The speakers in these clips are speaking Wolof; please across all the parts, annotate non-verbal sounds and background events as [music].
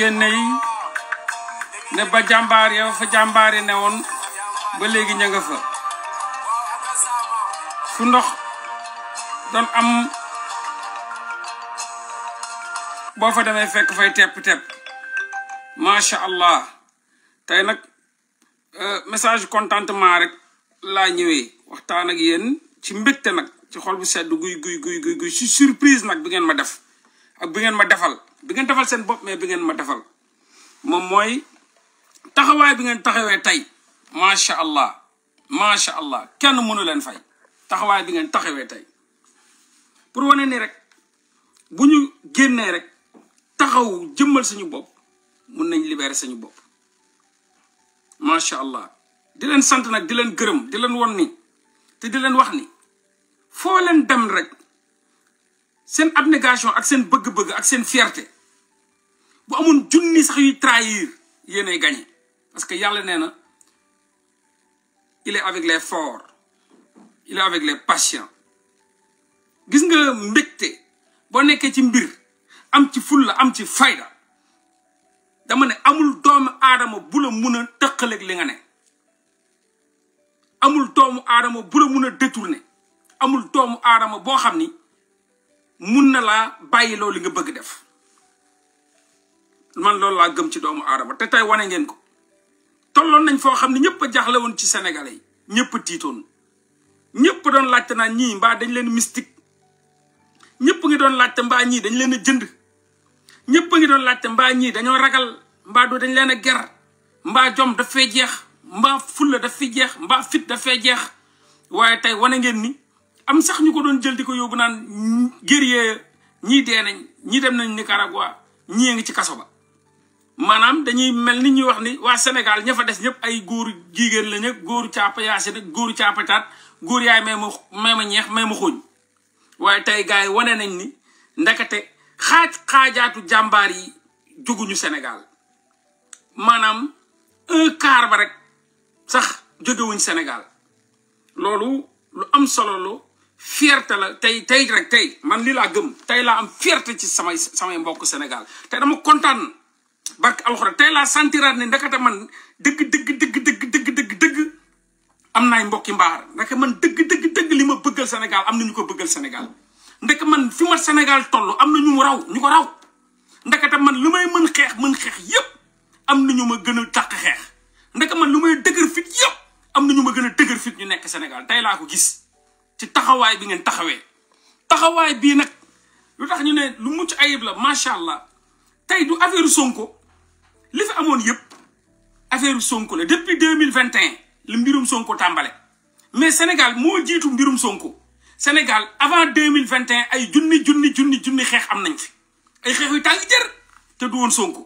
ngeen ne yi ne ba jàmbaar ya fa jàmbaar yi ne woon ba léegi ña nga fa fu ndox doon am boo fa demee fekk fay tepp-tepp macha allah tey nag euh, message contentement rek laa ñëwee waxtaan ak yéen ci mbégte nag ci xol bu sedd guy guy guy guy surprise nag bi ngeen ma def ak bu ngeen ma defal bi ngeen defal seen bopp mais bi ngeen ma defal moom mooy taxawaay bi ngeen taxawee tey macha allah macha allah kenn mënu leen fay taxawaay bi ngeen taxawee tey pour wane ni rek bu ñu génnee rek taxaw jëmmal suñu bopp mun nañ libérer suñu bopp macha allah di leen sant nag di leen gërëm di leen won ni te di leen wax ni foo leen dem rek sen abnégation ak sen bëgg-bëgg ak sen fierté bu amone junni sax yu trahir yene gagné parce que yalla nee il est avec les forts il est avec les patients gis nga mbégte bo nekkee ci mbir am ci la am ci fayda dama né amul doomu adama bu la mun a ak li nga amul doomu adama bu la mun détourner, détourné amul doomu adama bo xamni mun na laa bàyyi loolu li nga bëgg def man loolu laa gëm ci doomu aadama te tey wane ngeen ko tolloon nañ foo xam ne ñëpp a jaaxle woon ci sénégalais yi ñëpp a tiitoon ñëpp doon laajte naa ñii mbaa dañ leen mystique ñëpp ngi doon laajte mbaa ñii dañ leen a jënd ñëpp ngi doon laajte mbaa ñii dañoo ragal mbaa doo dañ leen a ger mbaa jom daf jeex mbaa fulla daf fi jeex mbaa fit daf jeex waaye tey wane ngeen ni am sax ñu ko doon jël di ko yóbbu naan guerrier ñii dee nañ ñii dem nañ Nicaragua ñi ngi ci kaso ba maanaam dañuy mel ni ñuy wax ni waa Sénégal ña fa des ñëpp ay góor jigéen lañ góor góoru caapa nag góoru caapa góor yaay may ma may ma ñeex may ma xóoñ waaye tey gars yi wane nañ ni ndekete xaaj xaajaatu jàmbaar yi jóguñu Sénégal maanaam un quart ba rek sax jógewuñ Sénégal loolu lu am solo lu fierté la tey tey rek tey man lii laa gëm tey laa am fierte ci samay samay mbokk Sénégal tey dama kontaan barke alxuraan tey laa sentiraat ne ndekete man dëgg dëgg dëgg dëgg dëgg am naa mbokki mbaar ndeke man dëgg dëgg dëgg ma bëggal Sénégal am na ñu ko bëggal Sénégal ndeke man fi ma Sénégal toll am na ñu mu raw ñu ko raw ndekete man lu may mën xeex mën xeex yëpp am na ñu ma gën a tàq xeex ndeke man lu may dëggër fit yépp am na ñu ma gën a dëgër fit ñu nekk Sénégal tey laa ko gis ci taxaway bi ngeen taxawé taxaway bi nak lu tax ñu né lu mucc ayib la machallah tay du affaire Sonko li fi amone yépp affaire Sonko la depuis 2021 mille mbirum Sonko tambalé mais Sénégal mo jitu mbirum Sonko Sénégal avant 2021 ay junni junni junni junni xex am nañ fi ay xeex yu tàng jër te du won Sonko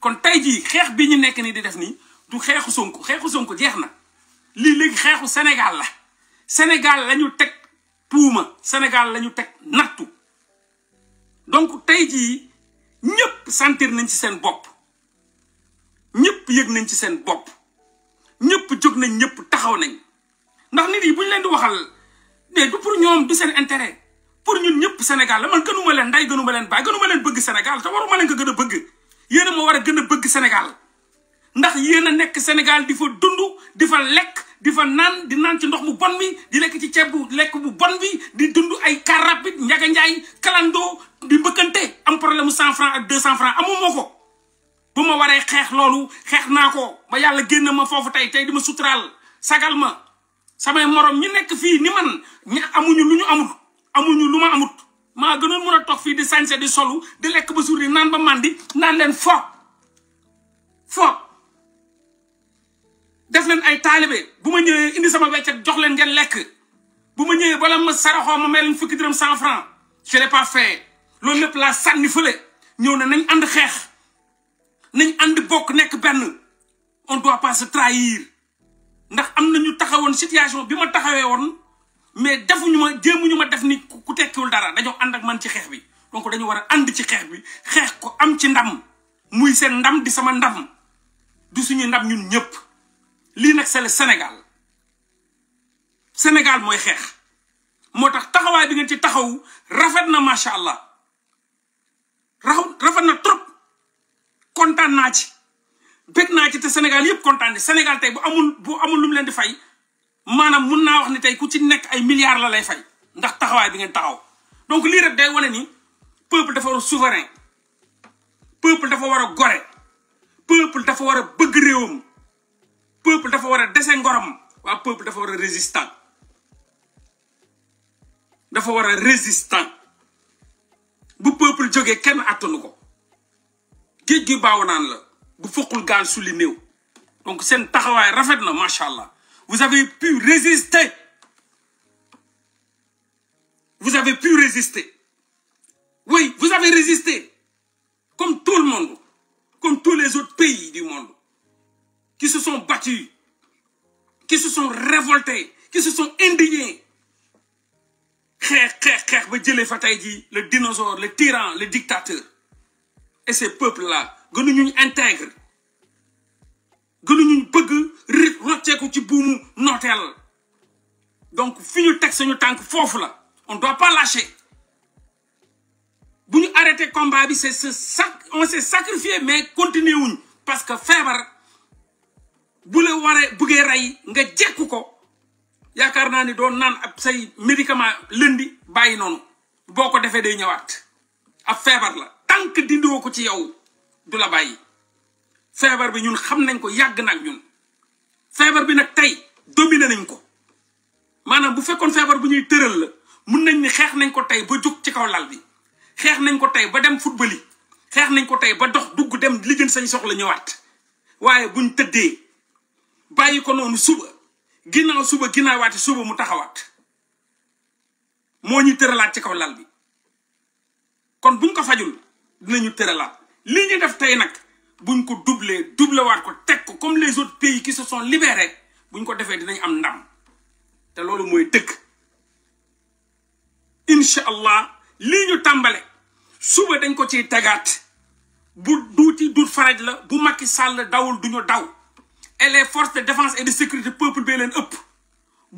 kon tay ji xex bi ñu nek ni di def ni du xexu Sonko xexu Sonko jeexna li lii xexu Sénégal la. Sénégal lañu teg puuma Sénégal lañu teg nattu donc tey jii ñëpp sentir nañ ci seen bopp ñëpp yëg nañ ci seen bopp ñëpp jóg nañ ñëpp taxaw nañ ndax nit yi bu ñu leen di waxal mais du pour ñoom du seen intérêt pour ñun ñëpp Sénégal la man gënuma leen nday gënuma leen baay gënuma leen bëgg Sénégal te waruma leen ko gën a bëgg yéen a ma war a gën a bëgg Sénégal ndax yéen a nekk Sénégal di fa dund di fa lekk di fa naan di naan ci ndox mu bon bi di lekk ci ceeb bu lekk bu bon bi di dund ay car rapide njaga njaay di mbëkkante am problème mu cent franc ak deux cent franc amumoo ko. bu ma waree xeex loolu xeex naa ko ba yàlla génn ma foofu tey tey di ma suturaal sagal ma samay morom ñi nekk fii ni man amuñu lu ñu amut amuñu lu ma amut maa gënoon mën a toog fii di sañse di solu di lekk ba suur di naan ba naan leen fo fo. def leen ay taalibe bu ma ñëwee indi sama weccet jox leen ngeen lekk bu ma ñëwee bala ma saraxoo ma may leen fukki dërëm cent franc je l'ai pas fait loolu lépp laa sànni fële ñëw na nañ ànd xeex nañ ànd bokk nekk benn on doit pas se trahir ndax am na ñu taxawoon situation bi ma taxawee woon mais defuñu ma jéemuñu ma def ni ku tekkiwul dara dañoo ànd ak man ci xeex bi donc dañoo war a ànd ci xeex bi xeex ko am ci ndam muy seen ndam di sama ndam du suñu ndam ñun ñëpp. lii nag c'est le Sénégal Sénégal mooy xeex moo tax taxawaay bi ngeen ci taxaw rafet na macha allah rafet na trop kontaan naa ci bég naa ci te Sénégal yëpp kontaan Sénégal tey bu amul bu amul lum leen di fay maanaam mun naa wax ni tey ku ci nekk ay milliards la lay fay ndax taxawaay bi ngeen taxaw donc lii rek day wane ni peuple dafa war a souverain peuple dafa war a gore peuple dafa war a bëgg réewam. peuple dafa avoir a dese ngorom waa peuple dafa war a résistant dafa war a résistant bu peuple jógee kenn attanu ko géej gi baaw naan la bu foqul gaal néew donc c'est un travail na vous avez pu résister vous avez pu résister oui vous avez résisté comme tout le monde comme tous les autres pays du monde qui se sont battus, qui se sont révoltés, qui se sont indignés. Le dinosaure, le tyran, le dictateur. Et ces peuples-là, nous intègres. Nous sommes Donc, fini texte, nous tank fof là. On ne doit pas lâcher. Si nous arrêtons le combat, on s'est sacrifié, mais continuons. Parce que faire bu la waree buggee rey nga jekku ko yaakaar naa ni doo naan ab say médicament lëndi bàyyi noonu boo ko defee day ñëwaat ab feebar la tànk dindiwoo ko ci yow du la bàyyi feebar bi ñun xam nañ ko yàgg nag ñun feebar bi nag tey dominé nañ ko maanaam bu fekkoon feebar bu ñuy la mun nañ ni xeex nañ ko tey ba jóg ci kaw lal bi xeex nañ ko tey ba dem football xeex nañ ko tey ba dox dugg dem lijjën sañ soxla ñëwaat waaye buñ tëddee bàyyi ko noonu suba ginnaaw suba ginnaawaati suba mu taxawaat moo ñu tëralaat ci kaw lal bi kon buñ ko fajul dinañu tëralaat li ñu def tey nag buñ ko doublé doublewaat ko teg ko comme les autres pays qui se sont libérés buñ ko defee dinañ am ndam te loolu mooy dëgg incha allah lii ñu tàmbale suba dañ ko ciy tegaat bu duuti duut faraj la bu Macky sàll dawul duñu daw et les forces de défense et de sécurité peuple bee leen ëpp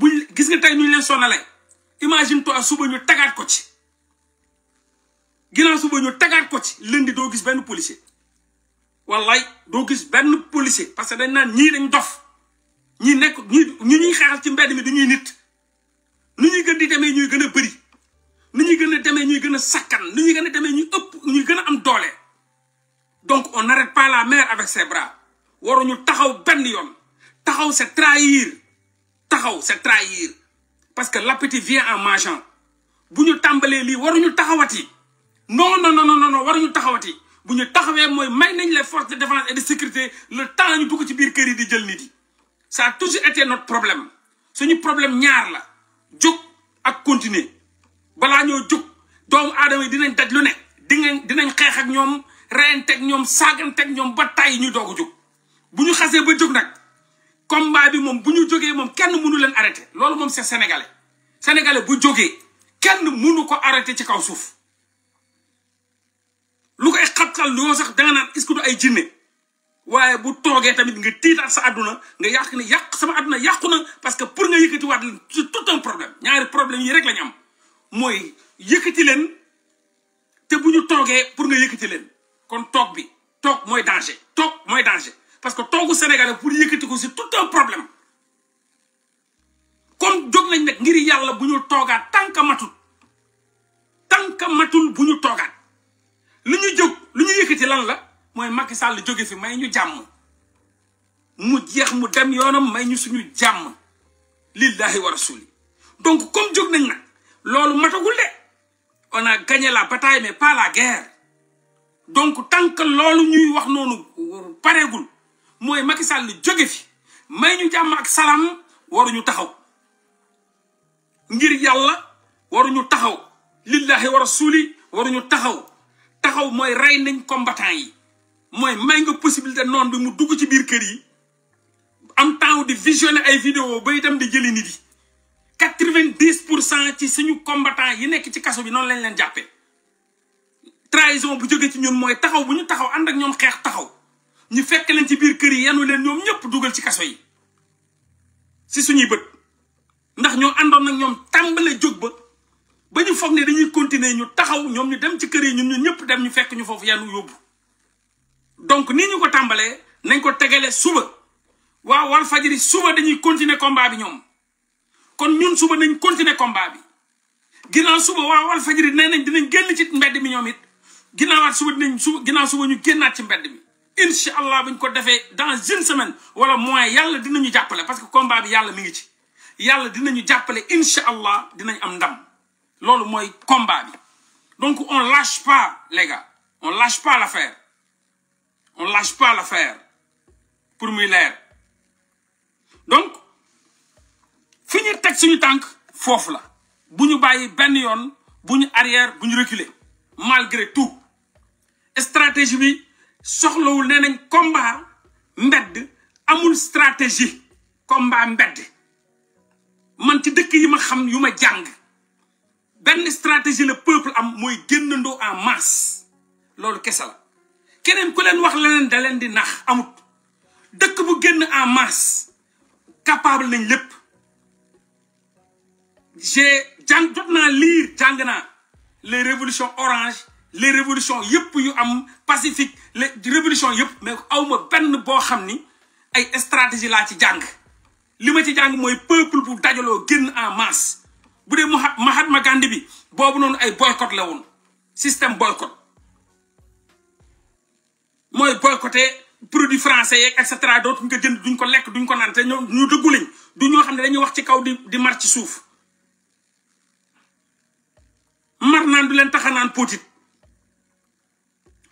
bu gis nga tay ñu leen sonalé imagine toi suba ñu tagat ko ci ginnaaw suba ñu tagat ko ci lundi do gis ben policier wallaay do gis ben policier parce que dañ naan ñi dañ dof ñi nek ñi ñu ñuy xaaral ci mbéd mi du ñuy nit nu ñuy gën di demee ñuy gëna a bëri nu ñuy gëna démé ñuy gëna a sakkan nu ñuy gëna démé ñuy ëpp ñuy gëna am doolé donc on n'arrête pas la mer avec ses bras waruñu taxaw benn yoon taxaw c'est trahir taxaw c'est trahir parce que l'appétit vient en mangeant bu ñu tàmbalee lii waruñu taxawati non non non non non waruñu taxawati bu ñu taxawee mooy may nañ les forces de défense et de sécurité le temps ñu dugg ci biir kër yi di jël nit yi ça a toujours été notre problème suñu problème ñaar la jóg ak continuer balaa ñoo jóg doomu aadama yi dinañ daj lu ne dinañ dinañ xeex ak ñoom reyanteeg ñoom saaganteeg ñoom ba tàyyi ñu doog a bu ñu xasee ba jóg nag combat bi moom bu ñu jógee moom kenn mënu leen arrêté loolu moom c'est sénégalais sénégalais bu jógee kenn mënu ko arrêté ci kaw suuf lu koy xabtal loo sax danga naan est ay jinne waaye bu toogee tamit nga tiitaat sa adduna nga yàq ne yàq sama àdduna yàqu na parce que pour nga yëkkati waat leen c'est tout un problème ñaari problème yi rek lañu am mooy yëkkati leen te bu ñu toogee pour nga yëkkati leen kon toog bi toog mooy danger toog mooy danger parce que togu sénégalais pour yëkkati ko c'est tout un problème kon jog nañ nak ngir yalla buñu ñu toogaat matul tànka matul buñu ñu liñu jog liñu jóg lan la moy Macky Sall jogé fi may ñu jamm mu jeex mu dem yonam may ñu suñu jamm lillahi wa rasuli donc comme jog nañ nak lolu matagul dé on a gagné la bataille mais pas la guerre donc tant que ñuy wax nonu paregul mooy Macky Sall jóge fi may ñu jàmm ak salaam waruñu taxaw ngir yàlla waruñu taxaw lillahi wa suuli waruñu taxaw taxaw mooy rey nañ combattant yi mooy may nga possibilité noon bi mu dugg ci biir kër yi am temps di visionner ay vidéo ba itam di jëli nit yi quatre-vingt-dix pour cent ci suñu combattant yi nekk ci kaso bi noonu lañ leen jàppee trahison bu jóge ci ñun mooy taxaw bu ñu taxaw ànd ak ñoom xeex taxaw ñu fekk leen ci biir kër yi yanu leen ñoom ñëpp dugal ci kaso yi si suñuy bët ndax ñoo àndoon nag ñoom tàmbale jóg ba ba ñu foog ni dañuy continuer ñu taxaw ñoom ñu dem ci kër yi ñun ñu ñëpp dem ñu fekk ñu foofu yanu yóbbu donc ni ñu ko tàmbalee nañ ko tegale suba waaw wal fajiri suba dañuy continuer combat bi ñoom kon ñun suba nañ continuer combat bi ginnaaw suba waa wal fajiri nee nañ dinañ génn ci mbedd mi ñoom it ginnaawaat suba dinañ su ginnaaw suba ñu génnaat ci mbedd inshallah buñ ko dans une semaine wala moins yalla dinañu parce que combat bi yalla mi ngi ci dinañu dinañ am ndam combat donc on lâche pas les gars on lâche pas l'affaire on lâche pas l'affaire pour donc finir suñu tank là. la buñu vous ben arrière malgré tout stratégie soxlawul nee nañ combat mbedd amul stratégie combat mbedd man ci dëkk yi ma xam yu ma jàng benn stratégie le peuple am muy génn génnandoo en masse loolu kese la keneen ku leen wax leen da leen di nax amut dëkk bu génn en masse capable nañ lépp j'ai jàng jot naa lire jàng naa les révolution orange les révolutions pacifiques, yu am pacifique les révolutions yep mais awma ben bo ay stratégie là ci jang li ma ci jang moy peuple bu dajalo en masse vous Mahatma Gandhi bi non ay boycott la système boycott vous boycotté produits français et cetera etc vous jënd duñ ko vous duñ ko nan vous ñu duggu vous du ñoo xam dañuy wax ci kaw di di mar ci du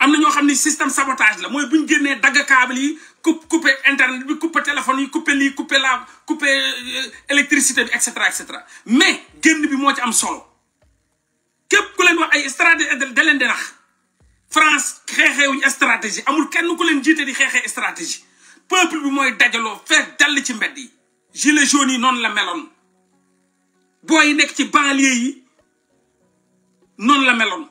am na ñoo xam système sabotage la mooy bu ñu génnee dagg câble yi coupé internet bi coupé téléphone yi coupé lii coupé la coupé euh, électricité bi et cetera et cetera mais génn bi moo ci am solo képp ku leen wax ay stratégie da leen di nax France xeexeewuñu stratégie amul kenn ku leen jiite di xeexee stratégie peuple bi mooy dajaloo fees dall ci mbedd yi gilet jaune yi noonu la meloon booy nekk ci banlieue yi noonu la meloon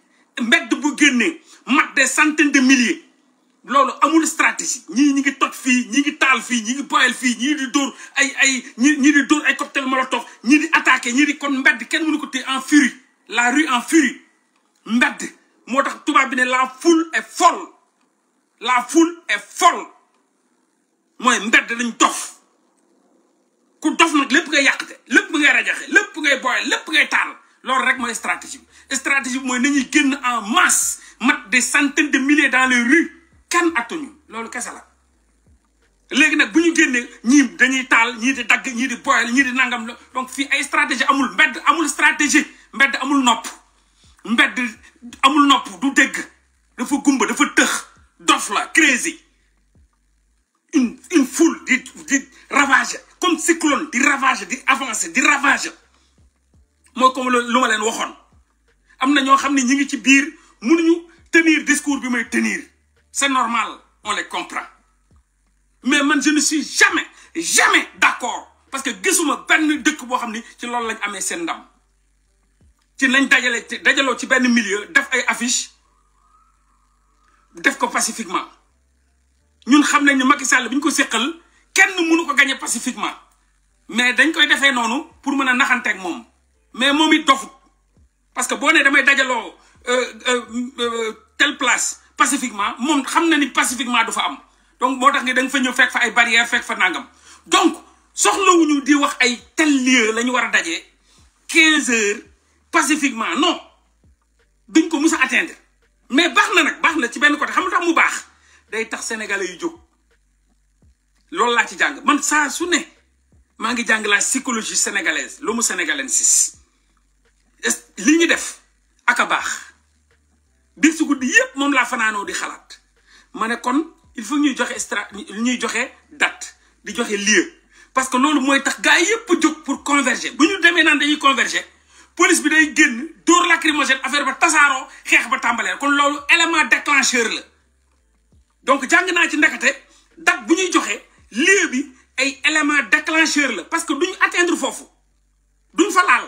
mbedd bu génnee mat des centaines de milliers lolo amul stratégie ñi ñi ngi toj fi ñi ngi tal fii ñi ngi boyal fii ñi di dóor ay ay ñi di dóor ay cocktail molotov ñi di attaquer ñi di kon mbedd kenn mënu ko té en furie la rue en furie mbedd motax tuba bi né la foule est folle la foule est folle moy mbedd dañ dof ku dof nag lépp ngay yàqte lépp ngay rajaxé lepp ngay boyal lepp ngay tal loolu rek moy stratégie stratégie moy nañuy en masse des centaines de milliers dans les rues kan atuñu lolu kessa la légui nak buñu ñu de dañuy taal ñi di dag ñi di boyal ñi di nangam donc fi ay stratégie amul mbedd amul stratégie mbedd amul nopp mbedd amul nopp du dégg dafa gumba dafa teux dof crazy une une foule di comme cyclone di ravage, di avancer di ravage. comme luma len ñoo tenir discours bi tenir c'est normal on les comprend mais man je ne suis jamais jamais d'accord parce que gisuma ben dëkk bo xamni ci loolu lañ ndam ci ci milieu def ay pacifiquement ñun Macky Sall biñ ko sékkal kenn mënu pacifiquement mais dañ koy pour mëna mais parce que boo nee damay dajaloo euh, euh, euh, telle place pacifiquement moom xam na ni pacifiquement du fa am donc moo tax nga da nga fa ñëw fekk fa ay barrières fekk fa nangam donc soxlawuñu di wax ay tel lieu la ñu war a dajee heures pacifiquement non duñ ko mus a atteindre mais baax na nag baax na ci benn côté xam nga tax mu baax day tax sénégalais yu jóg loolu laa ci jàng man saa su ne ngi la psychologie sénégalaise l'homo sénégalensis li ñu def ak a baax biir si guddi yépp moom laa fanaanoo di xalaat ma ne kon il faut ñuy joxe stra ñuy joxe date di joxe lieu parce que loolu mooy tax gars yépp jóg pour converger bu ñu demee naan dañuy converger police bi day génn dóor lacrymogène affaire ba tasaaroo xeex ba tàmbalee kon loolu élément déclencheur la donc jàng naa ci ndekete date bu ñuy joxe lieu bi ay élément déclencheur la parce que duñu atteindre foofu duñ fa laal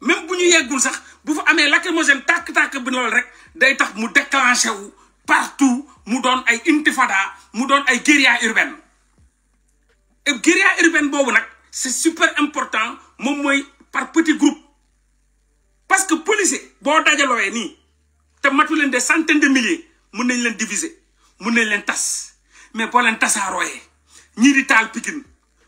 même si nous sax bu fa lacrymogène tak tak bu rek partout mu ay intifada mu ay guérilla urbaine et guérilla urbaine bobu c'est super important mom moy par petit groupe parce que police, policiers, dajalowé ni des centaines de milliers ils nañ l'en diviser l'en tas mais bo len ñi di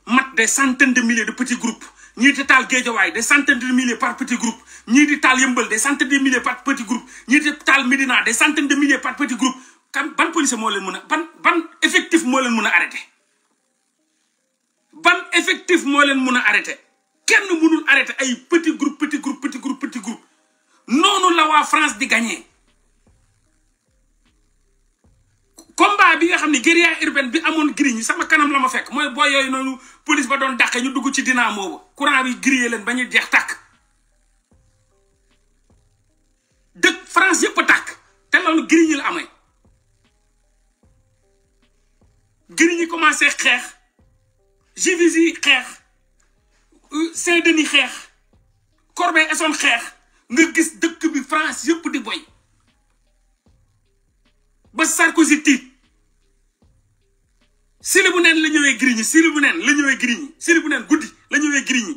mat des centaines de milliers de petits groupes ñii di taal géejawaay des centaines de milliers par petit group ñii di taal yëmbal de centaines de milliers par petit groupe ñii di taal Médina des centaines de milliers par petit groupe kan ban policier moo leen mën a ban ban effectif moo leen mën a arrêté ban effectif moo leen mun a arrêté kenn munul arrêté ay petit group petit groupe petit groupe petit groupe noonu la waa France di gagné combat bi nga xam ne guérilla urbaine bi amoon gris ñi sama kanam la ma fekk mooy booy yooyu noonu police ba doon dàqe ñu dugg ci dynamo ba courant bi grillé leen ba ñu jeex tàkk dëkk France yëpp tàkk te loolu gris la amee gris ñi commencé xeex Givizy xeex Saint-Denis xeex Corbeil-Essonnes xeex nga gis dëkk bi France yëpp di boy ba Sarkozy sili bu neen la ñëwé Grigny sili bu neen la ñëwé Grigny sili bu neen guddi la ñëwé Grigny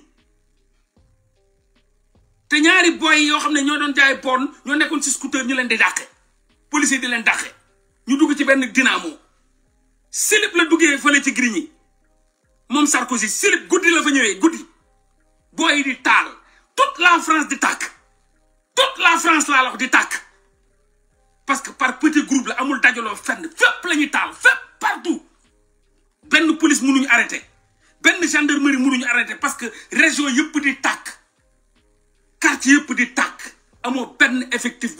té ñaari boy yo xamné ne ñoo doon jaay pon ñoo nekkoon ci scooter ñu leen di daxé police di leen daxé ñu dugg ci benn dynamo silib la duggee fële ci Grigny mom Sarkozy silib guddi la fa ñëwé guddi boy di taal toute la France di tak toute la France la wax di tak parce que par petit groupe la amul dajalo fenn fépp lañu ñuy taal partout La police mënuñu arrêté gendarmerie arrêté parce que région yëpp di tak quartier yëpp di tak amo ben effectif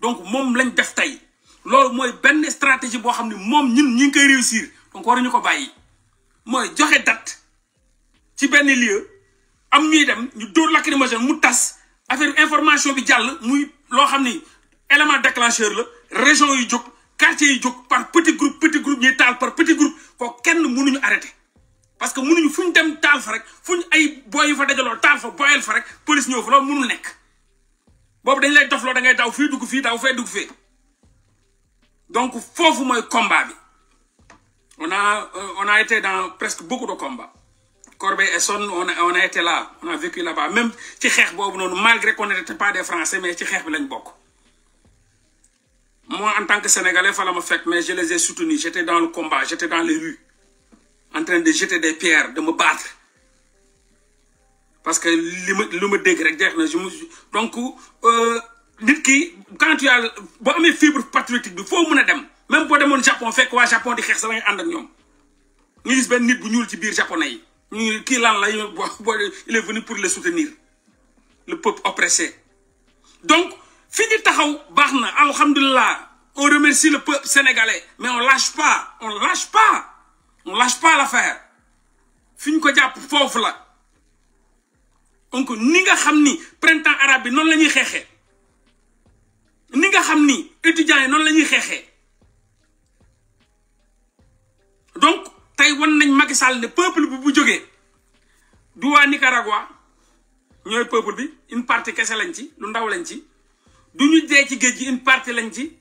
donc mom lañ def stratégie ñun ñi ngi réussir donc waruñu ko faire. moy joxe date ci ben lieu am ñuy dem ñu mu affaire information bi muy élément déclencheur la région yu quartier yi par petit groupe petit groupe ñuy taal par petit groupe kooku kenn mënuñu arrêté parce que mënuñu fuñ dem taal fa rek fuñ ay boy yu fa dajaloo taal fa fa rek police ñëw fa loolu mënul nekk boobu dañ lay dofloo da ngay daw fii dugg fii daw fee dugg fee donc foofu mooy combat bi on a euh, on a été dans presque beaucoup de combats Corbeil-Essonnes on a on a été là on a vécu là-bas même ci xeex boobu malgré qu'on n'était pas des Français mais ci xeex bi lañ bokk moi en tant que Sénégalais, fallait me faire, mais je les ai soutenus. J'étais dans le combat, j'étais dans les rues, en train de jeter des pierres, de me battre. Parce que le me dégrègue, je Donc, euh, quand tu as mes fibres patriotiques, il faut que Même pour le Japon, fait quoi Japon, de faire ça, ñu gis benn nit bu ñuul ci biir japonais il est venu pour les soutenir le peuple oppressé donc fi ñu taxaw baax na alhamdulilah on remercie le peuple sénégalais mais on lâche pas on lâche pas on lâche pas l'affaire fi ñu ko jàpp foofu la donc ni nga xam ni printemps arabe bi noonu la ñuy xeexee ni nga xam ni étudiants yi noonu la xeexee donc tey won nañ Macky Sall ne bi bu jógee du waa Nicaragua ñooy peuple bi une kese lañ ci lu ndaw lañ ci. du ñu dee ci géej gi une partie lañ ci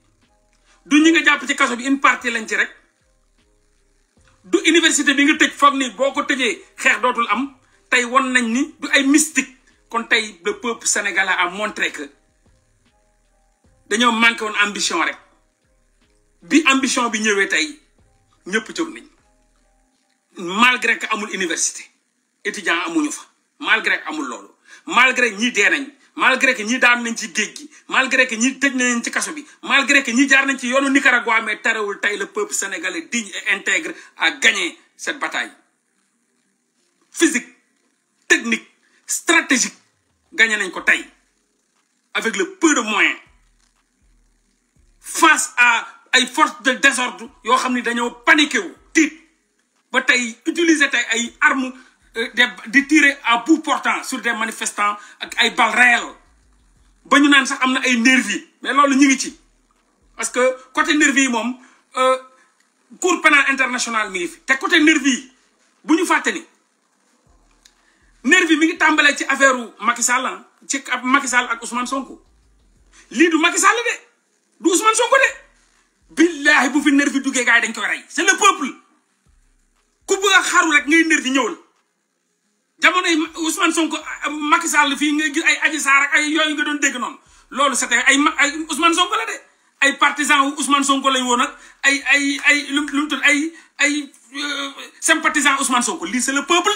du ñu nga jàpp ci kaso bi une partie lañ ci rek du université bi nga tëj foog ni boo ko tëjee xeex dootul am tey won nañ ni du ay mystique kon tey le peuple sénégalais a montré que dañoo manqué woon ambition rek bi ambition bi ñëwee tey ñëpp jóg nañ malgré que amul université étudian amuñu fa malgré amul loolu malgré ñii dee nañ malgré que ñi daan nañ ci malgré que ñi tëj nañ ci kasso bi malgré que ñi jaar nañ ci yoonu Nicaragua mais tarawul tay le peuple sénégalais digne et intègre à gagner cette bataille physique technique stratégique gagné nañ ko avec le peu de moyens face à ay forces de désordre yo xamni ni dañoo paniqué wu tiit ba des utiliser armes euh, de tirer à bout portant sur des manifestants avec des balles réelles ba ñu naan sax amna ay nervi mais loolu ñi ngi ci parce que côté nervi yi moom euh, cour pénal international mi ngi fi te côté nervi yi bu ñu fàtte ni nervi mi ngi tàmbalee ci affaire Macky Sall ah, ci Macky Sall ak Ousmane Sonko lii du Macky Sall de du Ousmane Sonko de billahi bu fi nervi duggee gars yi dañ koy rey c'est le peuple ku bëgg a xaru rek ngay nervi ñëwul jamono yi Ousmane Sonko Macky Sall fii nga gis ay Adji Sarr ak ay yooyu nga doon dégg noon loolu c'était ay ay Ousmane Sonko la de ay partisans usman Sonko lañ woon ak ay ay ay lu ay ay euh, sympathisants Ousmane Sonko lii c'est le peuple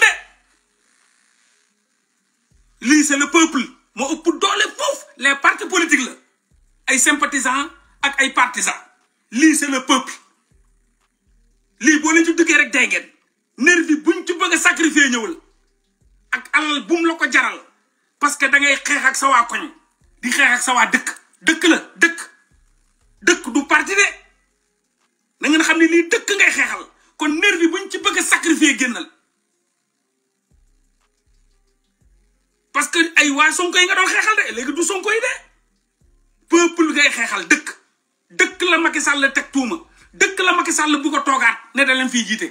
de lii c'est le peuple moo ëpp doole foofu les partis politiques la ay sympathisants ak ay partisans lii c'est le peuple lii boo leen ci duggee rek day ngeen nervi buñ ci bëgg a ñëwul. ak alal bum la ko jaral parce que da ngay xex ak sa wa koñ di xex ak sa wa dekk dekk la dekk dekk du parti de da ngeen xamni li dekk ngay xexal kon nervi buñ ci bëgg sacrifier génnal parce que ay wa son koy nga do xexal de legi du son koy de peuple ngay xexal dekk dekk la Macky Sall tek tuuma dekk la Macky Sall bu ko togaat ne da fi jité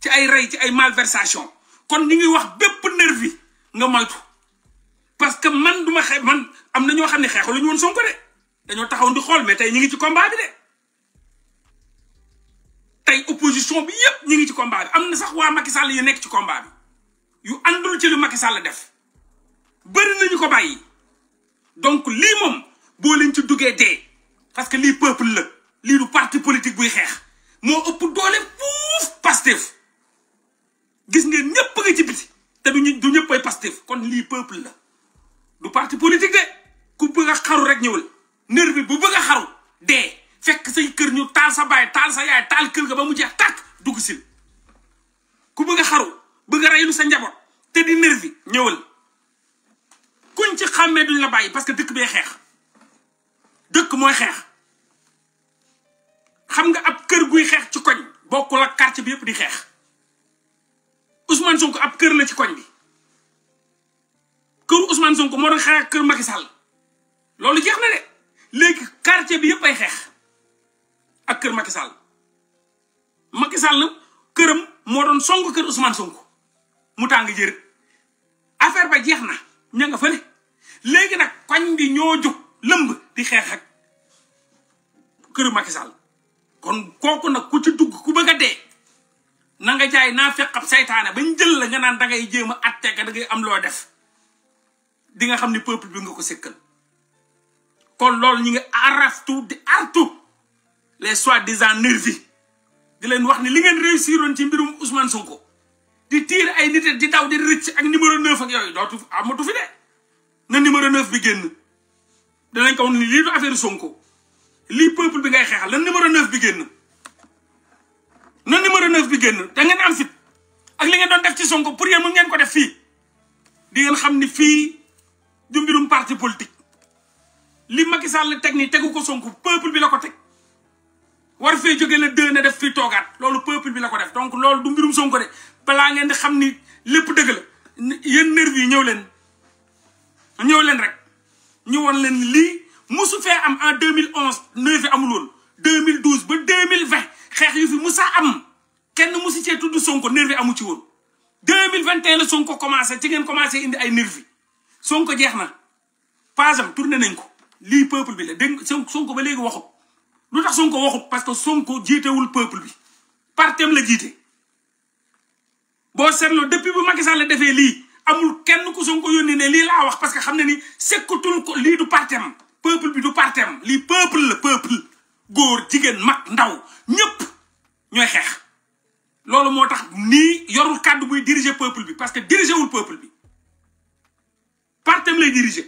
ci ay ray ci ay malversation kon ñu ngi wax bépp nervi nga moytu parce que man duma ma man am na ñoo xam ne xeexu lu Sonko dé dañoo taxaw di xol mais tay ñu ngi ci combat bi dé tay opposition bi yépp ñu ngi ci combat bi amna sax wa Macky Sall yu nekk ci combat bi yu andul ci lu Macky Sall def bëri nañu ko bayyi donc li mom bo leen ci duggee dé parce que li peuple la li du parti politique buy xex mo upp doole fuuf Pastef gis ngeen ñepp nga ci biti te du ñepp ay pastif kon li peuple la du parti politique de ku bëgg a xaru rek ñëwal nerf bi bu bëgg a xaru dé fekk sey kër ñu taal sa bay taal sa yaay taal kër ga ba mu jeex tak dugg sil ku bëgg a xaru bëgg a reylu sa njabot te di nerf bi ñëwal kuñ ci xamé duñ la bay parce que dëkk bee xex dëkk moy xex xam nga ab kër guy xex ci koñ bokku la quartier bi yëpp di xex Ousmane Sonko ab kër la ci koñ bi kër Ousmane Sonko moo doon xeex kër Macky loolu jeex na de léegi quartier bi yëpp ay xeex ak kër Macky Sall Macky Sall këram moo doon song kër Ousmane Sonko mu tàng jër affaire ba jeex na ña nga fële léegi nag koñ bi ñoo jóg lëmb di xeex ak kër Macky kon kooku nag ku ci dugg ku bëgg a dee. na nga jaay naa feqab saytaane bañ jël la nga naan da ngay jéem a atte ka ngay am loo def di nga xam ne peuple bi nga ko sëkkal kon loolu ñu ngi araftu di artu les soi-disant nervis di leen wax ni li ngeen réussir réussiroon ci mbirum Ousmane Sonko di tiir ay nit di daw di rëcc ak numéro 9 ak yooyu dootu amatu fi de na numéro 9 bi génn danañ ko wax ni lii du affaire Sonko lii peuple bi ngay xeexal na numéro 9 bi génn. na numéro 9 bi génn da ngeen am fit ak li ngeen doon def ci Sonko pour yéen mu ngeen ko def fii di ngeen xam ni fii du mbirum parti politique li Macky Sall teg nii tegu ko Sonko peuple bi la ko teg war fee jóge la deux na def fii toogaat loolu peuple bi la ko def donc loolu du mbirum Sonko de balaa ngeen di xam ni lépp dëgg la yéen nervi yi ñëw leen ñëw leen rek ñu won leen lii musu fee am en 2011 9 amul woon 2012 ba 2020 xeex yu fi musa am kenn musi cee de Sonko nervi à 2021 2021 le Sonko commencé ci ngeen commencé indi ay nervi Sonko jeex Pas am tourné nañ ko peuple bi Sonko ba nous waxut lu Sonko waxut parce que Sonko le peuple bi partem la jiite boo seetloo depuis bu Macky Sall defee lii amul kenn ku Sonko yónni ne li la wax parce que xam ni sekkatul ko li du partem peuple bi du partem li peuple le peuple góor jigéen mag ndaw ñëpp ñooy xeex loolu moo tax nii yorul kàddu buy diriger peuple bi parce que diriger wul peuple bi partem lay diriger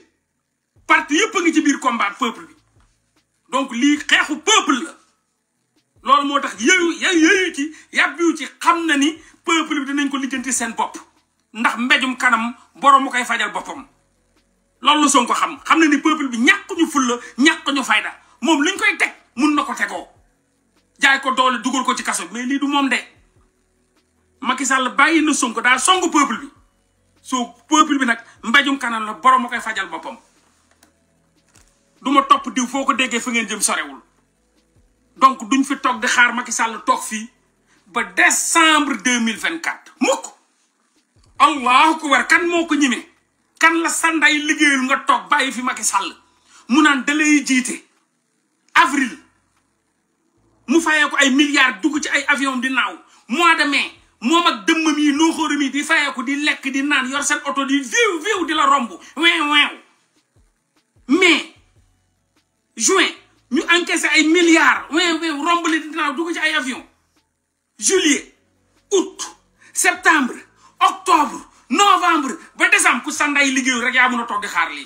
parti yëpp a ngi ci biir combat peuple bi donc lii xeexu peuple la loolu moo tax yooyu yooyu ci yàbbiwu ci xam na ni peuple bi dinañ ko lijjanti seen bopp ndax mbejum kanam borom mu koy fajal boppam loolu la Sonko xam xam na ni peuple bi ñàkk ñu fulla ñàkk ñu fayda moom luñ koy teg. mën na ko tegoo jaay ko doole dugal ko ci kaso mais lii du moom de Macky Sall bàyyi na Sonko daa songu peuple bi so peuple bi nag mbajum kanam la borom koy fajal boppam du ma diw foo ko déggee fa ngeen jëm sorewul donc duñ fi toog di xaar Macky Sall toog fii ba décembre 2024 mukk allahu akbar kan moo ko kan la sanday liggéeyul nga toog bàyyi fi Macky Sall mu naan da lay avril mu fayee ko ay milliards dugg ci ay avion di naaw mois de mais moom ak dëmmam yi nooxóoram yi di fayee di lekk di naan yor oto di viw viw di la romb weew weew mai juin ñu encaissé ay milliards weew weew romb li di naaw dugg ci ay avion juillet août septembre octobre novembre ba décembre ku sanday liggéeyu rek yaa mun a toog di xaar li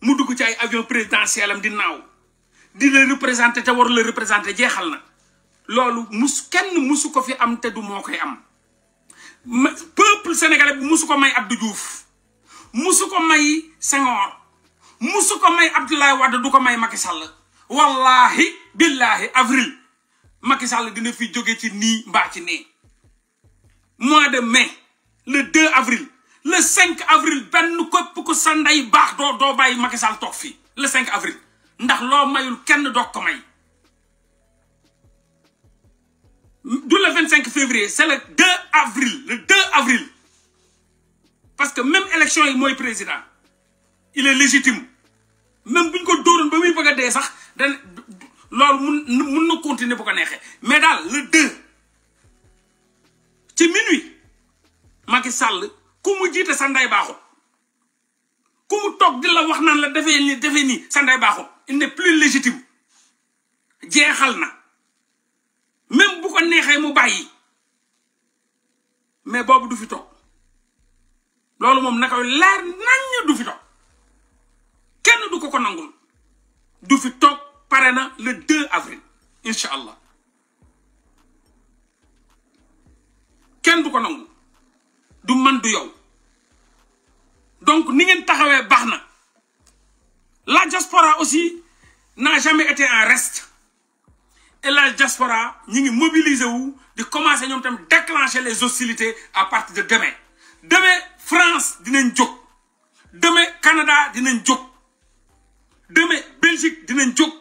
mu dugg ci ay avion présidentiel am di naaw di le représenté te war le représenter jéxal na loolu mus kenn musu ko fi am te du mokay am peuple sénégalais bu musu ko may Abdou Diouf musu ko may Senghor musu ko may Abdoulaye Wade du ko may Macky Sall wallahi billahi avril Macky Sall dina fi joggé ci ni mba ci né mois de mai le 2 avril le 5 avril ben képp ku sa ndey do doo Macky Sall tok fi le 5 avril ndax loo mayul kenn doo ko may du le 25 février c'est le 2 avril le 2 avril parce que même élection yi président il est légitime même buñ ko dóoroon ba muy bëgg a dee sax dan loolu continuer bu ko mais daal le 2 ci minuit Macky Sall ku mu jiite sa ndey baaxut ku le toog di la wax naan la defee nii defee nii sa ndey il n'est plus légitime jeexal na même bu ko neexee mu bàyyi mais boobu du fi toog loolu moom na koy leer naññ du fi toog kenn du ko ko nangul du fi toog pare na le 2 avril incha allah kenn du ko nangul du man du yow donc ni ngeen taxawee baax na La diaspora aussi n'a jamais été un reste. Et la diaspora, nous mobilisons de commencer à déclencher les hostilités à partir de demain. Demain, France dinañ jóg demain Canada dinañ jóg demain Belgique dinañ jóg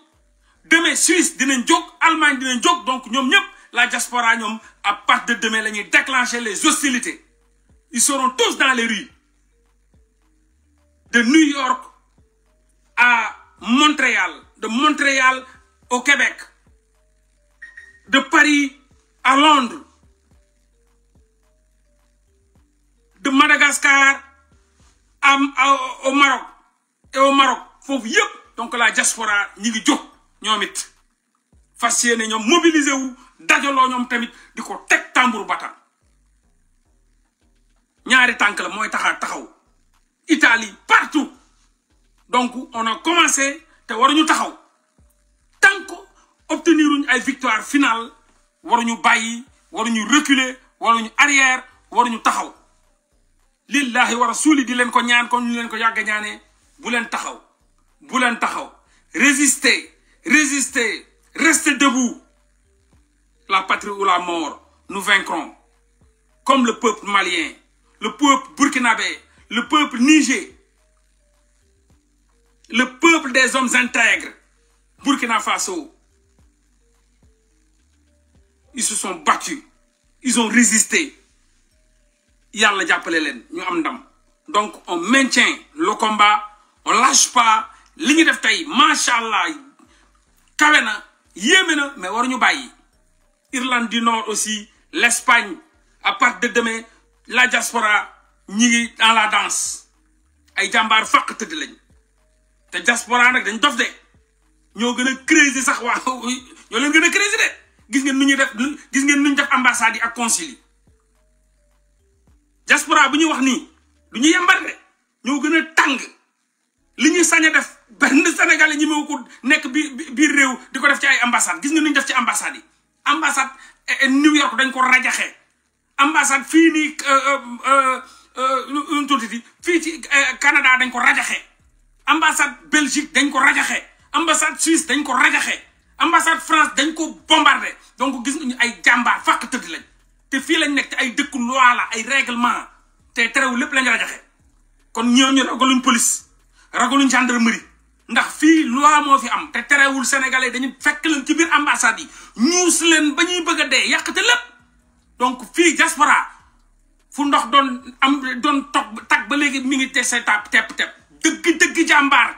demain Suisse dinañ jóg Allemagne dinañ jóg donc nous, nous, la diaspora à partir de demain nous déclencher les hostilités ils seront tous dans les rues de New York à Montréal, de Montréal au Québec, de Paris à Londres, de Madagascar au Maroc et au Maroc Faut donc la diaspora n'y ngi jóg ñoom mobilisé wu dajaloo ñoom tamit tambour bata. N'y tambour bata Italie partout donc on a commencé te waruñu taxaw tant qu'on obtenir une victoire finale waruñu bàyyi waruñu reculer waruñu arrière waruñu taxaw lillahi wa rasuli di leen ko ñaan comme ñu len ko yag ñaanee bu len taxaw bu len taxaw résister résister rester debout la patrie ou la mort nous vaincrons comme le peuple malien le peuple burkinabé le peuple niger le peuple des hommes intègres, Burkina Faso, ils se sont battus, ils ont résisté. Donc on maintient le combat, on lâche pas li def machallah Yémen, mais bayyi. Irlande du Nord aussi, l'Espagne à partir de demain la diaspora ni dans la danse. Ay jambar te diaspora nag dañ dof de ñoo gën a crazy sax wax ñoo leen gën a crazy de gis ngeen nu ñuy def gis ngeen nu ñu def ambassade yi ak consul yi diaspora bu ñuy wax nii du ñu yembar de ñoo gën a tàng li ñu sañ a def benn sénégalais ñi mewu ko nekk bi biir réew di ko def ci ay ambassade gis ngeen nu ñu def ci ambassade yi ambassade eh, eh, New York dañ ko rajaxee ambassade fii nii euh, euh, euh, tuuti fii ci eh, Canada dañ ko rajaxee ambassade belgique dañ ko rajaxe ambassade suisse dañ ko rajaxe ambassade france dañ ko bombardé donc gis ñu ay jàmbaar fàq teud lañ te fi lañ nek te ay dëkk loi la ay règlement té terewul lepp lañ rajaxe kon ñooñu ragaluñ police ragaluñ gendarmerie ndax fi loi mo fi am te terewul sénégalais dañu fekk lañ ci biir ambassade yi ñuus leen bañuy bëgg dé yak té lepp donc fi diaspora fu ndox don am don tok tak ba légui mi ngi té sétap tap tép dëgg dëgg jàmbaar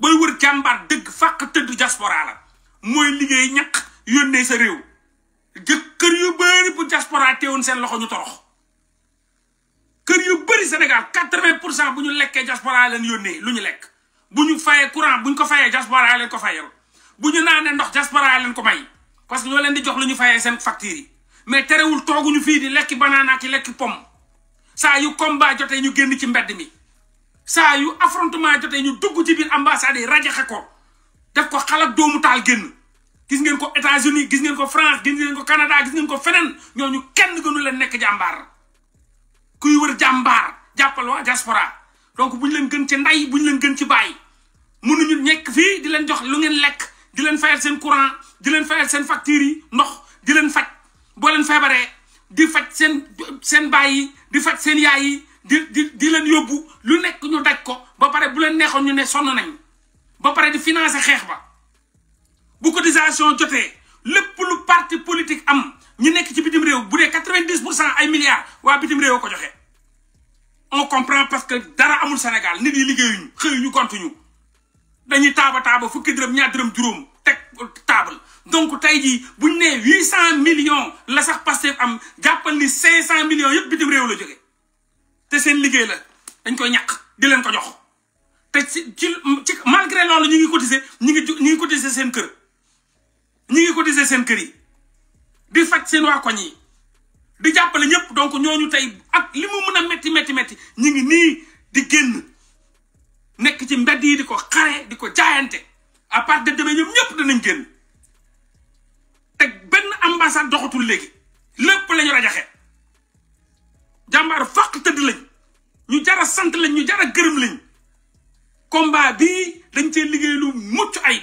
booy wër jàmbaar dëgg fàq tëdd diaspora la mooy liggéey ñaq yónnee sa réew kër yu bëri bu diaspora teewoon seen loxo ñu torox kër yu bëri Sénégal quatre-vingt pour cent bu ñu lekkee diaspora leen yónnee lu ñu lekk bu ñu fayee courant bu ñu ko fayee diaspora leen ko fayal bu ñu naanee ndox diaspora leen ko may parce que ñoo leen di jox lu ñu fayee seen facture yi mais terewul tooguñu fii di lekki banaana ki lekki pomme saa yu combat jotee ñu génn ci mbedd mi saa yu affrontement jotee ñu dugg ci biir ambassade yi rajaxe ko def ko xalaat doomu taal génn gis ngeen ko États-Unis gis ngeen ko France gis ngeen ko Canada gis ngeen ko feneen ñoo ñu kenn gënu leen nekk jàmbaar kuy wër jàmbaar jàppal waa diaspora donc bu ñu leen gën ci nday bu ñu leen gën ci bàyyi mënuñu nekk fii di leen jox lu ngeen lekk di leen fayal seen courant di leen fayal seen factures yi ndox di leen faj boo leen feebaree di faj seen seen baay yi di faj seen yaay yi di di di leen yóbbu lu nek ñu daj ko ba pare bu len neexoon ñu ne son nañ ba pare di financer xex ba bu cotisation joté lepp lu parti politique am ñu nek ci bitim rew bu dee quatre ay milliards wa bitim rew ko joxé on comprend parce que dara amul Sénégal nit yi liggéeyuñu xëyuñu gontuñu dañuy taaba taaba fukki dërëm ñaar dërëm juroom tek table donc tay ji buñ né 800 millions la sax passé am jàppal ni 500 millions yëpp bitim rew la joxé te seen liggéey la dañ koy ñàkk di leen ko jox te ci ci malgré loolu ñu ngi cotiser ñu ngi ñu ngi cotiser seen kër ñu ngi cotiser seen kër yi di faj seen waa koñ yi di jàppale ñëpp donc ñooñu tey ak li mu mën a métti métti métti ñu ngi nii di génn nekk ci mbedd yi di ko xare di ko jaayante à part de demain ñoom ñëpp danañ génn te benn ambassade doxatul léegi lépp la ñu rajaxe jàmbaar fàq tëdd lañ ñu jara sant lañ ñu jara gërëm lañ komba bii dañ cee liggéey lu mucc ay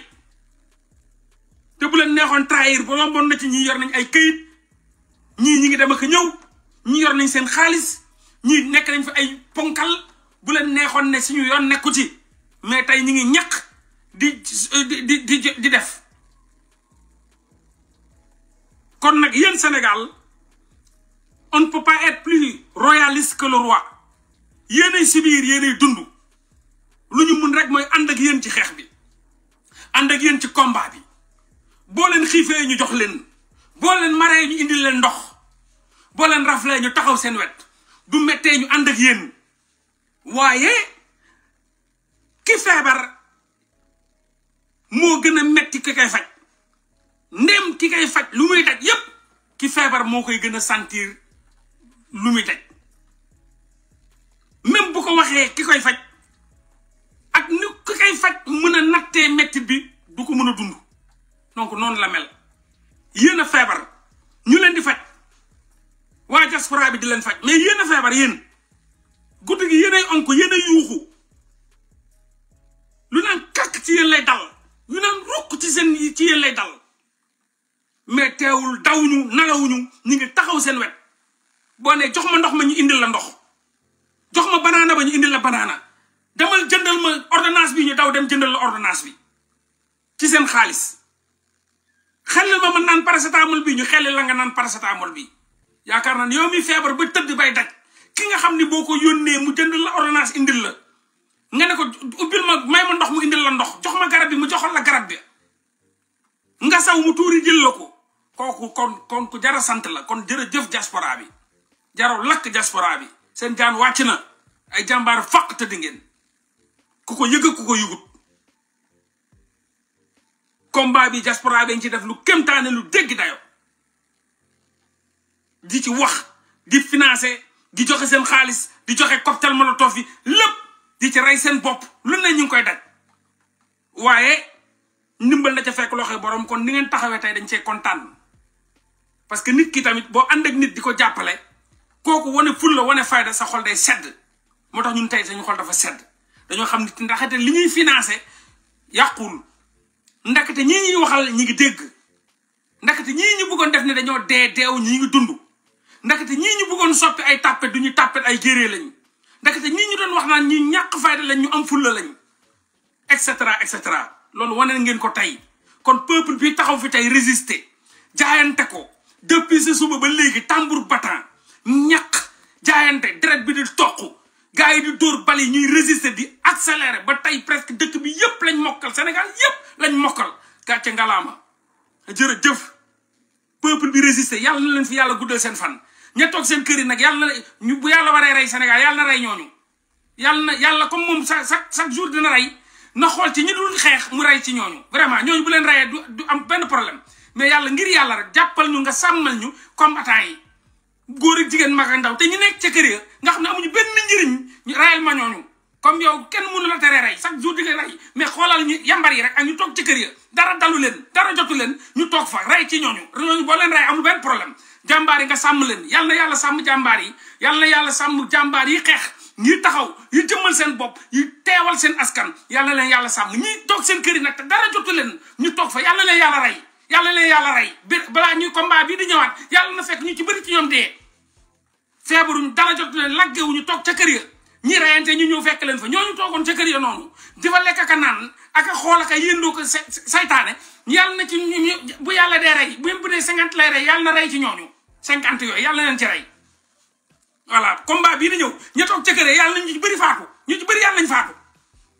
te bu leen neexoon trahir ba yomboon na ci ñi yor nañ ay këyit ñii ñi ngi dem ak ñëw ñi yor nañ seen xaalis ñii nekk nañ fi ay ponkal bu leen neexoon ne suñu yoon nekku ci mais tey ñi ngi ñaq di di di di def kon nag yéen senegal on ne peut pas être plus royaliste que le roi yéenay sibir yéenay dund lu ñu mun rek mooy ànd ak yéen ci xeex bi ànd ak yéen ci combat bi boo leen xiifee ñu jox leen boo leen maree ñu indi leen ndox boo leen raflee ñu taxaw seen wet du méttee ñu ànd ak yéen waaye ki feebar moo gën a metti ki koy faj ndem ki koy faj lu muy daj yépp ki feebar moo koy gën a sentir lu muy daj même bu ko waxee ki koy faj ak ni ki koy faj mën a nattee métti bi du ko mën a dund donc noonu la mel yéen a feebar ñu leen di faj waa diaspora bi di leen faj mais yéen a feebar yéen guddi gi yéenay onk yéenay yuuxu lu naan kàkk ci yéen lay dal lu naan rukk ci seen ci yéen lay dal mais teewul dawuñu nalawuñu ñu ngi taxaw seen wet boo jox ma ndox ma ñu indil la ndox jox ma banana ba ñu indil la banana demal jëndal ma ordonnance bi ñu daw dem jëndal la ordonnance bi ci seen xaalis xelal ma ma naan paracetamol bi ñu xelal la nga naan paracetamol bi yaakaar naa yow mi feebar ba tëdd bay daj ki nga xam ne boo ko yónnee mu jëndal la ordonnance indil la nga ne ko ubbil ma may ma ndox mu indil la ndox jox ma garab bi mu joxal la garab bi nga saw mu tuuri jël la ko kooku kon kon ku jara sant la kon jërëjëf diaspora bi jaraw lakk diaspora bi seen jaan wàcc na ay jàmbaar fàq tëdd ngeen ku ko yëg ku ko yëgut combat bi diaspora bi ci def lu kémtaane lu dégg dayo ji ci wax ji financer ji joxe seen xaalis di joxe cocktail molotov yi lépp di ci rey seen bopp lu ne ñu ngi koy daj waaye ndimbal na ca fekk loxo borom kon ni ngeen taxawee tey dañ cee kontaan parce que nit ki tamit boo ànd ak nit di ko jàppale kooku wane fulla wane fayda sa xol day sedd moo tax ñun tey ñu xol dafa sedd dañoo xam ni ndaxte li ñuy financé yàqul ndaxte ñii ñuy waxal ñi ngi dégg ndaxte ñii ñu buggoon def ne dañoo dee ñu ñi ngi dund ndaxte ñii ñu bëggoon soppi ay tàppet du ñu tàppet ay géree lañu ndaxte ñii ñu doon wax naan ñu ñàkk fayda lañu am fulla lañ et cetera et cetera loolu wane ngeen ko tey kon peuple bi taxaw fi tey résister jaayante ko depuis ce suba ba léegi tambour battant ñaq jaayante deret bi di toq gars yi di dóor bal yi ñuy résister di accélérer ba tey presque dëkk bi yépp lañ mokkal Sénégal yépp lañ mokkal gàcce ngalaama jërëjëf peuple bi résister yàlla na leen fi yàlla guddal seen fan ña toog seen kër nag yàlla na ñu yàlla waree rey Sénégal yàlla rey ñooñu yàlla na yàlla comme moom chaque chaque jour dina rey na xool ci ñi dul xeex mu rey ci ñooñu vraiment ñooñu bu leen reyee du am benn problème mais yàlla ngir yàlla rek jàppal ñu nga sàmmal ñu combattant yi góor ak jigéen mag ndaw te ñu nekk ca kër ya nga xam ne amuñu benn njëriñ réellement ñooñu comme yow kenn mënu la tere rey chaque jour di nga rey mais xoolal ñu yambar yi rek ak ñu toog ci kër ya dara dalu leen dara jotu leen ñu toog fa rey ci ñooñu ñooñu boo leen rey amul benn problème jàmbaar yi nga sàmm leen yal yàlla sàmm jàmbaar yi yal na yàlla sàmm jàmbaar yi xeex ñi taxaw yu jëmmal seen bopp yu teewal seen askan yal na leen yàlla sàmm ñi toog seen kër yi nag te dara jotu leen ñu toog fa yal na leen yàlla rey yàlla leen yàlla rey balaa ñuy combat bii di ñëwaat yàlla na fekk ñu ci bëri ci ñoom dee feebaruñ dara jot leen laggewuñu toog ca kër ya ñi reyante ñu ñëw fekk leen fa ñooñu toogoon ca kër ya noonu di fa lekk a naan ak a xool ak a yëndoo ko na ci bu yàlla dee rey bu bu dee cinquante lay rey yàlla na rey ci ñooñu cinquante yooyu yàlla leen ci rey voilà combat bii di ñëw ña ca kër yàlla nañu bëri faatu ñu ci bëri yàlla nañ faatu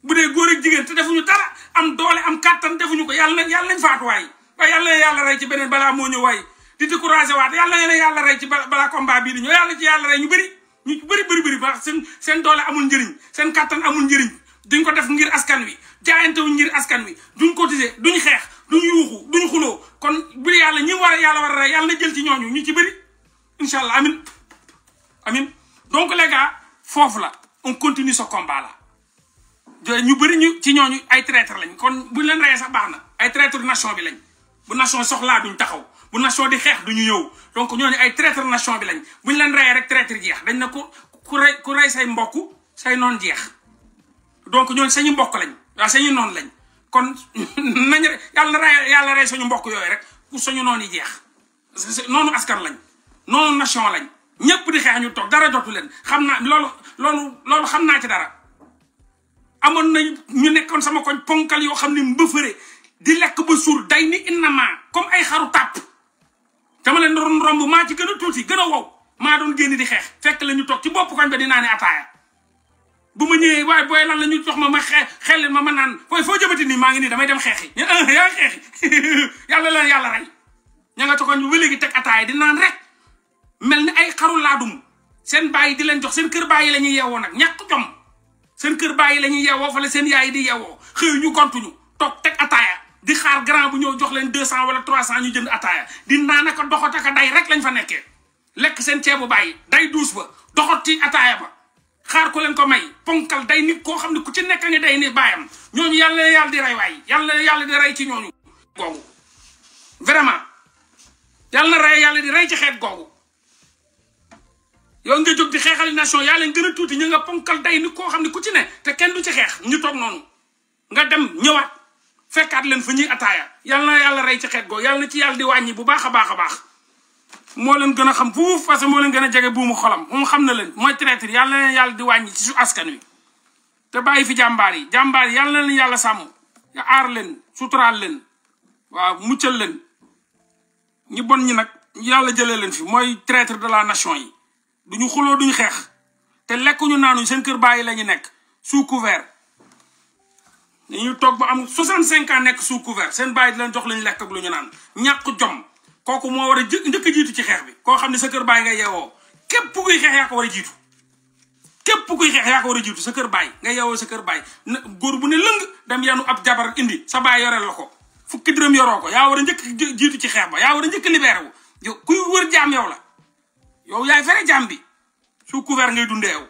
bu dee góor ak jigéen te defuñu dara am doole am kàttan defuñu ko yàlla nañ yàlla nañ faatuwaay ba yàlla na yàlla rey ci beneen balaa moo ñëw waaye di découragé waat yàlla na yàlla rey ci balaa combat bii di ñëw yàlla ci yàlla rey ñu bëri ñu bëri bëri bëri ba seen seen doole amul njariñ seen kattan amul njariñ duñ ko def ngir askan wi jaayante wuñ ngir askan wi duñ cotiser duñ xeex duñ yuuxu duñ xuloo kon bu yàlla ñi war yàlla war a rey yàlla na jël ci ñooñu ñu ci bëri incha allah amin amin donc les gars foofu la on continue ce combat ñu bëri ñu ci ñooñu ay traître lañ kon buñ leen reyee sa baax na ay traître nation bi lañ bu nation soxlaa duñ taxaw bu nation di xeex duñu ñëw donc ñooñu ay traître nation bi lañ bu ñu leen reyee rek traître jeex dañ na ku ku rey ku rey say mbokk say noon jeex donc ñooñu sañu mbokk lañ waaw sañu noon lañ kon [laughs] nañu yàlla yàlla suñu mbokk yooyu rek pour suñu noon yi jeex noonu askan lañ noonu nation lañ ñëpp di xeex ñu toog dara jotu leen xam naa loolu loolu loolu xam naa ci dara amoon na ñu nekkoon sama koñ ponkal yoo xam ne mbëfëre di lekk ba suur day ni innamaa comme ay xaru tàpp dama leen doon romb maa ci gën a tuuti gën a wow maa doon génn di xeex fekk la ñu toog ci bopp koñ ba di naan ataaya bu ma ñëwee waaye booy lan la ñu jox ma ma xe xel ma ma naan fooy foo jëbati nii maa ngi nii damay dem xeexi ñu [laughs] ah yaa xeexi [laughs] yàlla la yàlla rey ña nga ca koñ bi ba léegi teg ataaya di naan rek mel ni ay xaru seen baay yi di leen jox seen kër baay yi la ñuy yeewoo nag ñàkk jom seen kër baay yi la ñuy yeewoo fa seen yaay yi di yeewoo xëy ñu gontuñu toog teg ataaya di xaar grand bu ñëw jox leen deux cent wala trois cent ñu jënd ataaya di naa naka doxata ka day rek lañ fa nekkee lekk seen ceebu bàyyi day duus ba doxot ci ataaya ba xaar ko leen ko may ponkal day nit koo xam ne ku ci nekk nga day ni bàyyam ñooñu yàlla yàlla di rey waay yàlla na yàlla di rey ci ñooñu googu vraiment yàlla na yàlla di rey ci xeet googu yow nga jóg di nation yaa leen gën a tuuti ñu nga ponkal day nit koo xam ne ku ci ne te kenn du ci xeex ñu toog noonu nga dem ñëwaat fekkaat leen fa ñuy ataaya yal na yàlla rey ci xeet goo yal na ci yàlla di wàññi bu baax a baax a baax moo leen gën a xam fuuf parce que moo leen gën a jege buumu xolam moom xam na leen mooy traître yal na leen yàlla di wàññi ci su askan wi te bàyyi fi jàmbaar yi jàmbaar yi yal na leen yàlla sàmm aar leen suturaal leen waaw muccal leen ñi bon ñi nag yàlla jëlee leen fi mooy traître de la nation yi du ñu xuloo duñu xeex te lekkuñu naanu seen kër bàyyi la ñu nekk sous dañuy toog ba am 65 ans nekk sous couvert seen bàyyi di leen jox lañu lekk ak lu ñu naan ñàkk jom kooku moo war a jë njëkk jiitu ci xeex bi. koo xam ne sa kër bàyyi nga yeewoo képp kuy xeex yaa ko war a jiitu képp kuy xeex yaa war a jiitu sa kër bàyyi nga yeewoo sa kër bàyyi na góor bu ne lëng dem yanu ab jabar indi sa bàyyi yoreel la ko fukki dërëm yoroo ko yaa war a njëkk jiitu ci xeex ba yaa war a njëkk libéré wu yow kuy wër jaam yow la yow yaay fere jaam bi sous couvert ngay dundee yow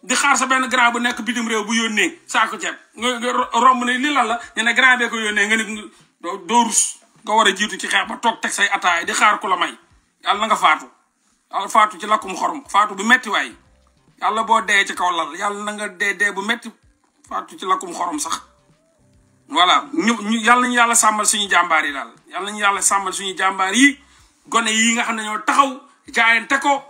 di xaar sa benn grand bu nekk bitim réew bu yónnee saako ceeb nga romb ne li lan la ñu ne grand bee ko yónnee nga ne doo rus nga war a jiitu ci xeex ba toog teg say ataay di xaar ku la may yàlla nga faatu yàlla faatu ci lakkum xorom faatu bu metti waay boo dee ci kaw yàlla na nga dee dee bu metti faatu ci lakkum xorom sax voilà ñu ñu yàlla yàlla sàmmal suñu jàmbaar yi daal yàlla nañu yàlla sàmmal suñu jàmbaar yi gone yi nga xam ne ñoo taxaw jaayante ko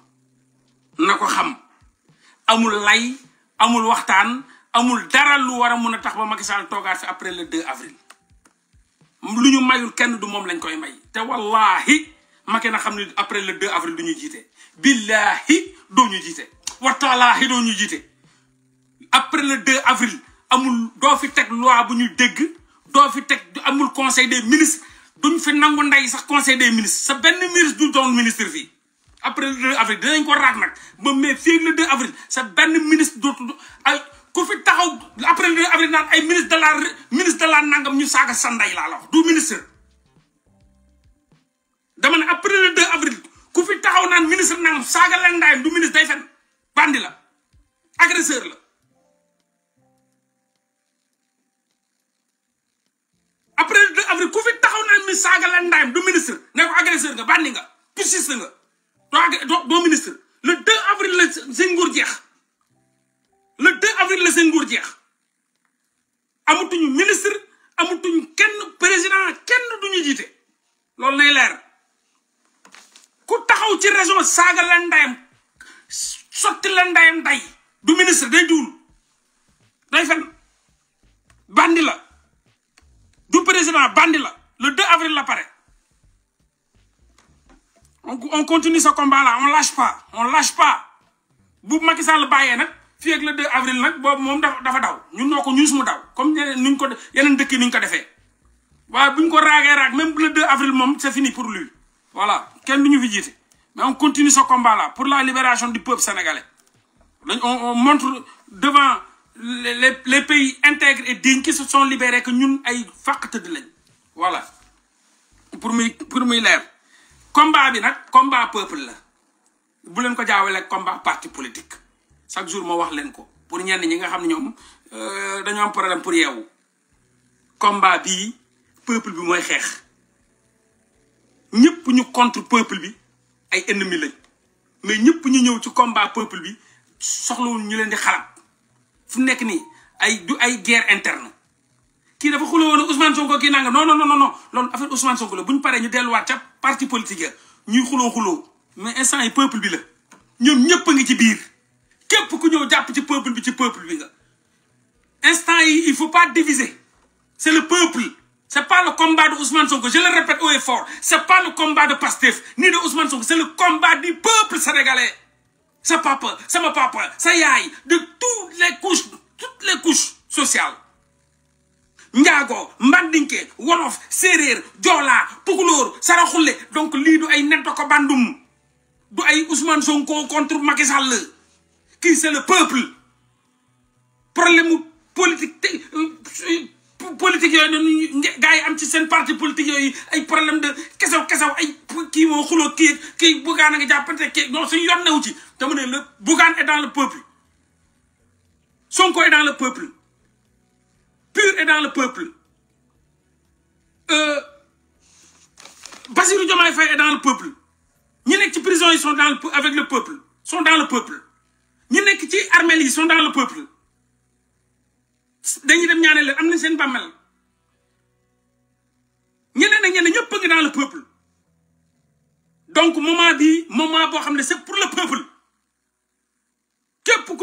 na ko xam amul lay amul waxtaan amul dara lu war a mun a tax ba Macky Sall toogaat fi après le 2 avril lu ñu mayul kenn du moom lañ koy may te wallahi Macky na xam ne après le 2 avril du ñu jiite billahi doo ñu jiite wataalaahi doo ñu jiite après le 2 avril amul doo fi teg loi bu ñu dégg doo fi teg amul conseil des ministres duñ fi nangu ndey sax conseil des ministre sa benn ministre du doon ministre fii après le 2 avril dinañ ko raag nag ba mais fii le 2 avril sa benn ministre dootul ay taxaw après le 2 avril naan ay ministre de la ministre de la nangam ñu saaga sanday laa la wax du ministre. dama ne après le 2 avril ku taxaw naan saaga leen ndaayam du ministre day fen après le taxaw naan mi saaga leen ndaayam du ministre ne agresseur nga bandi nga pusiste nga. doo doo ministre le 2 avril la seen nguur jeex le 2 avril la seen nguur jeex ñu ministre amatuñu kenn président kenn duñu jiite loolu nay leer ku taxaw ci région saaga la ndayam sotti la ndayam day du ministre day juul day fen bandi la du président bandi la le 2 avril la pare on on continue ce combat là on lâche pas on lâche pas Boub Macky Sall bàyyee nag fii ak le 2 avril nak bob mom dafa daw ñun noko ñu mu daw comme nuñ ko yeneen dëkk yi ko defee wa buñ ko raagee rag même le 2 avril mom c'est fini pour lui voilà kenn ñu fi jité mais on continue ce combat là pour la libération du peuple sénégalais on montre devant les les pays intègres et dignes qui se sont libérés que ñun ay fàq de lañ voilà pour mes, pour muy leer. combat bi nag combat peuple la bu leen ko jaawale ak combat parti politique chaque jour moo wax leen ko pour ñenn ñi nga xam ne ñoom euh, dañoo am problème pour yeewu combat bi peuple bi mooy xeex ñëpp ñu contre peuple bi ay ennemi lañ mais ñëpp ñu ñëw ci combat peuple bi soxlawul ñu leen di xalaat fu nekk nii ay du ay guerre interne Qui dafa xuloo won Ousmane Sonko ki nang non non non non loolu affaire Ousmane Sonko la paré ñu paree wat ci parti politique ya ñuy xuloo mais instant yi peuple bi la ñoom ñëpp nga ci biir képp ku ñëw japp ci peuple bi ci peuple bi nga instant yi il faut pas diviser C'est le peuple C'est pas le combat de Ousmane Sonko je le répète haut et fort pas le combat de Pastef ni de Ousmane Sonko C'est le combat du peuple sénégalais sa papa sama papa sa yaay de toutes les couches toutes les couches sociales njaago mbandinke wolof séeréer joolaa pukulóor saraxulle donc lii du ay netto ko bandum du ay Ousmane Sonko contre Macky Sall kii le peuple problème mu politique euh, euh, politique yooyu noonu gars yi am ci seen parti politique yooyu ay problème de kesew kesew ay kii moo xuloo kii kii Bougane a nga jàppante kii non suñu yoon newu ci dama ne le Bougane est dans le peuple Sonko est dans le peuple pur est dans le peuple euh, Basirou Diomaye est dans le peuple ñi prison ils sont dans le avec le peuple sont dans le peuple ñi ils sont dans le peuple dañuy dem dans le peuple donc maman maman c'est pour le peuple Que pour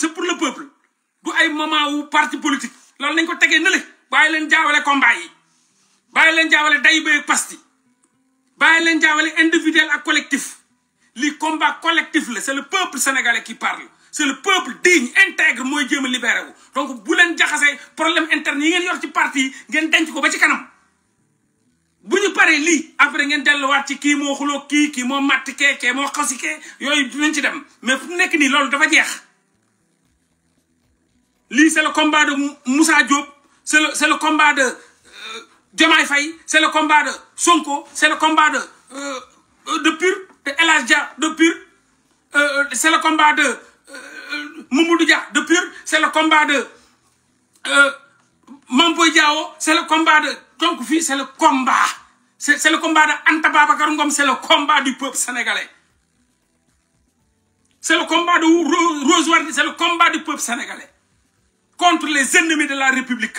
c'est pour le peuple du ay moment parti politique. lol nañ ko tegee nële bay leen jaawale combat yi bay leen jaawale day ak pasti bay leen jaawale individuel ak collectif li combat collectif le c'est le peuple sénégalais qui parle c'est le peuple digne intègre moy jëm libéré wu donc bu leen jaxassé problème interne yi ngeen yor ci parti ngeen denc ko ba ci kanam buñu paré li après ngeen wat ci matike, mo xulo ki ki mo matt ké mo xassiké yoy dinañ ci dem mais fu nek ni lolou dafa jeex L'I c'est le combat de Moussa Diop c'est le combat de Djamai Faye c'est le combat de Sonko c'est le combat de Pur de El de Pur c'est le combat de Mamadou de Pur c'est le combat de Mame c'est le combat de c'est le combat c'est le combat de Anta c'est le combat du peuple sénégalais c'est le combat de Rose c'est le combat du peuple sénégalais contre les ennemis de la république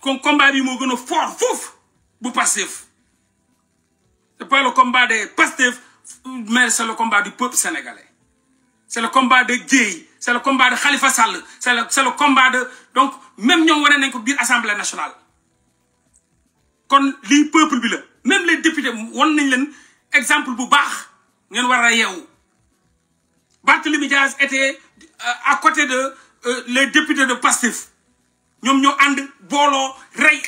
qu'on combat les moo fort. Pour fort passer. Ce n'est pas le combat des Pastef mais c'est le combat du peuple sénégalais c'est le combat de gays, c'est le combat de Khalifa Sall c'est le combat de donc même nous on nañ ko assemblée nationale kon le peuple même les députés ont nañ un exemple bu Bach, nous avons a Battle Diaz était euh, à côté de euh, les députés de Pastif. Nous avons and bolo rey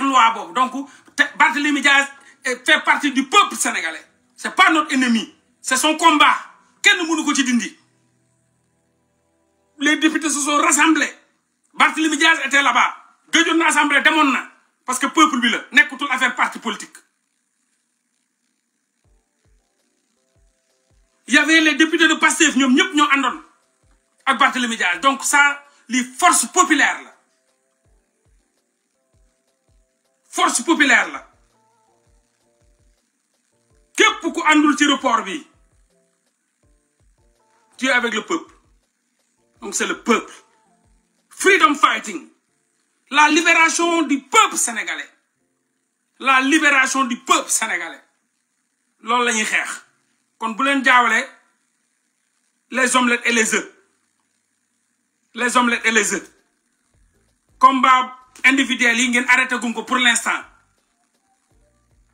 loi bob donc Barthélémy Diaz fait partie du peuple sénégalais c'est pas notre ennemi c'est son combat kenn mënu ko dindi les députés se sont rassemblés Barthélémy Diaz était là-bas na assemblée demoon parce que peuple bi la nekkutul affaire parti politique Il y avait les députés de Pastef ñom ñep ñoo àndoon ak Barthélemy Dias donc ça les forces populaires. la force populaire la képp ku andul ci report bi tu es avec le peuple donc c'est le peuple freedom fighting la libération du peuple sénégalais la libération du peuple sénégalais loolu la kon bu les omelettes et les œufs les omelettes et les œufs combat individuel arrêtez ngeen arrêté pour l'instant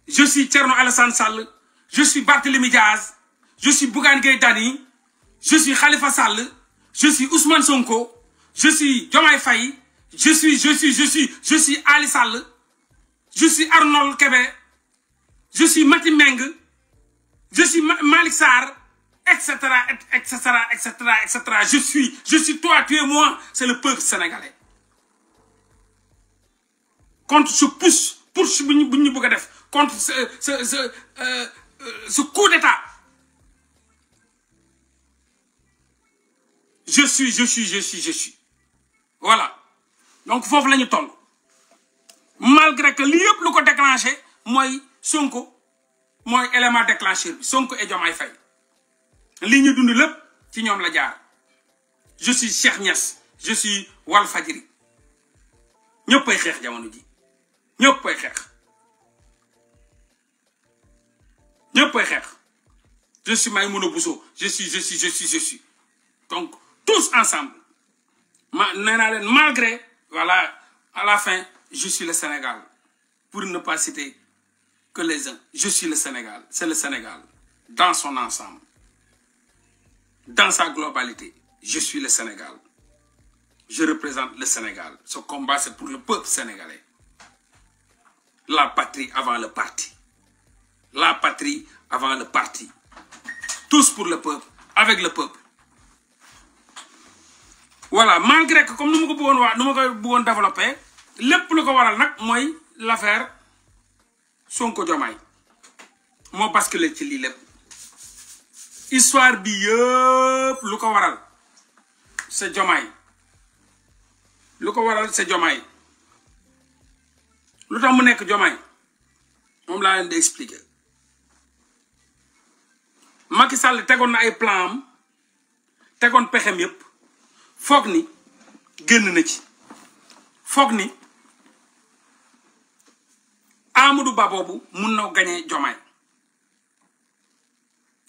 je suis Thierno Alassane Sall je suis Barthélémy Diaz je suis Bougane Gueye Dani. je suis Khalifa Sall je suis Ousmane Sonko je suis djomay Faye je suis je suis je suis je suis Ali Sall je suis Arnold Kébé je suis Matim Meng je suis Malik Sarr, etc., etc., etc., etc. Je suis, je suis toi, tu es moi. C'est le peuple sénégalais. Contre ce push, push contre ce, ce, euh, euh, ce, coup d'État. Je suis, je suis, je suis, je suis. Voilà. Donc, voilà faut malgré que l'IEP yëpp lu ko déclenché un Sonko moi, élément déclencheur bi Sonko et Diomaye Faye li ñu dund lepp ci ñom la jaar je suis Cheikh Niass je suis wal ñëpp ay xex jamono ji ñëpp xex xeex xex je suis Maïmouna Bousso je suis je suis je suis je suis donc tous ensemble ma malgré voilà à la fin je suis le Sénégal pour ne pas citer que les uns. Je suis le Sénégal. C'est le Sénégal. Dans son ensemble. Dans sa globalité. Je suis le Sénégal. Je représente le Sénégal. Ce combat, c'est pour le peuple sénégalais. La patrie avant le parti. La patrie avant le parti. Tous pour le peuple. Avec le peuple. voilà malgré que comme nous avons pouvons développé le l'affaire Sonko Diomaye moo basculé ci lii lépp histoire bi yëpp lu ko waral c'est Diomaye lu ko waral c'est Diomaye lu tax mu nekk Diomaye moom laa leen di expliquer Macky tegoon na ay plan am tegoon pexem yëpp foog ni génn na ci foog ni Amadou Ba boobu mun na gañe Jomaay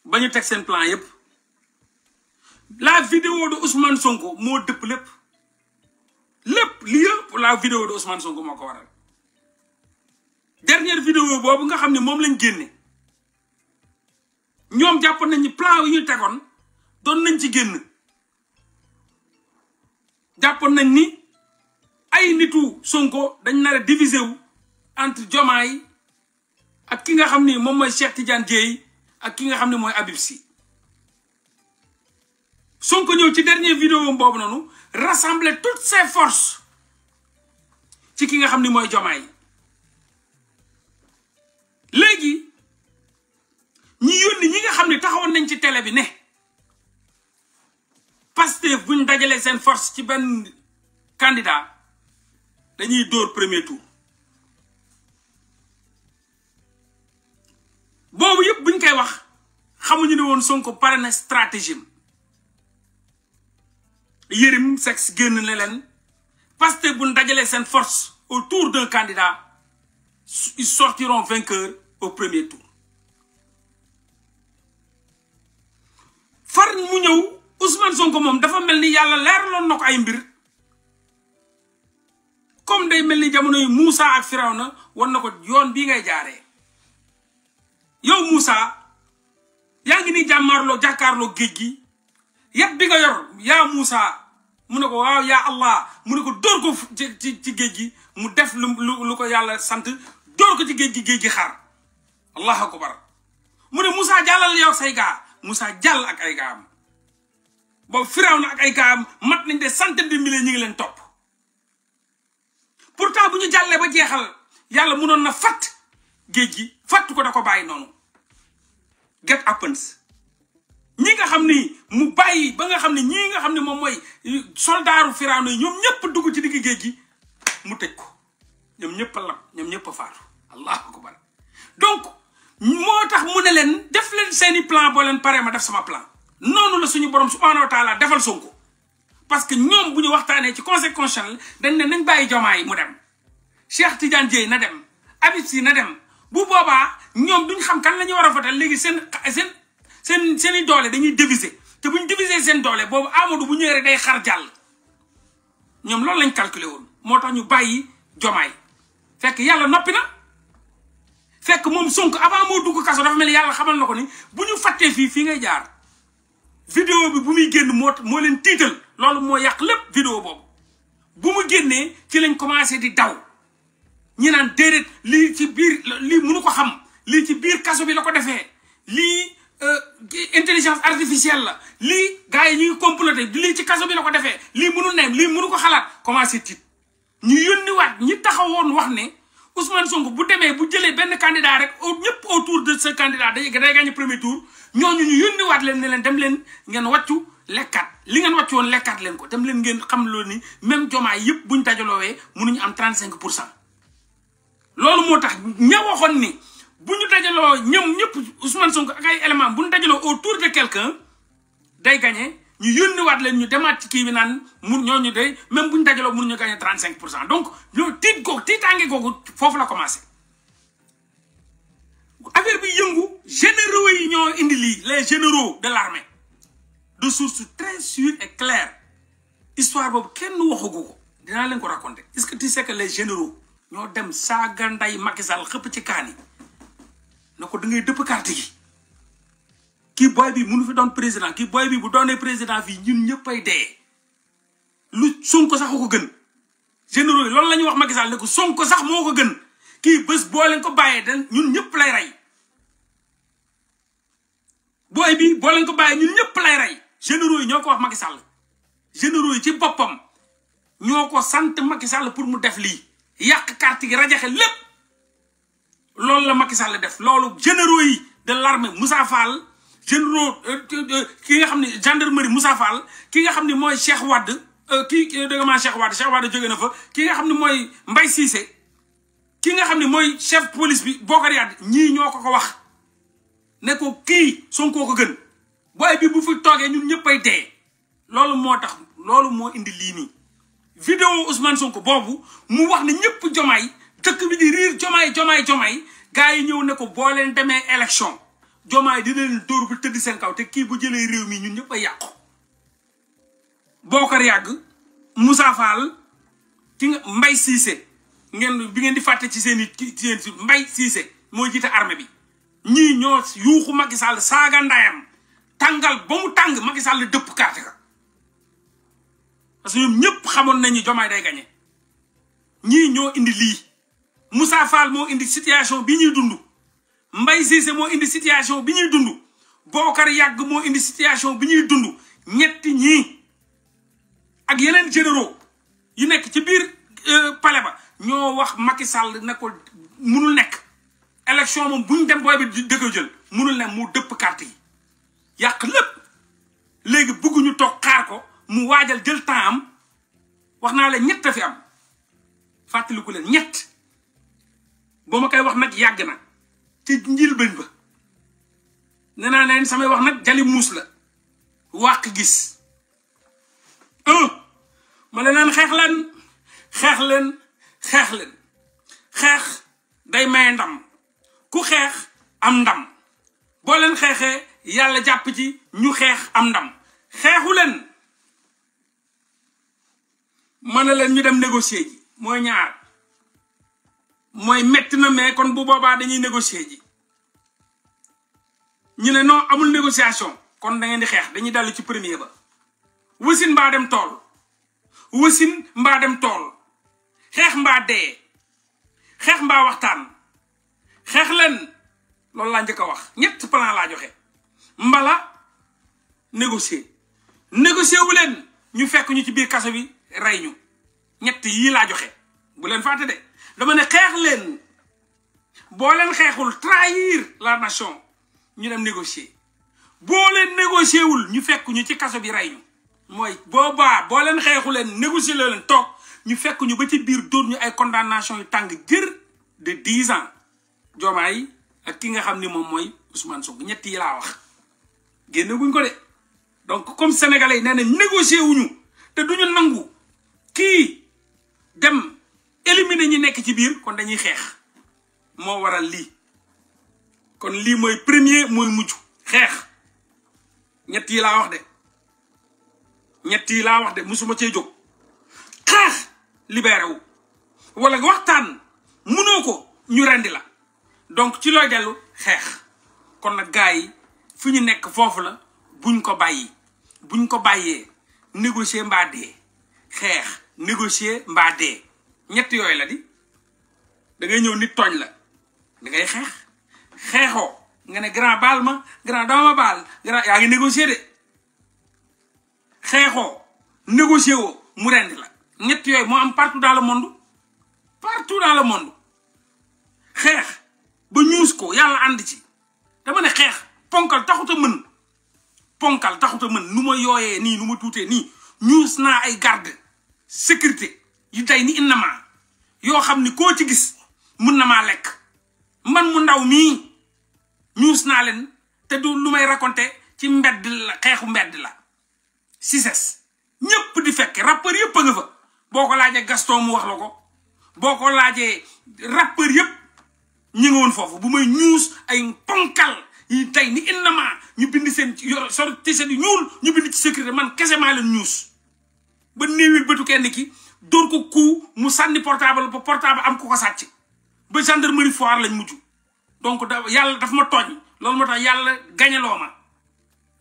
ba ñu teg seen plan yépp la vidéo de Ousmane Sonko moo dëpp lépp lépp lii yëpp la usmaan de Sonko moo ko waral dernière vidéo boobu nga xam ne moom lañ génne ñoom jàpp nañ ni plan yi ñu tegoon doon nañ ci génn jàpp nañ ni ay nitu Sonko dañ nar a diviser wu entre Jomay ak ki nga xamni mom moy Cheikh Tidiane Dieye ak ki nga xamni moy Habib Sy Sonko ñew ci dernier vidéo bobu nonu rassembler toutes ses forces ci ki nga xamni ni Jomay légui ñi yoni ñi nga xamni taxawon nañ ci télé bi né pasteur buñ dajalé sen force ci ben candidat dañuy door premier tour bobu yëpp buñ koy wax xamuñu ne won Sonko pare stratégie yérim sex génn na parce que buñ dajalé sen force autour d'un candidat ils sortiront vainqueurs au premier tour far mu ñew Ousmane Sonko mom dafa melni yalla yàlla leeraloon na ay mbir comme day melni jamono yi Moussa ak Firawna won nako yoon ngay jaaree yow Musa, yaa ngi ni jamarlo jakarlo géej yeb bi yor ya musa mu ko Allah mu ne ko dóor ko ci ci géej mu def lu lu ko yalla sante dor ko ci géej gi géej gi xaar allahu akbar mu musa Moussa jàllal yow say ga musa jall ak ay gam bo firawna ak ay gam mat nañ de sante de milliers ñi ngi len top pourtant buñu ñu ba jéxal yalla mënon na fat Geji, gi ko da ko bàyyi nonu get happens ñi nga xamni mu bàyyi ba nga xamni ñi nga xamni mom moy soldatu muteko, ñom ñepp ñoom dugg ci digg géej mu tëj ko ñom ñepp lam ñom ñepp allahu donc motax mu ne len def len seeni plan bo len paré ma def sama plan nonu la suñu borom subhanahu wa taala defal Sonko parce que ñom buñu waxtane ci conseil constitutionnel dañ ne nañ bàyyi jomaay mu dem Cheikh Tidiane na dem Habib si na dem bu boobaa ñoom ñu xam kan la war a voté léegi seen seen seen seen i doole dañuy diviser te bu ñu diviser seen doole boobu Amadou bu ñëwee rek day xar jàll ñoom loolu lañ calculer woon moo tax ñu bàyyi jomaay fekk yàlla noppi na fekk moom Sonko avant moo dugg kaso dafa mel yàlla xamal na ko ni bu ñu fàttee fii fii ngay jaar vidéo bi bu muy génn moo moo leen tiital loolu moo yàq lépp vidéo boobu bu mu génnee ci lañ commencé di daw ñi naan déedéet lii ci biir lii mënu ko xam lii ci biir kaso bi la ko defee lii euh, intelligence artificielle la lii gars yi ñu ngi comploté lii ci kaso bi la ko defee lii mënul ne lii mënu ko xalaat commencé tiit ñu yónniwaat ñi taxawoon wax ne Ousmane Sonko bu demee bu jëlee benn candidat rek ñëpp autour de ce candidat day day gagné premier tour ñooñu ñu yónniwaat leen ne leen dem leen ngeen wàccu lekkat li ngeen wàccu woon lekkat leen ko dem leen ngeen xam loolu ni même jomaay yëpp buñ dajaloowee mënuñu am 35 pour cent. loolu moo tax ñaw waxoon ni bu ñu dajaloo ñoom ñëpp Ousmane Sonko ak ay bu ñu dajaloo autour de quelqu'un day gagné ñu yónniwaat leen ñu demaat ci kii bi naan mun ñooñu day même bu ñu dajaloo mun ñu gagné trente cinq pour cent donc loolu tiit googu tiitaange googu foofu la commencé. affaire bi yëngu généraux yi ñoo indi lii les généraux de l'armée de source très sûre et claire histoire boobu kenn waxagu ko dinaa leen ko raconter est-ce que tu sais que les généraux. ñoo dem saaga nday Macky Sall xëpp ci kaani na ko da ngay dëpp carte gi kii booy bi mënu fi doon président kii booy bi bu doonee président fii ñun ñëppay dee lu Sonko sax ko gën généraux yi loolu la ñuy wax Macky Sall ne ko sax moo ko gën kii bés booleen ko bàyyee den ñun ñëpp lay rey booy bi boo ko bàyyee ñun ñëpp lay rey généraux yi ñoo ko wax Macky Sall yi ci boppam ñoo ko sant Macky Sall pour mu def lii yàq carte gi rajaxe lépp loolu la Macky Sall def loolu généraux yi de l'armée Moussa Fall généraux euh, ki nga xam ne gendarmerie Moussa Fall ki nga xam ni mooy Cheikh Wade euh, kii euh, dégg maa Cheikh Wade Cheikh Wade jóge na fa ki nga xam ne mooy mbay Cissé ki nga xam ne mooy chef police bi Bokar Yàdd ñii ñoo ko ko wax ne ko kii Sonko ko gën booy bi bu fi toogee ñun ñëppay dee loolu moo tax loolu moo indi lii nii vidéo Ousmane Sonko boobu mu wax ne ñëpp jomaay dëkk bi di riir jomaay jomaay jomaay gars yi ñëw ne ko boo leen demee élection jomaay dina leen dóor bu tëdd seen kaw te kii bu jëlee réew mi ñun ñëpp a yàqu. Bokar yàgg Moussa Fall ki nga mbay Cissé ngeen bi ngeen di fàtte ci seen i ci seen si Mbaye Cissé mooy jiite armée bi ñii ñoo yuuxu Macky Sall saaga ndayam tàngal ba mu tàng Macky Sall dëpp carte parce que ñoom ñëpp xamoon nañu jomaay day gañe ñii ñoo indi lii Moussa Fall moo indi situation bi ñuy dund mbay Cissé moo indi situation bi ñuy dund Bokar moo indi situation bi ñuy dund ñetti ñii ak yeneen généraux yu nekk ci biir euh, palais ba ñoo wax Macky Sall ne ko nekk élection moom bu ñu dem booy bi dëkk jël munu ne mu dëpp karti yi yàq lépp léegi bëgguñu toog xaar ko mu waajal jël temps am wax naa leen ñett a fi am fàttaliku leen ñett boo ma koy wax nag yàgg na ci njëlbéen ba nee naa leen samay wax nag jali muus la wàq gis un ma ne leen xeex leen xeex leen xeex leen xeex day may ndam ku xeex am ndam boo leen xeexee yàlla jàpp ci ñu xeex am ndam xeexu leen ma ne leen ñu dem négocier ji mooy ñaar mooy metti na mais kon bu boobaa dañuy négocier ji ñu ne noo amul négociation kon da ngeen di xeex dañuy dallu ci premier ba wasin mbaa dem tool wasin mbaa tool xeex mbaa dee xeex mbaa waxtaan xeex leen loolu laa njëkk a wax ñett plan laa joxe mbala négocier négocier wu leen ñu fekk ñu ci biir kaso bi rey ñu ñetti yii laa joxe bu leen fàtte de dama ne xeex leen boo leen xeexul trahir la nation ñu dem négocier boo leen négocier wul ñu fekk ñu ci kaso bi rey ñu mooy boobaa boo leen xeexu leen négocier loo leen toog ñu fekk ñu ba ci biir dóor ñu ay condamnation yu tàng jër de dix ans Diomaye ak kii nga xam ni moom mooy Ousmane Sonko ñett yi laa wax génne guñ ko de donc comme sénégalais yi nee na négocier wuñu nangu kii dem éliminer ñi nekk ci biir kon dañuy xeex moo waral lii kon lii mooy premier mooy mujj xeex ñetti yi laa wax de ñett laa wax de musuma cee jóg xeex libéré wu waxtaan mënoo ko ñu rendi la donc ci looy dellu xeex kon nag gars yi fi ñu nekk foofu la buñ ko bàyyi buñ ko bàyyee négocier mbaa dee xeex négocier mbaa dee ñett yooyu la di da ngay ñëw nit tooñ la da ngay xeex xeexoo nga ne grand baal ma grand dama ma baal grand yaa ngi négocier de xeexoo négocier woo mu rend la ñett yooyu moo am partout dans le monde partout dans le monde xeex ba ñuus ko yàlla ànd ci dama ne xeex ponkal taxuta mën ponkal taxuta mën nu ma yooyee nii nu ma tuutee ñuus naa ay garde sécurité yi tey ni ma yoo xam ni koo ci gis mun na maa lekk man mu ndaw mii ñuus naa leen te du lu may raconté ci mbedd la xeexu mbedd la Ciss ñëpp di fekk rappeur yëpp a nga fa boo ko laajee Gaston mu wax ma ko boo ko laajee rappeur yëpp ñi foofu bu may ñuus ay ponkal yi tey ni innama ñu bind seen yor sor ti seen ñuul ñu bind ci sécurité man kese maa leen ñuus ba néewil bëtu kenn ki dóor ko ku mu sànni portable ba portable am ku ko sàcc ba gendarmerie foire lañ mujj donc da yàlla dafa ma tooñ loolu ma tax yàlla gañeloo ma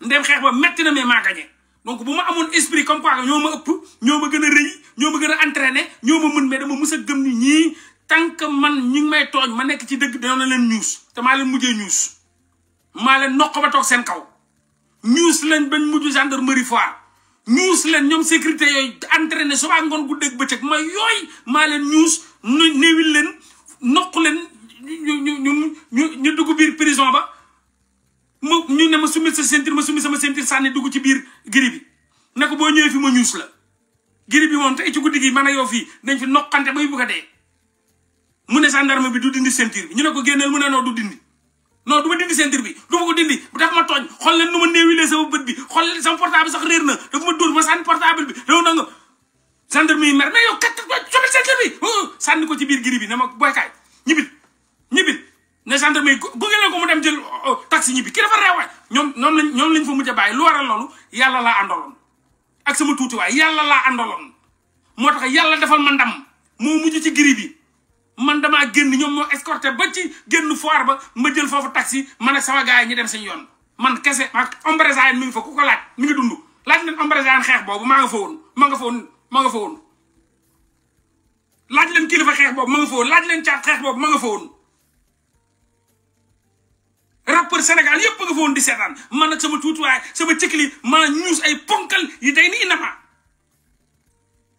ndem xeex ba metti na mais maa gañe donc bu ma amoon esprit comme quoi ñoo ma ëpp ñoo ma gën a rëy ñoo ma gën a entraîné ñoo ma mën mais dama mës a gëm ni ñii tant man ñi ngi may tooñ ma nekk ci dëgg dana leen ñuus te maa leen mujjee ñuus maa leen noq ba toog seen kaw ñuus lañ bañ mujj gendarmerie foire ñuus leen ñoom sécurité yooyu entraîné suba ngoon guddeeg bëccëg ma yooyu maa leen ñuus ñu néewil leen noq leen ñu ñu ñu ñu ñu dugg biir prison ba ma ñu ne ma summi sa ceinture ma summi sama ceinture sànni dugg ci biir giri bi ne ko boo ñëwee fi ma ñuus la giri bi moom tey ci guddi gi man a yow fii dañ fi noqante bay bugg a dee mu ne gendarme bi du dindi ceinture bi ñu ne ko génneel mu ne noo du dindi non duma ma dindi seen dir bi du ma ko dindi dafa ma tooñ xool leen nu ma néewilee sama bët bi xool sama portable sax réer na dafa ma dóor ma sànni portable bi dafa nanga gendarme yi mer mais yow kat sobi seen bi oh, oh. sànni ko ci biir giri bi ma boykaay ñibbil ñibbil ne gendarme yi gunge leen ko mu dem jël oh, taxi ñibbi kii dafa reewaay ñoom ñoom lañ ñoom lañ fa mujj a bàyyi lu waral loolu yàlla laa àndaloon ak sama tuutiwaay yàlla laa àndaloon moo tax yàlla defal ma ndam moo mujj ci giri bi man damaa génn ñoom ñoo escorté ba ci génn foire ba ma jël foofu taxi man ak sama gars yi ñu dem seen yoon man kese ak ombrezaan mi ngi fa ku ko laaj mi ngi dund laaj leen ombrezaan xeex boobu maa nga fa woon ma nga fa woon ma nga fa woon laaj leen kilifa xeex boobu ma nga fa woon laaj leen caat xeex boobu ma nga fa woon rappeur di seetaan man ak sama tuutiwaay sama cëkkili ma ñuus ay ponkal yi day nii nama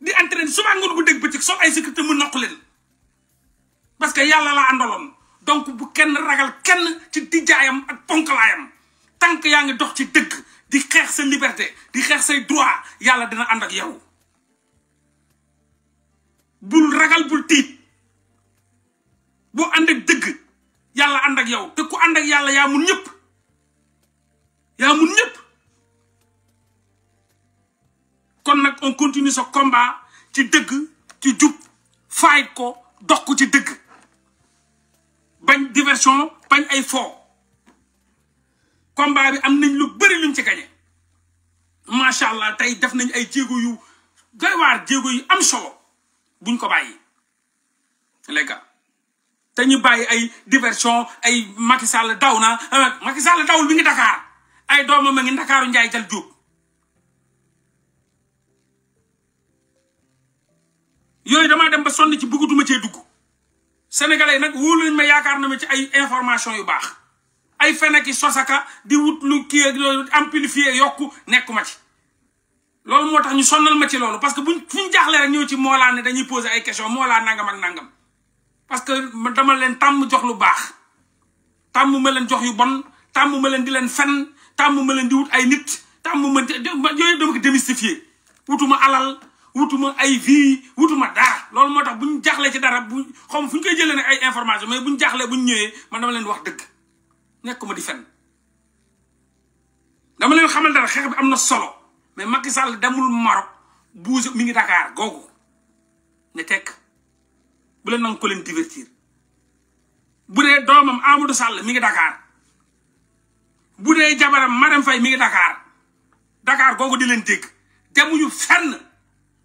di entraîné suba ngoon bu dégg bëccëg sol ay sécurité mu noq leen parce que yalla la àndaloon donc bu kenn ragal kenn ci tidjayam ak ponklayam tank ya nga dox ci deug di xex sa liberté di xex say droit yalla dina and ak yow bul ragal bul tit bo and ak deug yalla and ak yow te ku and ak yalla ya mun ñep ya mun ñep kon nak on continue ce combat ci deug ci djup faay ko dox ko ci deug manipulation pañ ay fo combat bi am nañ lu bari luñ ci gañe macha allah tey def nañ ay jéego yu doy jéego yu am solo buñ ko bàyyi les gars te ñu bàyyi ay diversion ay Macky Sall daw na euh, Macky Sall dawul bi ngi dakaar ay doomam a ngi Ndakaaru Njaay jal jóob yooyu damaa dem ba sonn ci bëggatuma cee dugg sénégalais nag wóolu nañ ma yaakaar na ma ci ay information yu baax ay ki sosaka di wut lu kii ak loolu amplifier yokku nekkuma ci loolu moo tax ñu sonnal ma ci loolu parce que buñ fuñ jaaxle rek ñëw ci moolaa ne dañuy poser ay question moolaa nangam ak nangam parce que dama leen tàmm jox lu baax tàmm ma leen jox yu bon tàmm ma leen di leen fen tàmm ma leen di wut ay nit tàmm ma yooyu dama ko démystifier wutuma alal wutuma ay vie wutuma dara loolu moo tax bu ñu jaxlee ci dara bu xaw fu ñu koy jëlee ne ay information mais bu ñu jaxlee bu ñu ñëwee man dama leen wax dëgg nekkuma di fenn dama leen xamal dara xeex bi am na solo mais Macky Sall demul Maroc buuse mi ngi Dakar googu ne tekk bu leen nangu ko leen divertir bu dee doomam Amadou Sall mi ngi Dakar bu dee jabaram Marème Faye mi ngi Dakar Dakar googu di leen dégg demuñu fenn.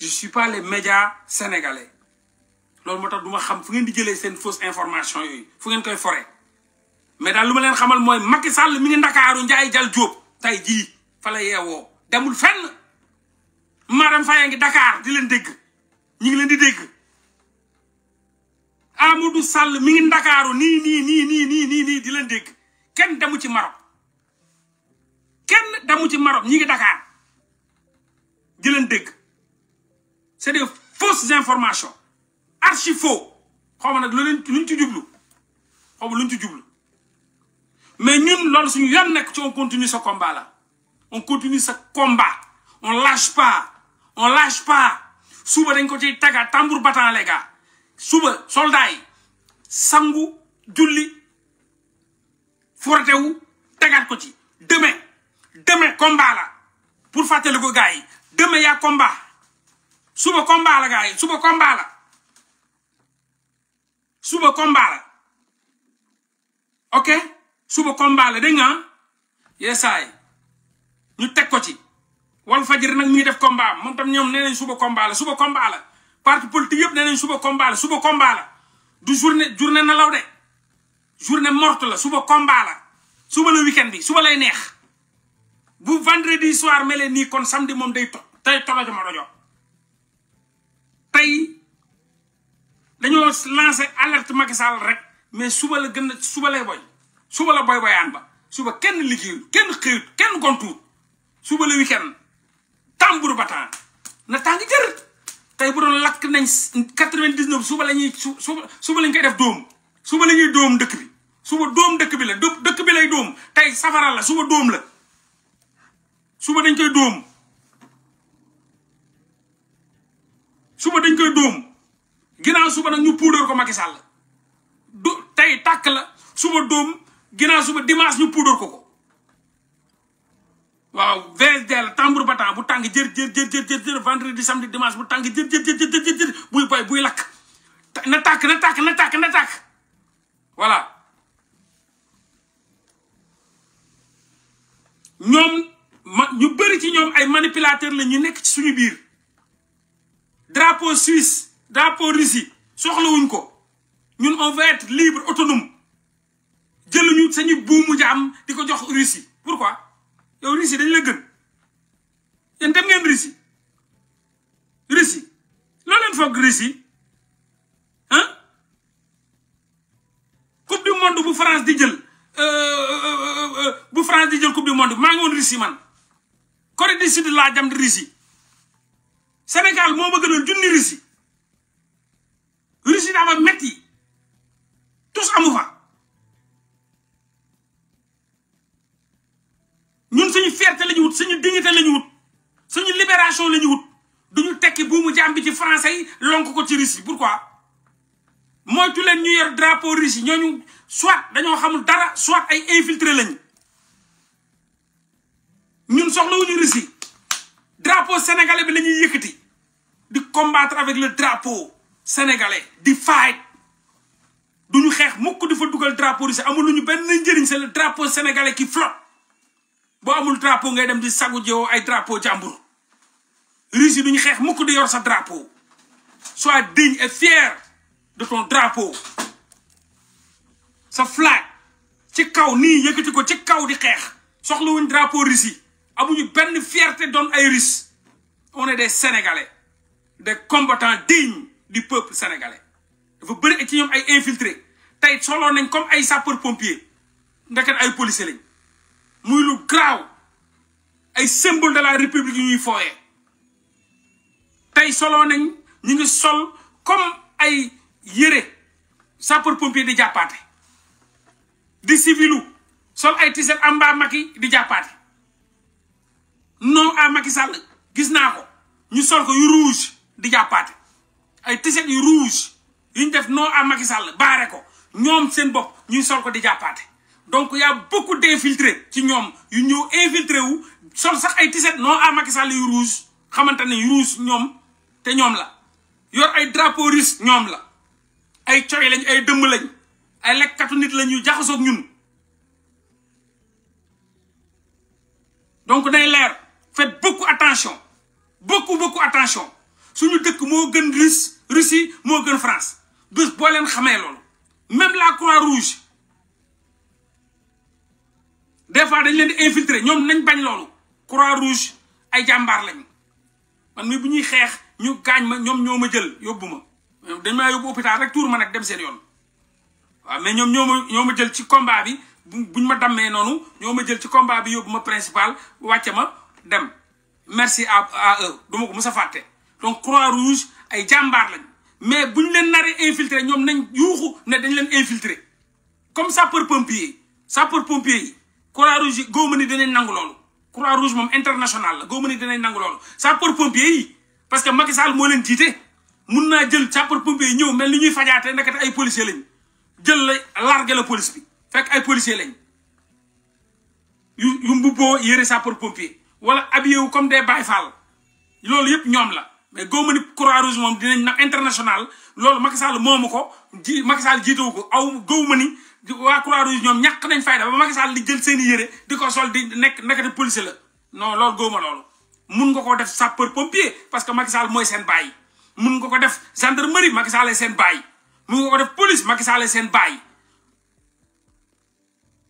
je suis pas les médias sénégalais loolu moo tax duma xam fu ngeen di jëlee seen fausse information yooyu fu ngeen koy fore mais daal lu ma leen xamal mooy Macky Sall mi ngi ndakaaru Ndiaye Jal Diop tey jii fa la yeewoo demul fenn Marème ngi Dakar di leen dégg ñu ngi leen di dégg Amadou Sall mi ngi ndakaaru nii nii nii nii nii nii nii di leen dégg kenn demu ci Maroc kenn demu ci Maroc ñi ngi dakaar di leen dégg c'est des fausses informations archi faux xaw ma mais nous, suñu on continue ce combat là on continue ce combat on lâche pas on lâche pas Souba, dañ ko ciy un tambour battant les gars Souba, soldat, sangou, sangu julli ou, tagaat ko côté, demain demain combat là pour fàttali ko gars demain y a combat suba combat la suba combat suba combat la ok suba combat la nga yeesaay ñu teg ko ci wal fajir nag mi def combat moom tam ñoom nee nañ suba combat la suba combat la yëpp nee suba combat suba combat la du journée journée na law de journée morte la suba combat suba la weekend bi suba lay neex bu vendredi soir mel nii kon samedi moom day to tey tojo ma dojo tey dañoo lancé alerte Macky rek mais suba la gën a suba lay boy suba la boy boyaan ba suba kenn liggéeyut kenn xëyut kenn gontuut suba la weekend tambour batan na tàng jër tey bu doon lakk nañ quatre vingt suba la ñuy suba suba lañ koy def doom suba la doom dóom dëkk bi suba dóom dëkk bi la dëkk bi lay doom tey safara la suba dóom la suba dañ koy doom suba dañ koy dom ginnaaw suba nak ñu puudar ko Macky Sall du tey tàkk la suba dom ginnaaw suba dimanche ñu puudar ko ko waaw dir dir tambour dir bu tang jër jër jër jër jër vendredi samedi dimanche bu dir dir, jër jër jër jër buy bay buy lak na tak na tak na tak na tak voilà ñom ñu bari ci ñom ay manipulateur la ñu nek ci suñu biir drapeau suisse drapeau Russie soxlawuñ ko ñun on veut être libre autonome jëluñu sañu buumu jaam di ko jox Russie koi yow Russie dañ la gën yéen dem ngeen Russie Russie loo leen foog Russie ah coupe du monde bu France di jël euh, euh, euh, bu France di jël coupe du monde maa ngi woon Russie man Corée du Sud laa jam Russie Sénégal moo a gënal junni Russie Russie daa ma metti tus amu fa ñun suñu fierté lañu wut suñu dignité la wut suñu libération la ñu wut duñu tekki buumu jaam bi ci français yi lonk ko ci Russie pourquoi moytu leen ñu yor drapeau Russie ñooñu soit dañoo xamul dara soit ay infiltré lañu ñun soxlawuñu Russie drapeau sénégalais bi lañuy ñuy yëkkati di combattre avec le drapeau sénégalais di fight du ñu xeex mukk di fa dugal drapeau russe amul lu ñu benn njëriñ c'est le drapeau sénégalais qui flotte boo amul drapeau ngay dem di sagu jëwoo ay drapeau jàmbur russe yi du ñu xeex mukk di yor sa drapeau soit digne et fier de ton drapeau sa flag ci kaw nii yëkkati ko ci kaw di xeex soxlawuñ drapeau russe une benn fierté doon ay on est des sénégalais des combattants dignes du peuple sénégalais Vous bëri ci ñoom ay infiltré tey soloon nañ comme ay pompiers pompier ndeket ay policier lañ muy lu graaw ay symbole de la république du ñuy fooyee tey soloo nañ ñu ngi sol comme ay yére sapeur pompier di jàppaate di civils. sol ay tiset amba maki di jàppaate non à Macky Sall gis naa ko ñu sol ko yu rouge di jàppaate ay t-shirt yu rouge yu def non à Macky Sall baare ko ñoom seen bopp ñuy sol ko di jàppaate donc y' a beaucoup ci ñoom yu ñëw infiltré wu sol sax ay t-shirt non à Macky yu rouge xamante ne yu rouge ñoom te ñoom la yor ay drapeau russe ñoom la ay coy lañ ay dëmm lañ ay lekkatu nit la ñu jaxasoog ñun donc day leer. faites beaucoup attention beaucoup beaucoup attention suñu Russe Russie France même la croix rouge des fois dañ di infiltrer nañ bañ La croix rouge ay jambar lañ man mi buñuy ñu gañ ma ñom ñoma jël yobuma dañ nous hôpital rek ma dem combat principal dem merci à à eux du ma ko mus a fàtte donc croix rouge ay jàmbaar lañ mais bu ñu leen naree infiltrer ñoom nañ yuuxu ne dañ leen infiltrer comme sapeur pompier sapeur pompier yi croix rouge yi góob ni dinañ nangu loolu. croix rouge international la góob ni dinañ nangu loolu sapeur pompier yi parce que Macky Sall moo leen jiite mun naa jël sapeur pompier ñëw mel ni ñuy fajaatee ndekete ay policier lañ jël la largué la police bi fekk ay policier lañ yu yu mbubboo yëre sapeur pompier. wala abiyewu comme des Baye Fall loolu yëpp ñoom la mais góob ni croix rouge moom dinañ na international loolu Macky Sall moomu ko ji Macky Sall jiitewu ko aw góob ni waa croix rouge ñoom ñàkk nañ fayda ba Macky Sall di jël seen yére di ko sol di nekk nekkati policier la non loolu góob ma loolu. mun nga ko def sapeur pompier parce que Macky Sall mooy seen baay mun nga ko def gendarmerie Macky Sall seen baay mun nga ko def police Macky Sall seen baay.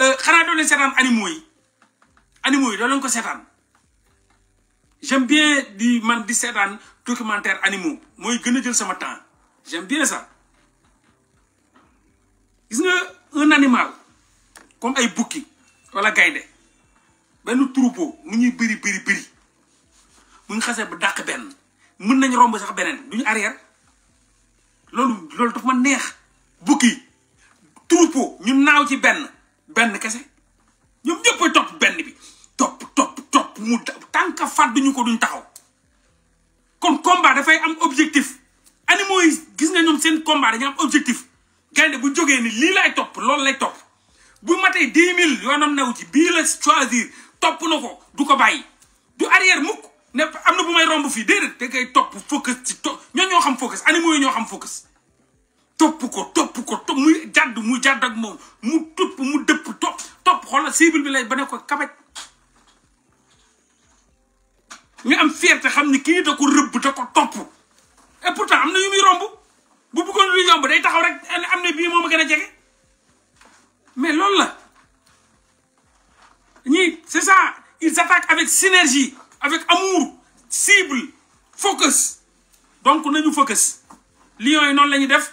Euh, xanaa doo leen seetaan animaux yi animaux yi doo leen ko seetaan j'aime bien di man di seetaan documentaire animaux mooy gën a jël sama temps j'aime bien ça gis nga un animal comme ay bukki wala gaynde benn troupeau mu ñuy bëri bëri bëri mu ñu xasee ba dàq benn mën nañ romb sax beneen duñu arrière loolu loolu daf ma neex bukki troupeau ñu naaw ci benn benn kese ñoom ñëpp topp benn bi topp topp topp mu tànk ñu ko duñ taxaw kon combat dafay am objectif animaux yi gis nga ñoom seen combat dañu am objectif gaynde bu jógee ni lii lay topp loolu lay topp bu matee dix mille yoonam new ci bii la topp na ko du ko bàyyi du arrière mukk ne am na bu may romb fii déedéet da topp focus ci ñoo xam focus animaux ñoo xam focus Top ko top ko top, muy mu top, ak mom top, top. mu top top cible bi lay ba ko kabaj ñu am fierté xamni top. da ko reub da ko top et pourtant top, top, yu muy romb bu bëggoon lu yomb day taxaw rek mais top, la c'est ça ils attaquent avec synergie avec amour cible focus donc nañu focus top, yi top, top, def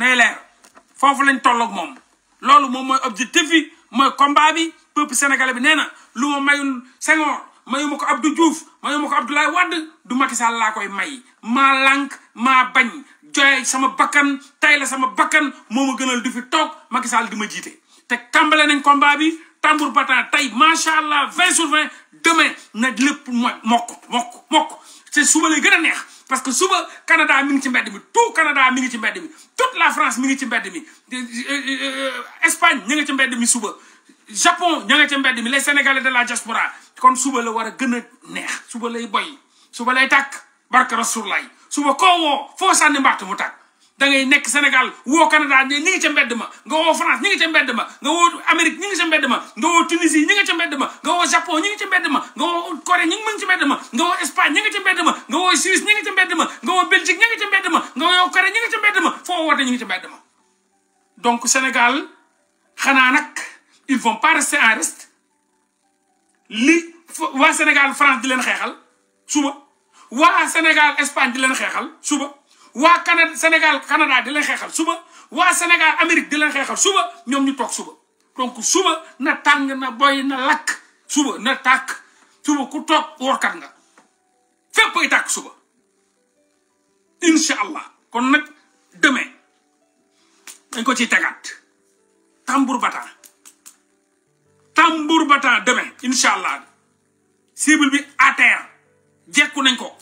nay leer foofu lañ tollook moom loolu moom mooy objectif bi mooy combat bi peuple sénégalais bi nee na lu ma mayul Senghor mayuma ko Abdou Diouf mayuma ko Abdoulaye Wade du Macky Sall laa koy may ma lànk ma bañ joye sama bakkan tay la sama bakkan moo ma gënal du fi toog Macky Sall di ma jiite te tàmbale nañ combat bi tambour battant tey macha allah vingt sur vingt demain na lépp mokk mokk mokk te suba lay gën a neex parce que suba Canada mi ngi ci mbedd mi tout Canada mi ngi ci mbedd mi la France mi ngi ci mbedd mi euh, euh, Espagne ña ci mbedd mi suba Japon ña nga ci mbedd mi les Sénégalais de la diaspora kon suba la war a gën a neex suba lay boy suba lay tàkk barke Rasulullah suba koo woo foo sànni mu tàkk da ngay nekk Sénégal woo Canada ni ñi ngi mbedd ma nga wo France ni ngi ca mbedd ma nga wo amerique ni ngi ci mbedd ma nga wo Tunisie ni nga ci mbedd ma nga wo Japon ni ngi ci mbedd ma nga wo Corée ni ngi ci ca mbedd ma nga wo Espagne ni nga ci mbedd ma nga wo Suisse ni nga ci mbedd ma nga wo Belgique ni nga ci mbedd ma nga wo Corée ni nga ci mbedd ma foo woote ñi ngi ci mbedd ma donc senegal xana nak ils vont pas rester en reste li waa senegal France di len xexal suba waa senegal Espagne di len xexal suba waa Canada Sénégal Canada di leen xeexal suba waa Sénégal Amérique di la xeexal suba ñoom ñu toog suba donc suba na tàng na boy na lakk suba na tàkk suba ku toog workat nga fépp ay tàkk suba incha allah kon nag deme dañ ko ciy tegaat tambour bata tambour bata demain incha allah cible bi à jekku nañ ko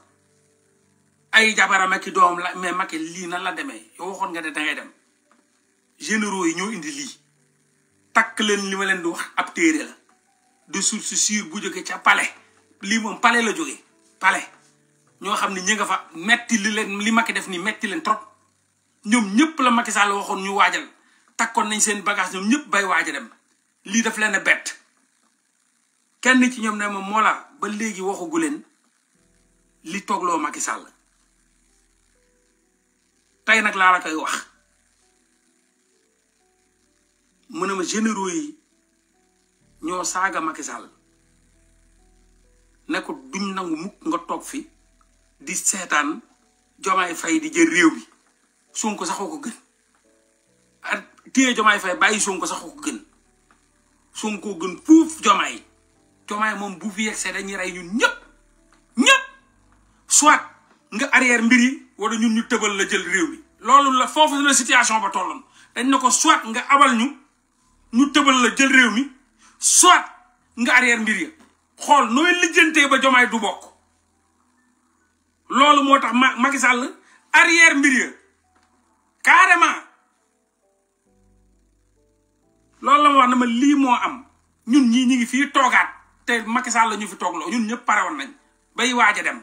ay jabaram ak doom la mais Macky lii na la demee yow waxoon nga ne dangay dem généraux yi ñoo indi lii takk leen li ma leen di wax ab téere la de source sûre bu jógee ca palais lii moom palais la jóge pale ñoo xam ne ñi nga fa metti li leen li Macky def nii metti leen trop ñoom ñëpp la Macky Sall waxoon ñu waajal takkoon nañ seen bagage ñoom ñëpp bay waaj dem lii daf leen a bett kenn ci ñoom ne moom moo la ba léegi waxagu leen li loo Macky sàll tey nag laa la koy wax mu ne ma généraux yi ñoo saaga Macky Sall ne ko duñ nangu mukk nga toog fi di seetaan jomaay fay di jël réew bi Sonko saxoo ko gën ak téye jomaay fay bàyyi Sonko saxoo ko gën Sonko gën fuuf jomaay jomaay moom bu fi yegsee dañuy rey ñun ñëpp ñëpp nga arrière mbir yi wala ñun ñu tëbal la jël réew mi loolu la foofu la situation ba tolloon dañ ne ko soit nga abal ñu ñu tëbal la jël réew mi soit nga arrière mbir ya xool nooy lijjantee ba jomaay du bokk loolu moo tax ma Macky Sall arrière mbir ya carrément loolu la ma wax na ma lii moo am ñun ñii ñi ngi fii toogaat te Macky Sall la ñu fi toog toogloo ñun ñëpp parewoon woon nañ bay waaj a dem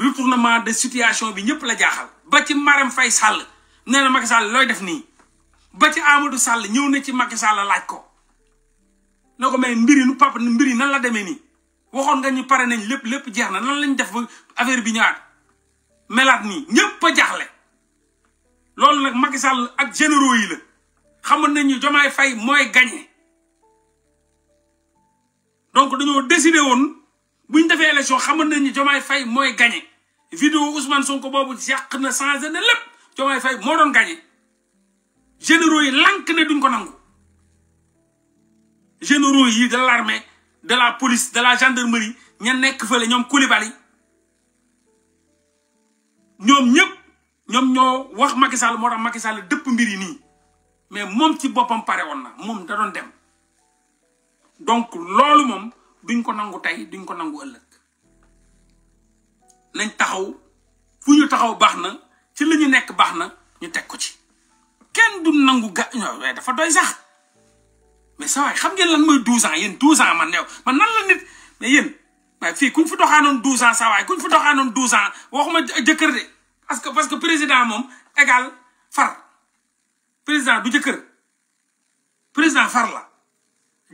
retournement de situation bi ñëpp la jaaxal ba ci Marème fay sàll nee na sàll Sall looy def nii ba ci Amadou sàll ñëw na ci Macky Sall laaj ko ne ko mais mbir yi nu papa mbir yi nan la demee nii waxoon nga ñu pare nañ lépp lépp jeex na nan lañ def ba affaire bi ñëwaat melaat nii ñëpp a jaaxle loolu nag Macky sàll ak généraux yi la xamoon nañ ñu Jomaay fay mooy gagné donc dañoo décidé woon bu ñu defee élection xamoon nañ ñu Jomaay fay mooy gagné. vidéo Ousmane Sonko bobu yàq na changé na lépp Diomaye fay mo doon gagné généraux yi lank ne duñ ko nangu généraux yi de l'armée de la police de la gendarmerie ña nek feulé ñom Koulibaly ñom ñep ñom ño wax Macky Sall mo tax Macky Sall depp mbiri ni mais mom ci bopam paré won na mom da doon dem donc lolu mom duñ ko nangu tay duñ ko nangu ëlëk nañ taxaw fu ñu taxaw baax na ci li ñu nekk baax na ñu teg ko ci kenn du nangu ga waaye dafa doy sax mais sa xam ngeen lan mooy douze ans yéen douze ans man neew man nan la nit mais yéen waaye fii kuñ fi doxaanoon douze ans sa waay kuñ fi doxaanoon douze ans waxuma jëkkër de parce que parce que président moom égal far président du jëkkër président far la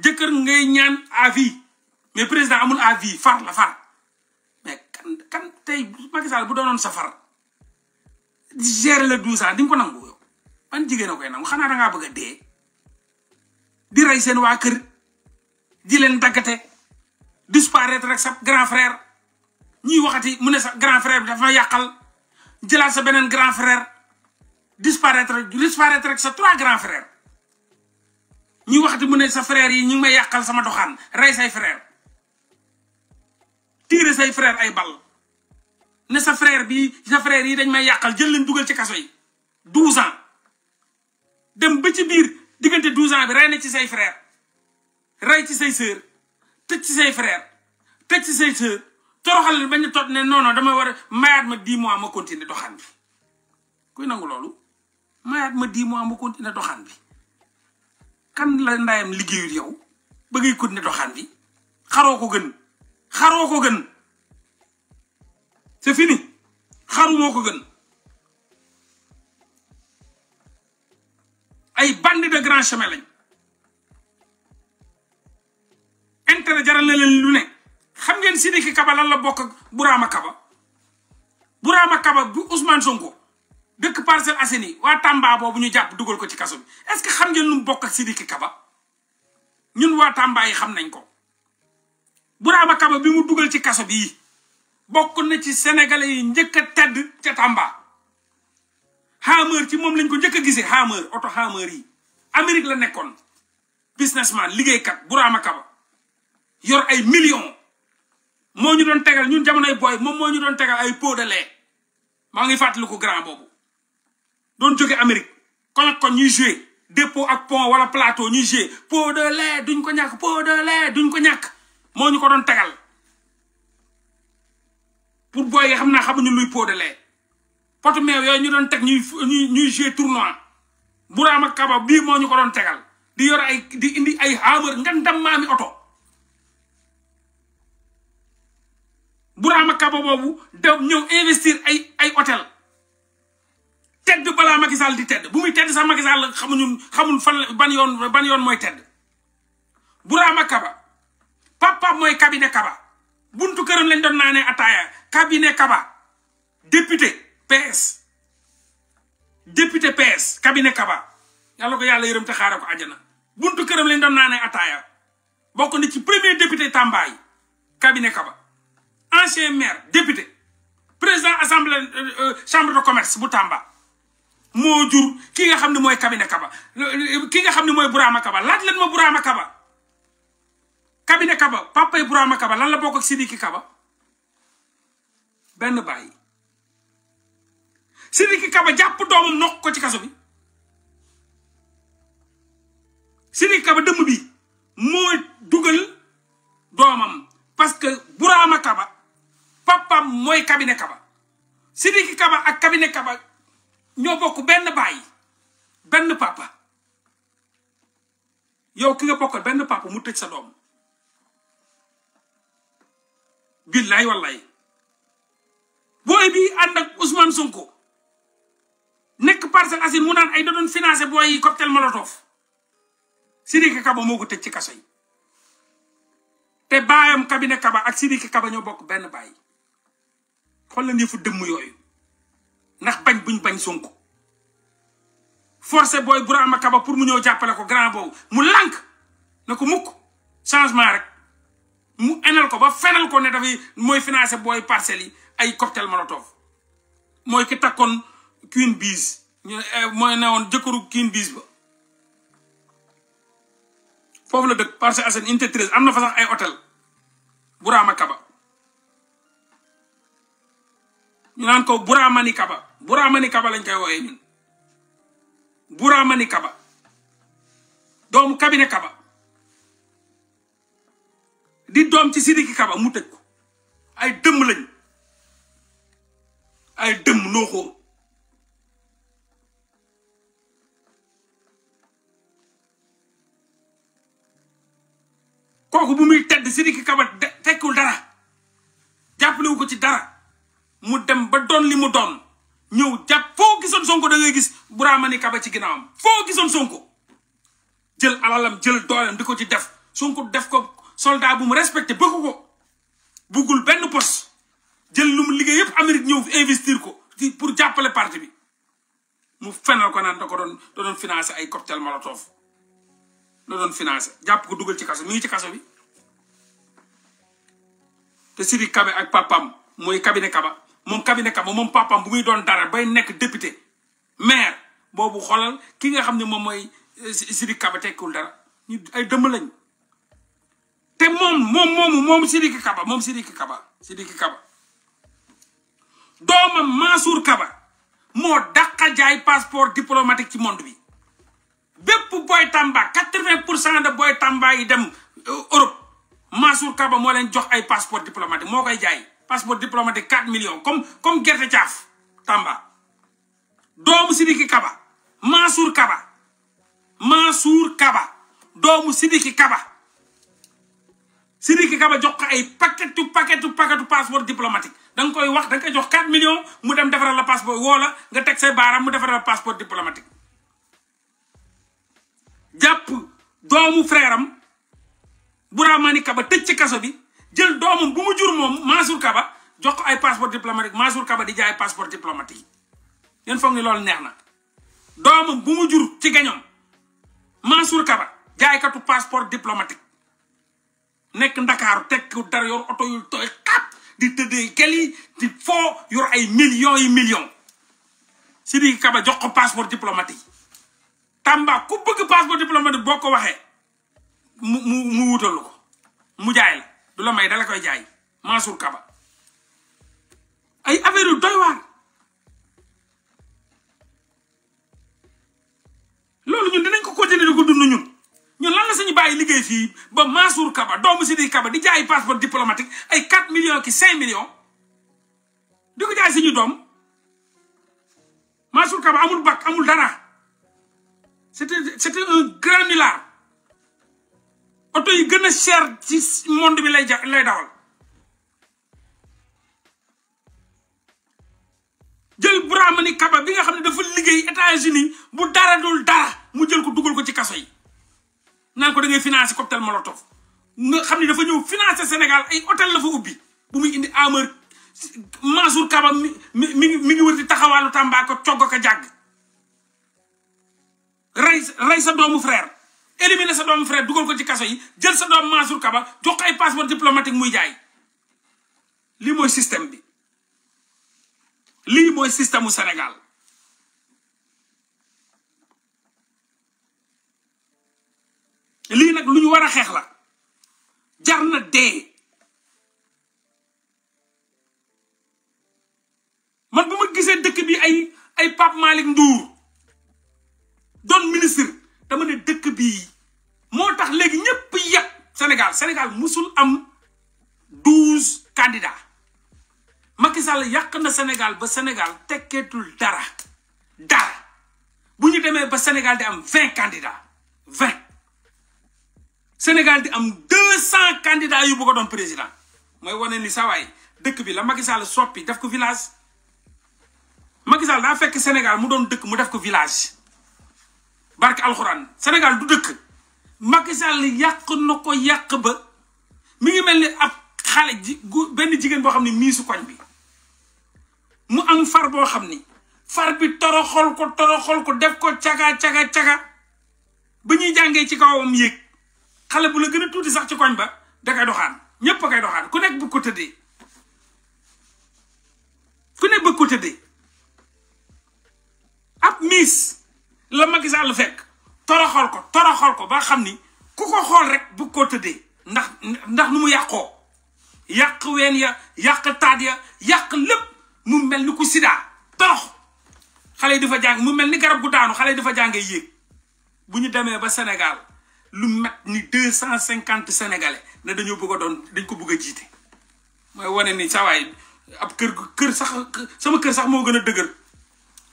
jëkkër ngay ñaan à vie mais président amul à vie far la far kan tay Macky Sall bu non safar gérer le douze ans di ko nangou yo ban jigéen koy nangou xana da nga bëgg dé di ray waker wa kër di len dagaté disparaître rek sa grand frère ñi waxati mu ne sa grand frère bi dafa yakal jëlaat sa benen grand frère disparaître disparaître rek sa trois grand frères ñi waxati mu ne sa frère yi ñi ngi may sama doxane ray say frère tiire say frère ay ne sa frère bi sa frère yi dañ may yàqal jël leen dugal ci kaso yi douze dem ba ci biir diggante douze ans bi rey na ci sey frère rey ci say sœur tëj ci say frère tëj ci say sœur toroxal leen bañ a toog ne non dama war a mayaat ma dix mois ma continuer doxaan bi kuy loolu mayaat ma dix mois ma continuer doxaan bi kan la ndayam liggéeyul yow ba ngay continuer doxaan bi xaroo ko gën xaroo ko gën c'est fini xaru ko gën ay bandits de grand chemin lañ intérêt jaral na leen lu ne xam ngeen Sidiki Kaba lan la bokk ak Burama Kaba Burama Kaba bu Ousmane Sonko dëkk Parcelles Assainies waa Tamba boobu ñu jàpp dugal ko ci kaso bi est que xam ngeen nu mu bokk ak Sidiki Kaba ñun waa tàmbaa yi xam nañ ko Burama Kaba bi mu dugal ci kaso bii. bokk na ci sénégalais yi njëkk a tedd ca Tamba. Hammer ci moom lañ ko njëkk a gisee Hammer oto Hammer yi Amérique la nekkoon businessman liggéeykat Burama Kaba yor ay millions moo ñu doon tegal ñun jamonoy booy moom moo ñu doon tegal ay pot de lait maa ngi fàttaliku grand boobu. doon jóge Amérique kon ak kon ñuy joué ak pon wala plateau ñuy joué pot de lait duñ ko ñàkk pot duñ ko ñàkk moo ñu ko doon tegal. pour booy xam naa xamuñu luy pot de lait potu meew yooyu ñu doon teg ñuy ñuy ñuy jouer tournoi Burama Kaba bii moo ñu ko doon tegal di yor ay di indi ay hameur nga ndam maami oto Burama Kaba boobu da ñëw investir ay ay hôtel tedd balaa Macky Sall di tedd bu muy tedd sa Macky Sall xamuñu xamul fan ban yoon ban yoon mooy tedd Burama Kaba papa mooy cabinet Kaba buntu këram lañ doon naanee ataaya cabinet Kaba député PS député PS cabinet Kaba yàlla ko yàlla yërëm te xaare ko àjjana buntu këram lañ doon naanee ataaya bokk na ci premier député Tamba yi Kaba ancien maire député président assemblée euh, euh, chambre de commerce bu tàmba moo jur ki nga xam ne mooy cabinet Kaba ki nga xam ne mooy Burama Kaba laaj leen ma Burama Kaba cabinet Kaba papay Burama Kaba lan la bokk ak Sidiki Kaba benn bàyyi Sidiki Kaba jàpp doomam nokk ko ci kaso bi Sidiki Kaba dëmm bi moo dugal doomam parce que Burama Kaba papam mooy cabinet Kaba Sidiki Kaba ak cabinet Kaba ñoo bokk benn bàyyi benn papa yow ki nga bokkal benn papa mu tëj sa doom billahi wallahi boy bi and ak Ousmane Sonko nek parcel asin mu nan ay da doon financer boy cocktail molotov sidike Kaba moko tecc ci kaso te bayam cabinet Kaba ak sidike Kaba ñoo bok ben bay xol la nii fu dëmm yooyu ndax bañ buñ bañ Sonko forcer boy Burama Kaba pour mu ko grand boobu mu lank nako mukk changement rek mu enal ko ba fenal ko ne dafay mooy financé booy parcelles yi ay cocktail molotov mooy ki takkoon Queen Biz ñu eh, mooy newoon jëkkëru Queen Biz ba foofu la dëkk Parcelles Assainies unité 13 am na fa sax ay hôtel Burama Kaba ñu naan ko ni Kaba ni Kaba lañ koy wooyee ñun Buramani Kaba doomu kabine Kaba di doom ci Sidiki Kaba mu tëj ko ay dëmm lañ ay dëmm nooxoo kooku bu muy tedd Sidiki Kaba tekkul dara jàppalewu ko ci dara mu dem ba doon li mu doon ñëw jàpp foo gisoon Sonko da ngay gis Burama ni Kaba ci ginnaawam foo gisoon Sonko jël alalam jël dooleem di ko ci def Sonko def ko soldat bu mu respecté bëgg ko buggul benn poste jël lu liggéey yëpp Amérique ñëw investir ko pour jàppale parti bi mu fenal ko naan ko doon da doon financé ay cocktail molotov da doon financé jàpp ko dugal ci kaso mi ci kaso bi te Sidiki Kaba ak papam mooy cabinet Kaba moom cabinet Kaba moom papam bu muy doon dara bay nekk député maire boobu xoolal ki nga xam ne moom mooy eh, Sidiki Kaba tekkul dara ñu ay dëmm lañ te mom mom mom mom Sidiki Kaba mom Sidiki Kaba Sidiki Kaba doma Mansour Kaba mo dakka jay passeport diplomatique ci monde bi bepp boy Tamba 80% de boy Tamba yi dem euh, Europe Mansour Kaba mo len jox ay passeport diplomatique mo koy jay passeport diplomatique 4 millions comme comme gerte tiaf Tamba doomu Sidiki Kaba Mansour Kaba Mansour Kaba doomu Sidiki Kaba sirike Kaba jox ko ay tu paquet tu passeport diplomatique dang koy wax dang nga koy jox 4 millions mu dem defaral la passeport woo la nga tek say baram mu defaral la passeport diplomatique. japp doomu freram Buramani Kaba tecc ci kaso bi jël doomu bu mu jur mom Mansour Kaba jox ko ay passeport diplomatique Mansour Kaba di jaay passeport diplomatique yeen foog lol neexna doomu na. bu mu jur ci gañoom Mansour Kaba jaaykatu passeport diplomatique dakar tek ko dar yor auto yu e toy kat di tede keli di fo yor ay million yi e million. Sidiki Kaba jox ko passeport diplomatique Tamba ku bëgg passeport diplomatique boko waxe mu mu wutalu ko mu jaay la du la may dala koy jaay Mansour Kaba ay affaire yu doy war lolou ñun dinañ ko continuer ko dund ñun ñu lan la suñu bàyyi liggéey fi ba Mansour Kaba doomu sidi Kaba di jaay passeport diplomatique ay 4 millions ki 5 millions di ko jaay suñu dom Mansour Kaba amul bac amul dara c'était c'était un grand milliard oto yi gëna a cher ci monde bi lay lay dawal jël Brahmani Kaba bi nga xamne dafa liggéey États-Unis bu dara dul dara mu jël ko dugal ko ci kasso yi nan ko da ngay financé cocktail molotov nga xam ne dafa ñëw financé Sénégal ay hôtel la fa ubbi bu muy indi Ameur Mansour Kaba mi mi mi ngi wër di taxawaalu Tamba ko cogg ko jàgg rey rey sa doomu frère éliminer sa doomu frère dugal ko ci kaso yi jël sa doomu Mansour Kaba jox ay passeport diplomatique muy jaay lii mooy système bi lii mooy système Sénégal lii nag lu ñu war a xeex la jar na dee man bu ma gisee dëkk bi ay ay Pape Malick don doon ministre dama ne dëkk bi moo tax léegi ñëpp yëpp Sénégal Sénégal musul am douze candidats Macky Sall yàq na Sénégal ba Sénégal tekkeetul dara dara bu ñu demee ba Sénégal di am vingt candidats Sénégal di am 200 candidats yu bëgg doon président moy woné ni saway dëkk bi la Macky Sall soppi def ko village Macky Sall da fekk Sénégal mu doon dëkk mu def ko village barke alcorane Sénégal du dëkk Macky Sall yaq nako yaq ba mi ngi melni ab xalé ji benn su koñ bi mu am far bo xamni far bi toroxol ko toroxol ko def ko caga caga caga bu ñuy jangé ci kawam xale bu la gën a tuuti sax ci koñ ba da koy doxaan ñëpp a koy doxaan ku nekk bëgg ko tëddee ku nekk bëgg ko tëddee ab miis la Macky lu fekk toroxal ko toroxal ko ba xam ni ku ko xool rek bëgg ko tëddee ndax ndax nu mu yàqoo yàq wen ya yàq taat ya yàq lépp mu mel ni ku sidaa torox xale yi dafa jàng mu mel ni garab gu daanu xale yi dafa jàngee yéeg bu ñu demee ba Sénégal lu mat ni deux cent cinquante sénégalais ne dañoo bëgg a doon dañ ko bëgg a jiite mooy wane ni sawaay ab kër kër sax sama kër sax moo gën a dëgër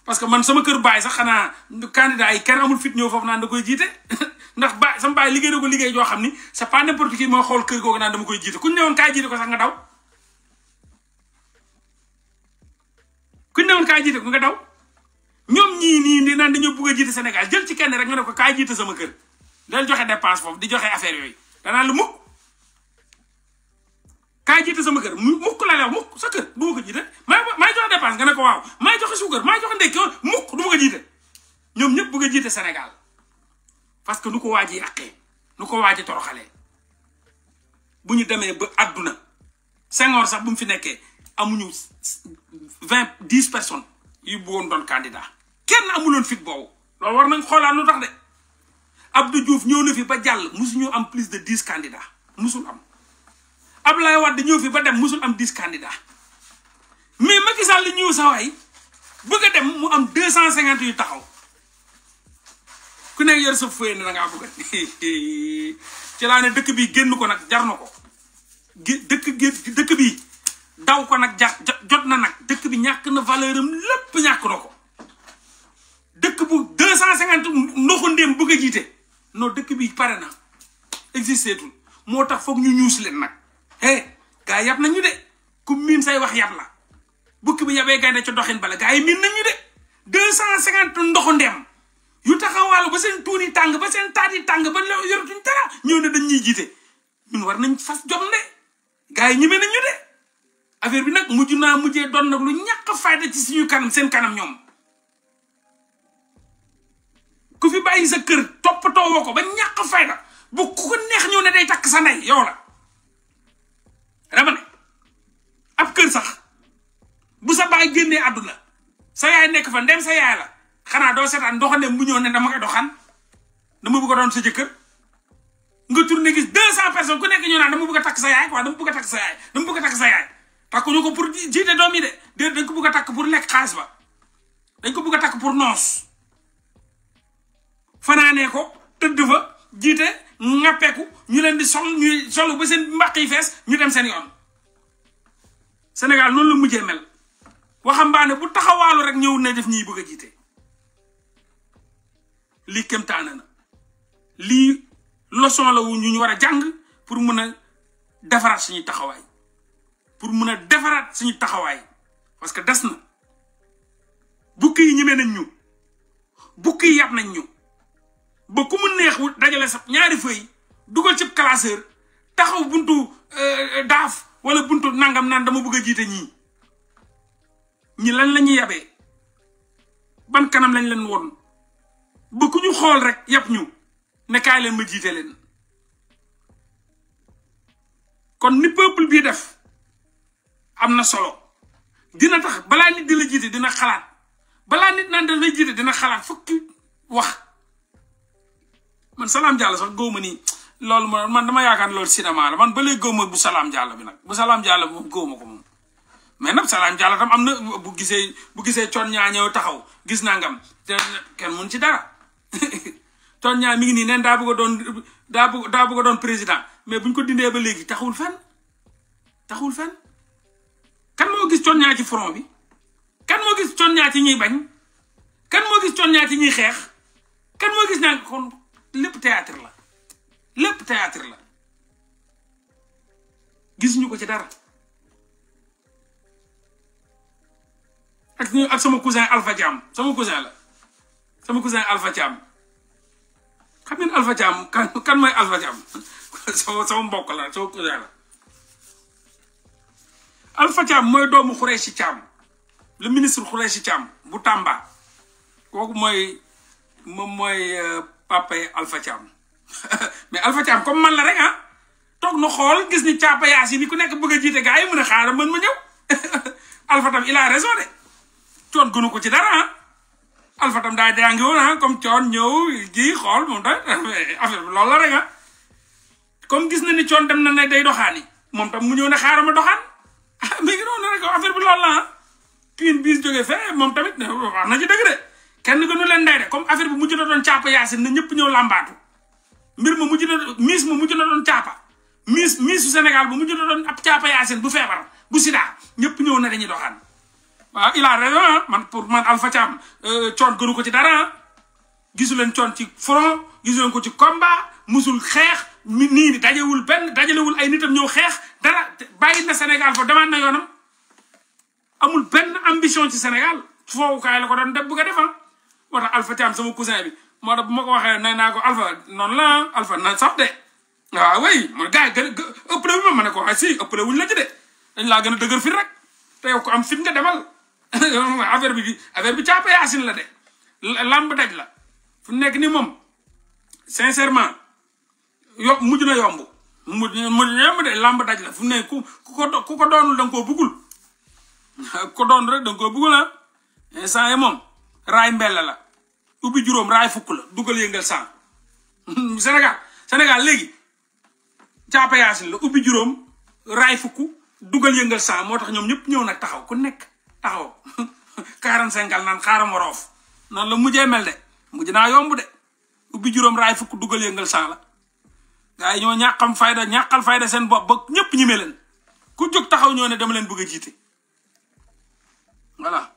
parce que man sama kër baay sax xanaa candidat yi kenn amul fit ñëw foofu naan da koy jiite [laughs] ndax baay sama baay liggéey na ko liggéey joo xam ni c'est pas n'importe xool kër googu naan dama koy jiite ku ko sax nga daw ku ñu newoon kaay jiite ko nga ñii nii naan dañoo bëgg a jiite jël ci kenn rek nga ne ko kaay jiite sama kër dañ joxe dépense foofu di joxe affaire yooyu danaa lu mukk kaay jiite sama kër mukk la lew mukk sa kër du ma ko jiite maa maay joxe dépense nga ne ko waaw maay joxe suukar maay joxe ndekki mukk du ma ko jiite ñoom ñëpp bëgg a jiite Sénégal parce que nu ko waajee yi àqee nu ko waaj toroxalee bu ñu demee ba àdduna Senghor sax bu mu fi nekkee amuñu vingt dix personnes yu bëggoon doon candidat kenn amuloon fit boow loolu war nañ xoolaat lu tax de Abdou Diouf ñëw na fi ba jàll musuñu am plus de dix candidats musul am Abdoulaye Wade ñëw fi ba dem musul am dix candidats mais Macky Sall ñëw sa waay bëgg a dem mu am deux cent cinquante yu taxaw ku nekk yor sa fooy ne da ngaa bëgg [laughs] ci laa ne dëkk bi génn ko nag jar na ko dëkk dëkk bi daw ko nag jar jot na nag dëkk bi ñàkk na valeur am lépp ñàkk na ko dëkk bu deux cent cinquante ndoxu ndéem bëgg a jiite non dëkk bi pare na existé tul moo tax foog ñu ñuus leen nag eh gaa yab nañu de ku miin say wax yab la bukki bi yabee gaynde ca doxin bala gaa yi miin nañu de deux cent cinquante ndoxu ndeem yu taxawaalu ba seen tuuni tàng ba seen taat yi tàng ba yoratuñ dara ñëw ne dañ ñuy jiite ñun war nañ fas jom de gaa yi ñeme nañu de affaire bi nag mujj naa mujjee doon nag lu ñàkk fayda ci suñu kanam seen kanam ñoom ku fi bàyyi sa kër toppatoo woo ko ba fay fayda bu ku ko neex ñëw ne day takk sa yow la dama ne ab kër sax bu sa baay génnee àdduna sa yaay nekk fa ndem sa yaay la xanaa doo seetaan doxandeem bu ñëw ne dama koy doxaan dama bëgg a sa jëkkër nga tourné gis deux cent personnes ku nekk a takk sa yaay quoi dama bëgg takk sa yaay dama bëgg ko pour jiite doom yi de dañ ko bëgg a takk pour lekk xaalis ba dañ ko bëgg takk pour noos fanane ko tëdd fa ngapé ko ñu leen di sol ñuy solu ba seen mbaq yi ñu dem seen yoon Sénégal non la mujjé mel baane bu taxawalu rek ñëw na def ñi bëgg jité li kem na lii leçon la wu ñu war a pour mëna défarat suñu taxaway pour mëna défarat suñu taxaway parce que dasna bukki ñu bukki nañ ñu ba ku mu neex dajale sa ñaari feuy duggal ci classeur taxaw buntu euh, daf wala buntu nangam nan dama bëgg jité ñi ñi lan la yabé ban kanam lañ leen won ba ku ñu xool rek yap ñu ne kay leen ma jité leen kon ni peuple bi def amna solo dina tax bala nit di la dina xalaat bala nit nan dina lay dina xalaat fukki wax man salaam jàll sax góoma nii loolu man man dama yaakaar loolu cinéma la man ba léegi góoma bu salaam jàll bi nag bu salaam jàll bi moom góoma ko moom mais nag salaam jàll tam am na bu gisee bu gisee coon ñaa ñëw taxaw gis naa te kenn mun ci dara coon [laughs] ñaa mi ngi nii neen daa bëgg doon daa bëgg daa bëgg doon président mais bu buñ ko dindee ba léegi taxul fenn taxul fenn kenn moo gis coon ñaa ci front bi kenn moo gis coon ñaa ci ñuy bañ kan moo gis coon ñaa ci ñuy xeex kan moo gis naa kon lépp théâtre la lépp théâtre la gis ñu ko ci dara ak ak sama cousin Alpha Thiam sama cousin la sama cousin Alpha Thiam xam ngeen Alpha kan kan mooy Alpha Thiam [laughs] sama sama mbokk la sama cousin la Alpha Thiam mooy doomu Khoureychi Thiam le ministre Khoureychi Thiam bu tàmba kooku mooy moom mooy euh, papay Alpha cham [laughs] mais Alpha cham comme man la rek ha ah, tok na xol gis ni ya si ni ku nek beug jité gaay mu na mën man ma ñew [laughs] Alpha tam il a raison de ton gënu ko ci dara ha ah. Alpha tam da jangi won ha ah, comme ton ñew gi xol moom tam [laughs] affaire lool la rek ha comme gis na ni ton dem na ne day doxani mom tam mu ñew na xaaral ma doxaan ah mi ngi rek affaire bi lool la ha piin bis joge fe mom tamit wax na ci deug de kenn gënu leen ndey de comme affaire bi mujj na doon caapa yaasin na ñëpp ñëw làmbaatu mbir ma mujj na miis ma mujj na doon caapa miis miisu Sénégal bu mujj na doon ab caapa yaasin bu feebar bu sida ñëpp ñëw na dañuy doxaan waaw il a ah, man pour man Alpha Thiam euh, coon gënu ko ci dara ah. gisuleen leen coon ci front gisu ko ci combat musul xeex nii ni dajewul benn dajalewul ay nitam ñëw xeex dara bàyyi na Sénégal fa demaat na amul benn ambition ci Sénégal foofu kaay ko doon def bu ko defee ah. moo tax Alpha Thiam sama cousin bi moo tax bu ma ko waxee nee naa ko Alpha noonu la Alpha na sax de waaw oui man gars yi gën a ëppale wu ma ma ne ko ah si ëppale wuñ la ci de dañ laa gën a dëgër fit rek te yow ko am fit nga demal [laughs] affaire bi affaire bi caapa yaasin la de lamb daj la fu nekk ni moom sincèrement yo mujj na yomb mujj na yomb de lamb daj la fu nekk ku ko ku ko doonul da nga koo bëggul [laughs] ko doon rek da nga koo bëggul ah instant yi moom. raay mbell la ubbi juróom raay fukk la dugal yëngal sang [laughs] senegal senegal léegi caapa yaasin la ubbi juróom raay fukk dugal yëngal sang moo tax ñoom ñëpp ñëw nag taxaw ku nekk taxaw [laughs] quarante cinq al naan xaaram waroof noonu la mujj mel de mujj naa yomb de ubbi juróom raay fukk dugal yëngal sang la gars ñoo ñàqam fayda ñàqal fayda seen bopp ba ñëpp ñi mel ku jóg taxaw ñoo ne dama leen bëgg a jiite voilà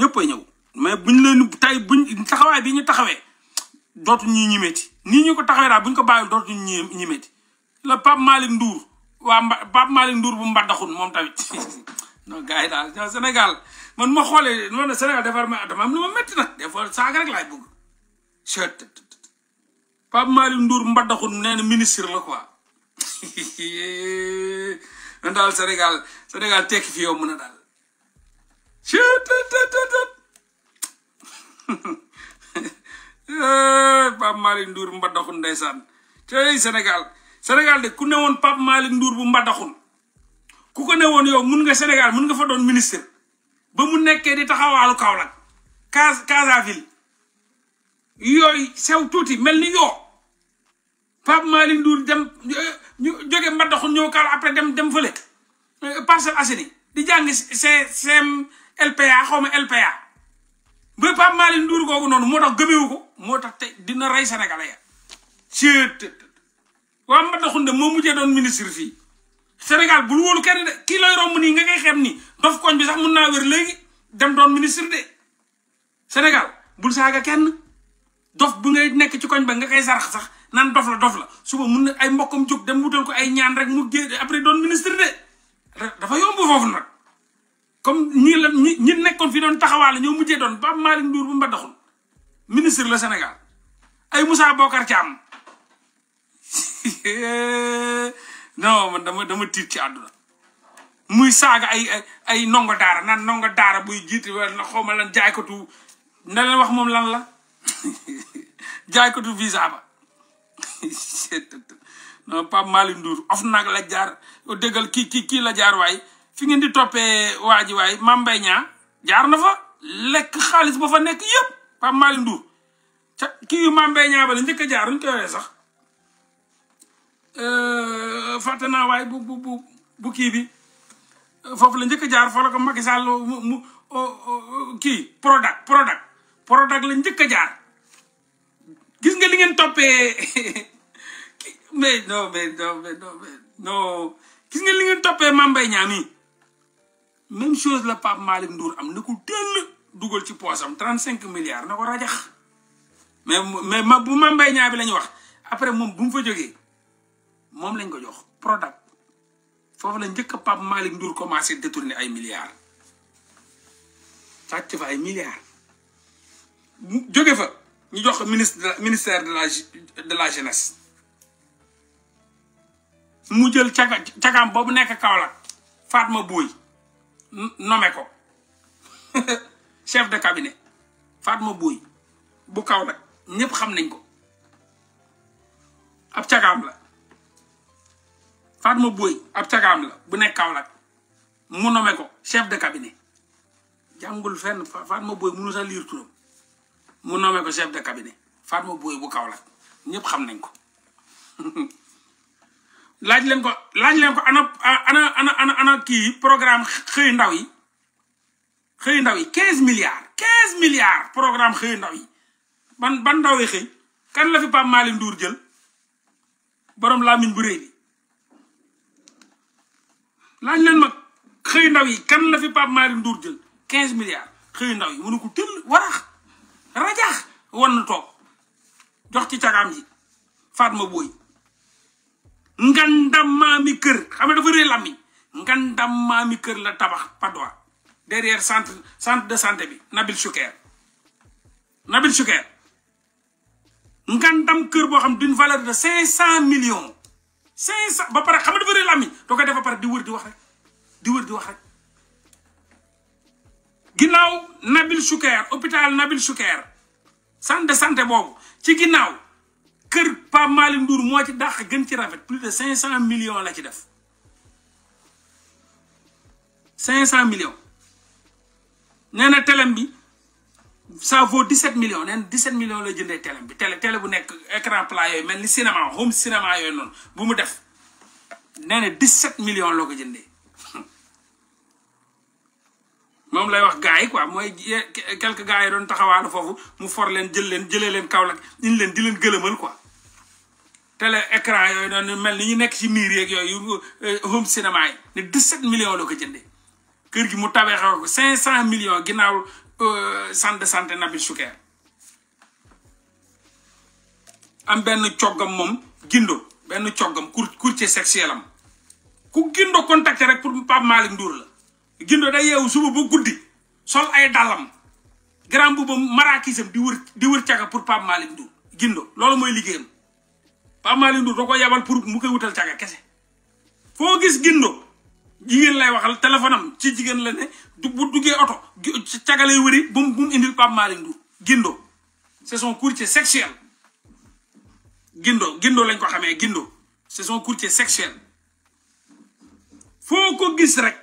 ñëpp ñëw mais buñ leen tey buñ taxawaay bi ñu taxawee dootu ñuy ñimeeti nii ñu ko taxawee daal buñ ko bàyyi dootu ñu ñimeeti la Pape Malick nduur waa mba Pape Malick Ndour bu mbaddaxun moom tamit [laughs] non gars yi daal Sénégal man ma xoolee man ne Sénégal defar am lu ma métti nag des fois saaga rek laay bëgg chett Pape na ministre la quoi [laughs] man daal Sénégal Sénégal tekki fi yow mën a daal Malick Ndour mbaddaxun ndeysaan tey Sénégal Sénégal de ku ne woon Pape Malick bu mbaddaxun ku ko ne woon yow mun nga Sénégal mun nga fa doon ministre ba mu nekkee di taxawaalu Kaolack Cas Casaville yooyu sew tuuti mel ni yoo Pape Malick Ndour dem eh, ñu mbaddaxun ñëw Kaolack après dem dem fële eh, Parcelles Assainies di jàng CM LPA xaw ma LPA ba Pape Malick Ndour googu noonu moo tax gëmewu moo tax tey dina rey sénégalais ya céet waa Mbadda Xunde moo mujjee doon ministre fii Sénégal bul wóolu kenn de kii lay romb nii nga koy xem nii dof koñ bi sax mun naa wér léegi dem doon ministre de Sénégal bul saaga kenn dof bu ngay nekk ci koñ ba nga koy sarax sax naan dof la dof la suba mun na ay mbokkam jóg dem wutal ko ay ñaan rek mu gée après doon ministre de dafa yomb foofu nag comme ñi la ñi nekkoon fi doon taxawaale ñoo mujjee doon ba Malick Ndour bu Mbadda ministre le Sénégal ay Moussa Bokar Thiam [laughs] non man dama dama tit ci aduna muy saga ay ay ndongo dara nan ndongo dara buy wal na lan jai ko tu na la wax mom lan la [laughs] tu visa ba [laughs] non pa Malick Ndour of nak la jaar déggal ki ki ki la jaar way fi ngeen di topé waji way waay Mame jaar na fa lek xaliss bu fa nek Pape Malick Ndour kii yu Mame Mbaye ba la njëkk a jaar ñu koy waxee sax euh, fàtte bu bu bu kii bi foofu la njëkk jaar foofu la kii Prodac Prodac la njëkk a jaar gis nga li ngeen toppee [laughs] mais non mais non nga li ngeen toppee Mame Mbaye Niang mii même chose la Pape Malick Ndour am na ku teel. dugal ci poosam 35 milliards na rajax mais mais ma bu Mame Mbaye Niang bi la wax après mom bu mu fa joggé mom lañ ko jox product fofu la njëkk pap malik Ndour commencé détourner ay milliards sàcc fa ay milliards joggé fa ñu jox ministre ministère de la de la jeunesse mu jël caga cagaam boobu nekk Fatma boy nomé ko [laughs] chef de cabinet Fatma Boye bu kaw la ñépp xam nañ ko ab cagaam la Fatma booy ab cagaam la bu nekk kaw la mu nommé ko chef de cabinet jàngul fenn Fatma Boye mënu sax liir turam mu nommé ko chef de cabinet Fatma Boye bu kaw la ñépp xam nañ ko [laughs] laaj leen ko laaj leen ko ana ana ana ana kii programme xëy ndaw yi xëyu ndaw yi quinze milliards quinze milliards programme xëy ndaw yi ban ban xëy kan la fi Pape Malick Ndour jël borom làmmiñ bu rëy bi laaj yi kan la fi Pape Malick jël quinze milliards xëyu ndaw yi mënu ko tëll warax rajax wan na toog jox ci cagaam ji Fatma Boy ngandam maami kër xam dafa rëy làmmiñ ngandam maami kër la tabax padoa derrière centre centre de santé bi Nabil choukair Nabil choukair ngantam keur bo xam d'une valeur de 500 millions 500 ba pare xam na dafa lami ami ko def di wër di wax rek di wër di wax rek ginnaw Nabil choukair hôpital Nabil choukair centre de santé bobu ci ginnaw keur pa Malick Ndour mo ci dakh gën ci rafet plus de 500 millions la ci def 500 millions nee na telem bi ça vaut 17 millions nee na 17 millions la jëndee telem bi télé télé bu nekk écran plat yooyu mel ni cinéma home cinéma yooyu noonu bu mu def nee na 17 millions la ko jëndee [laughs] lay wax gars yi quoi mooy quelques gars yi doon taxawaanu foofu mu for leen leen jëlee leen Kaolack indi leen di leen gëlëmal quoi télé écran yooyu noonu mel ni ñu nekk ci miir yeeg yooyu euh, home cinéma yi ne 17 millions la ko jëndee. kër gi mu tabaxee ko 500 cent millions ginnaaw euh, centre de santé Nabil am benn ciogam mom gindo benn ciogam courtier sexuel am ku gindo contacté rek pour pap Malik Ndour la gindo day yeewu suba bu guddi sol ay dalam grand bu marakisam di wër di wër ciaga pour pap Malik Ndour gindo loolu moy liggéeyam pap Malik Ndour da ko yabal pour mu koy wutal ciaga kese fo gis gindo jigéen lay waxal téléphone ci jigéen la ne du bu duggee oto cagalay wëri bu mu bu mu indil Pape Malick Ndour Guindo c'est son courtier sexuel Guindo Guindo lañ ko xamee Guindo saison son courtier sexuel foo ko gis rek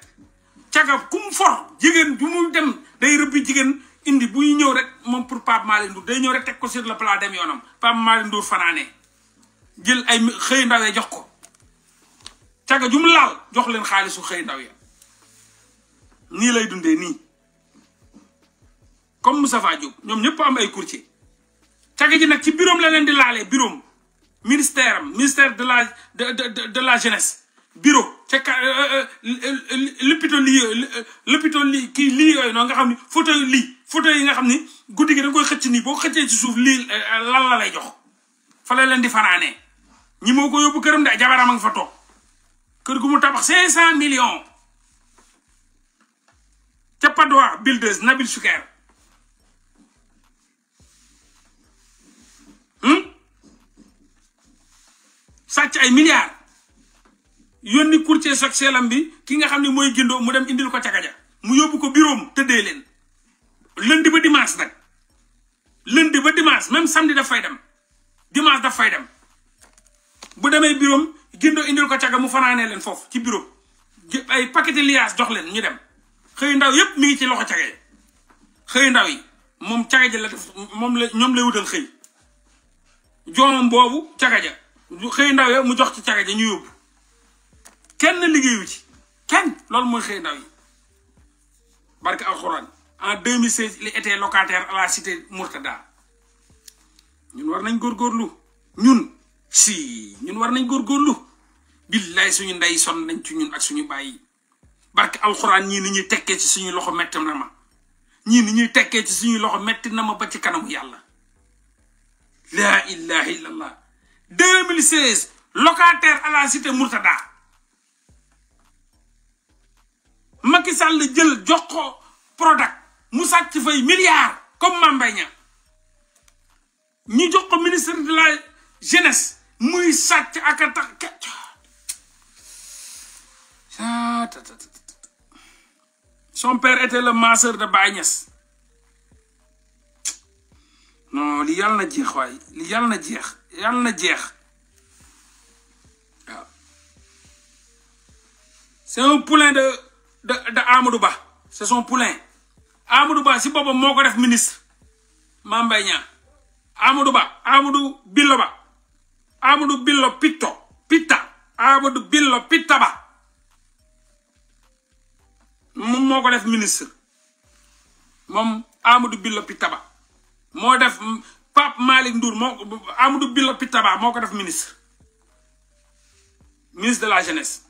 caga kum for jigéen bu mu dem day rëbbi jigéen indi buy ñëw rek moom pour Pape Malick day ñëw rek teg ko sur le plat dem yoonam Pape Malick fanaanee jël ay xëy ndawee jox ko caga jum laal jox leen xaalisu xëy ndaw ya nii lay dundee nii comme Moustapha Diop ñoom ñëpp am ay courtier caga ji nag ci biroom la leen di laalee biroom ministère ministère de la de de la jeunesse bureau ca ka euh, euh, euh, lopito lii lopito lii kii lii yooyu nga xam ni fauteuil lii fauteuil nga xam ni guddi gi da nga koy xëcc nii boo xëccee ci suuf lii lan la lay jox fa la leen di fanaanee ñi moo ko yóbbu këram de jabaram a nga fa toog kër gu mu tabax cinq cent millions ca Padoa des Nabil Choucair hmm? sàcc ay milliards yónni courtier soc selam bi ki nga xam ne mooy gindoo mu dem indil ko cakaja mu yóbbu ko biroom tëddee leen lundi ba dimanche nag lundi ba dimanche même samedi di dafay dem dimanche dafay fay dem bu demee biroom gindo indil ko caga mu fanaanee leen foofu ci bureau ay paquet liaas jox leen ñu dem xëy ndaw yépp mu ngi ci loxo caga yi xëy ndaw yi moom caga ji la def moom la ñoom lay wutal xëy joomam boobu caga ja xëy ndaw ya mu jox ci caga ja ñu yóbbu kenn liggéeyu ci kenn loolu mooy xëy ndaw yi barke alxuraan en 2016 il était locataire à la cité Mourtada ñun war nañ góor góorgóorlu ñun si ñun war nañ góor góorgóorlu billahi suñu nday son nañ ci ñun ak suñu bayyi barke alquran ñi ni ñuy tekkee ci suñu loxo metti na ma ñi ni ñuy tekkee ci suñu loxo metti na ma ba ci kanamu yalla la ilaha illallah 2016 locataire à la cité Murtada Macky Sall jël jox ko Prodac mu sacc fay milliard comme Mambay Niang ñu jox ko ministre de la jeunesse muy sacc ak tax Ah, son père était le masseur de Baye Niass non li yàlla na jeex waaye li yàlla na jeex yàlla na jeex ah. c'est un poulain de de de Amadou Ba c'est son poulain Amadou Ba si boppam moo ko def ministre Mame Mbaye Niang Amadou Ba Amadou Billo Ba Amadou Billo Pitto Pitta Amadou Billo Pitta Ba moom moo ko def ministre moom Amadou Billo Pitaba moo def Pape Malick Ndour moo Amadou Billo Pitaba moo ko def ministre ministre de la jeunesse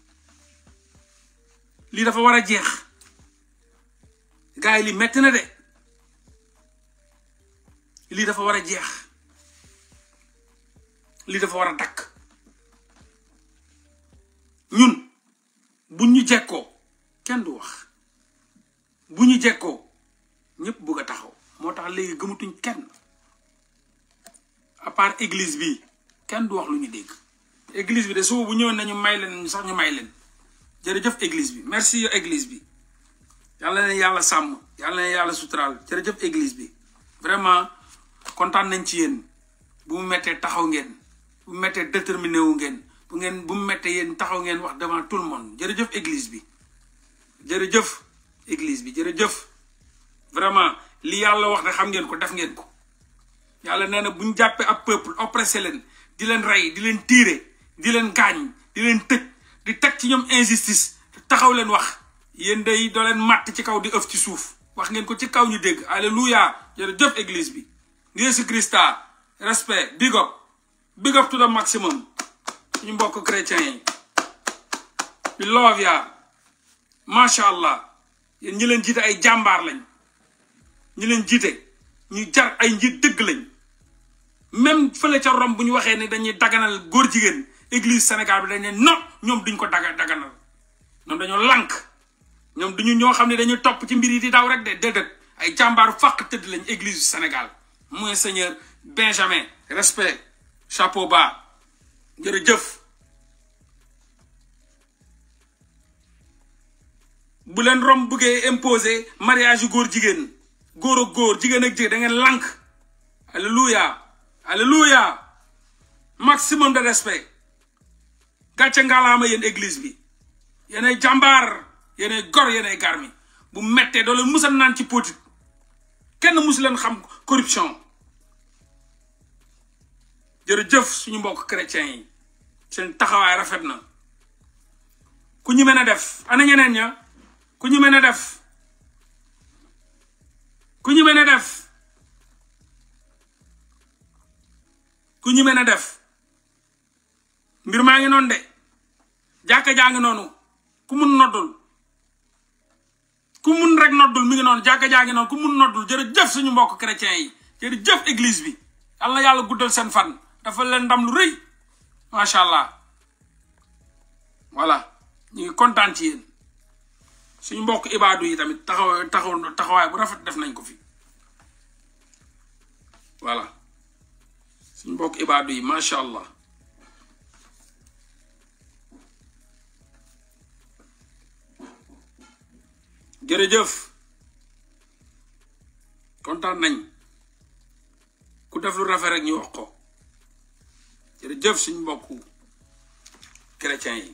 lii dafa war a jeex gars yi lii de lii dafa war a jeex lii dafa war a dakk ñun bu ñu jekkoo kenn du wax bu ñu jekkoo ñëpp bugg a taxaw moo tax léegi gëmatuñ kenn à part église bi kenn du wax lu ñu dégg église bi de suba bu ñëwoon nañu may leen sax ñu may leen jërëjëf église bi merci yo église bi yàlla na yàlla sàmm yàlla na yàlla suturaal jërëjëf bi vraiment kontaan nañ ci yéen bu mu mettee taxaw ngeen bu mu mettee déterminé wu ngeen bu ngeen bu mu mettee yéen taxaw ngeen wax devant tout le monde jërëjëf église bi jërëjëf église bi jërëjëf vraiment li yàlla wax ne xam ngeen ko def ngeen ko yàlla nee na bu ñu jàppee ab peuple oppressé leen di leen rey di leen tiire di leen gaañ di leen tëj di teg ci ñoom injustice taxaw leen wax yéen day do leen màtt ci kaw di ëf ci suuf wax ngeen ko ci kaw ñu dégg alléluia jërëjëf église bi jésus Christa respect big up big up to the maximum ñu mbokk chrétien yi we love ya masha allah yéen ñi leen jiite ay jàmbaar lañ ñi leen jiite ñu jar ay njiit dëgg lañ même fële ca Rome bu ñu waxee ne dañuy daganal góor jigéen église Sénégal bi dañ ne ñoom duñ ko daga daganal ñoom dañoo lànk ñoom duñu ñoo xam ne dañuy topp ci mbir yi di daw rek de déedéet ay jàmbaar fàq tëdd lañ église Sénégal monseigneur Benjamin respect chapeau bas jërëjëf bu leen Rome bëggee imposer mariage yu góor jigéen góor ak góor jigéen ak jigéen da ngeen lànk alléluia alléluia maximum de respect gàcce ngalaama yéen église bi yéenay jàmbaar yeneen gor yéenay garmi bu mettee doo leen naan ci potit kenn musu leen xam corruption jërëjëf suñu mbokk chrétien yi seen taxawaay rafet na ku ñu mën a def ana ñeneen ña ku ñu mën a def ku ñu mën a def ku ñu mën a def mbir maa ngi noon de jàkka jaa ngi noonu ku mun noddul ku mun rek noddul mi ngi noonu jàkka jaa ngi noonu ku mun noddul jërëjëf suñu mbokk chrétiens yi jërëjëf église bi yal na yàlla guddal seen fan dafa leen ndam lu rëy macha allah voilà ñu ngi kontaan ci suñu mbokk ibaadu yi tamit taxaw taxaw taxawaay bu rafet def nañ ko fi voilà suñ mbokk ibaadu yi macha allah jërëjëf kontaan nañ ku def lu rafet rek ñu wax ko jërëjëf suñu mbokku chrétiens yi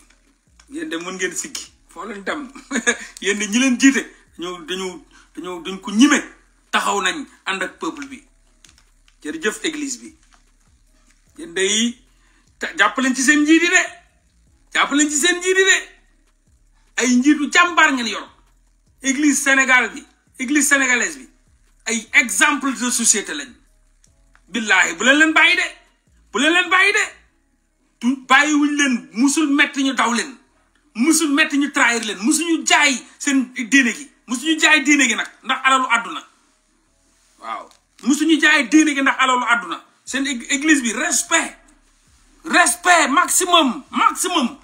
ngeen dem mën ngeen sikki foo leen dem [laughs] yéen ñi leen jiite dañoo dañoo dañoo dañ ko ñime taxaw nañ ànd ak peuple bi jërëjëf église bi yéen day jàpp leen ci seen njiit yi de jàpp leen ci seen njiit yi de ay njiitu jàmbaar ngeen yor église Sénégal bi église sénégalaise bi ay exemple de société lañ billaahi bu leen leen bàyyi de bu leen leen bàyyi de du bàyyiwuñ leen musul metti ñu daw leen musul metti ñu trahir leen musuñu jaay seen diine gi musuñu jaay diine gi nag ndax alalu àdduna waaw musuñu jaay diine gi ndax alalu àdduna seen église bi respect respect maximum maximum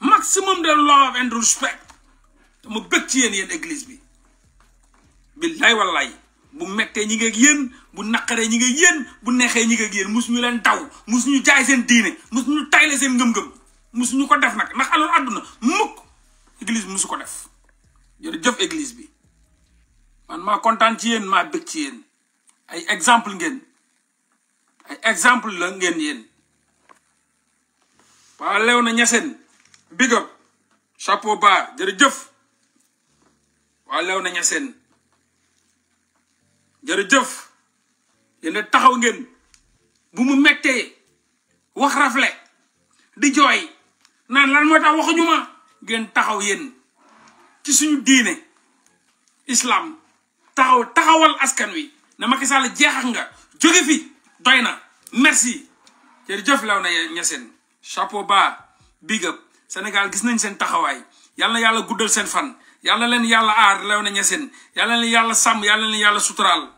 maximum de love and respect mu bëgg ci yéen yéen église bi billaay wallaay bu mettee ñi nga ak yéen bu naqaree ñi nga ak bu neexee ñi nga ak yéen musuñu leen daw musuñu jaay seen diine musuñu tayle seen ngëm-ngëm musuñu ko def nag ndax alal àdduna mukk église bi musu ko def jërëjëf église bi man maa kontaan ci yéen maa bëgg ci yéen ay exemple ngeen ay exemple la ngeen yéen waa lew na ñaseen big up chapeau bas jërëjëf waa lew na ñaseen jërëjëf yéen taxaw ngeen bu mu mettee wax rafle di jooy naan lan moo tax waxuñu ma ngeen taxaw yéen ci suñu diine islaam taxaw taxawal askan wi ne Macky Sall jeexax nga jóge fi na merci jërëjëf na Niassène chapeau bas big up Sénégal gis nañ seen taxawaay yàlla yàlla guddal seen fan yàlla leen yàlla aar Léona Niassène yal na leen yàlla sàmm yàlla na leen yàlla suturaal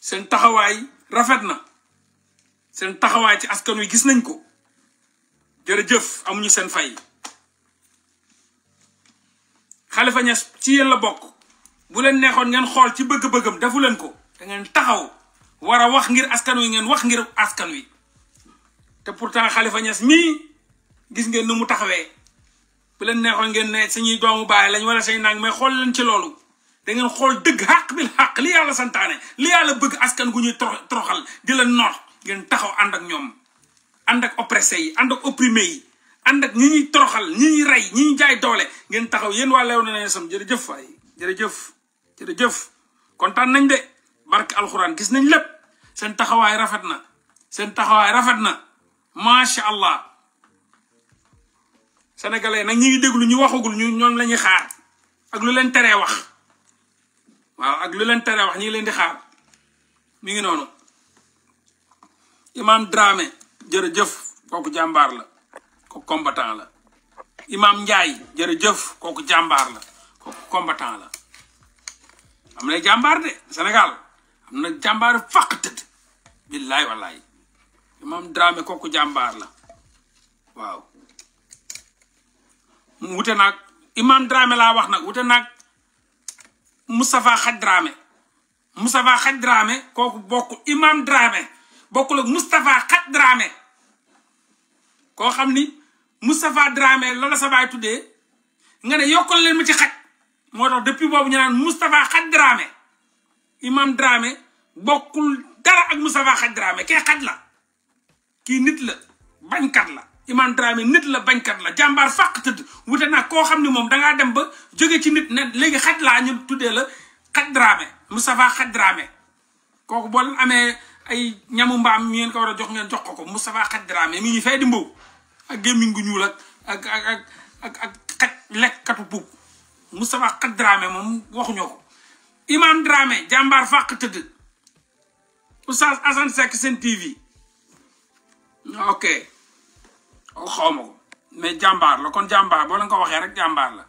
seen taxawaay rafet na seen taxawaay ci askan wi gis nañ ko jërëjëf amuñu seen fay Khalifa ñas ci yéen la bokk bu leen neexoon ngeen xool ci bëgg-bëggam defu leen ko da ngeen taxaw war a wax ngir askan wi ngeen wax ngir askan wi te pourtant Khalifa ñas mii gis ngeen nu mu taxawee bu leen neexoon ngeen ne sañuy doomu baay lañ wala say nang may xool leen ci loolu da ngeen xool dëgg xaq bil xaq li yàlla santaane li yàlla bëgg askan gu ñuy di la noor ngeen taxaw ànd ak ñoom ànd ak oppressé yi ànd ak opprimé yi ànd ak ñi ñuy toroxal ñi ñuy rey ñi ñuy jaay doole ngeen taxaw yéen waa Léona Niassène jërëjëf waay jërëjëf jërëjëf kontaan nañ de barke alxuraan gis nañ lépp seen taxawaay rafet na seen taxawaay rafet na macha allah sénégalais nag ñi ngi déglu ñu waxagul ñu ñoom lañuy xaar ak lu leen teree wax waaw ak lu leen teree wax ñi ngi leen di xaar mi ngi noonu imam Dramé jërëjëf kooku jàmbaar la kooku combattant la imam Ndiaye jërëjëf kooku jàmbaar la kooku combattant la am na jàmbaar de Sénégal am na jàmbaar fàq tëdd billaay imam Dramé kooku jàmbaar la waaw mu wute naag imam Dramé laa wax nag wute naag Moustapha Xaj Dramé Moustapha Xaj Dramé kooku bokk imam Dramé bokkul ak Moustapha xat Dramé koo xam ni Moustapha Dramé loola sa baay tuddee nga ne yokkal leen mu ci xaj moo tax depuis boobu ñu naan Moustapha xaj Dramé imam Dramé bokkul dara ak Moustapha xaj Dramé kee xaj la kii nit la bañkat la imam Dramé nit la bañkat la jàmbaar fàq tudd wute nag koo xam ni moom dangaa dem ba jóge ci nit léegi xaj laa ñu tuddee la xaj Dramé Moustapha xaj Dramé kooku boo amee ay ñamu mbam mi ngeen ko wara jox ngeen jox ko ko Moustapha khadra mi ngi fay dimbo ak gaming gu ñuul ak ak ak ak ak lek katu bu Moustapha khadra mi mom waxu ñoko Imam Dramé jambar fàq tëdd Oustaz Assane sek sen TV ok o oh, ma ko mais jàmbaar la kon jambar bo la ko waxe rek jambar la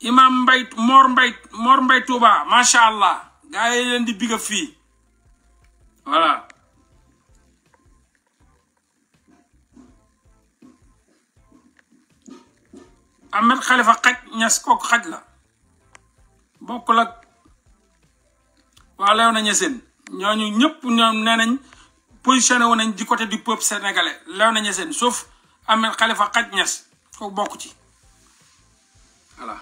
Imam Mbay Mor Mbay Mor Mbay Touba macha allah. gars yi leen di bigga fii voilà Ahmed Khalifa xaj ñas kooku xaj la bokkul ak waa Léona Niassène ñooñu ñëpp ñoom nee nañ positionné wu nañ du côté du peuple sénégalais Léona Niassène sauf Ahmed Khalifa xaj ñas kooku bokk ci voilà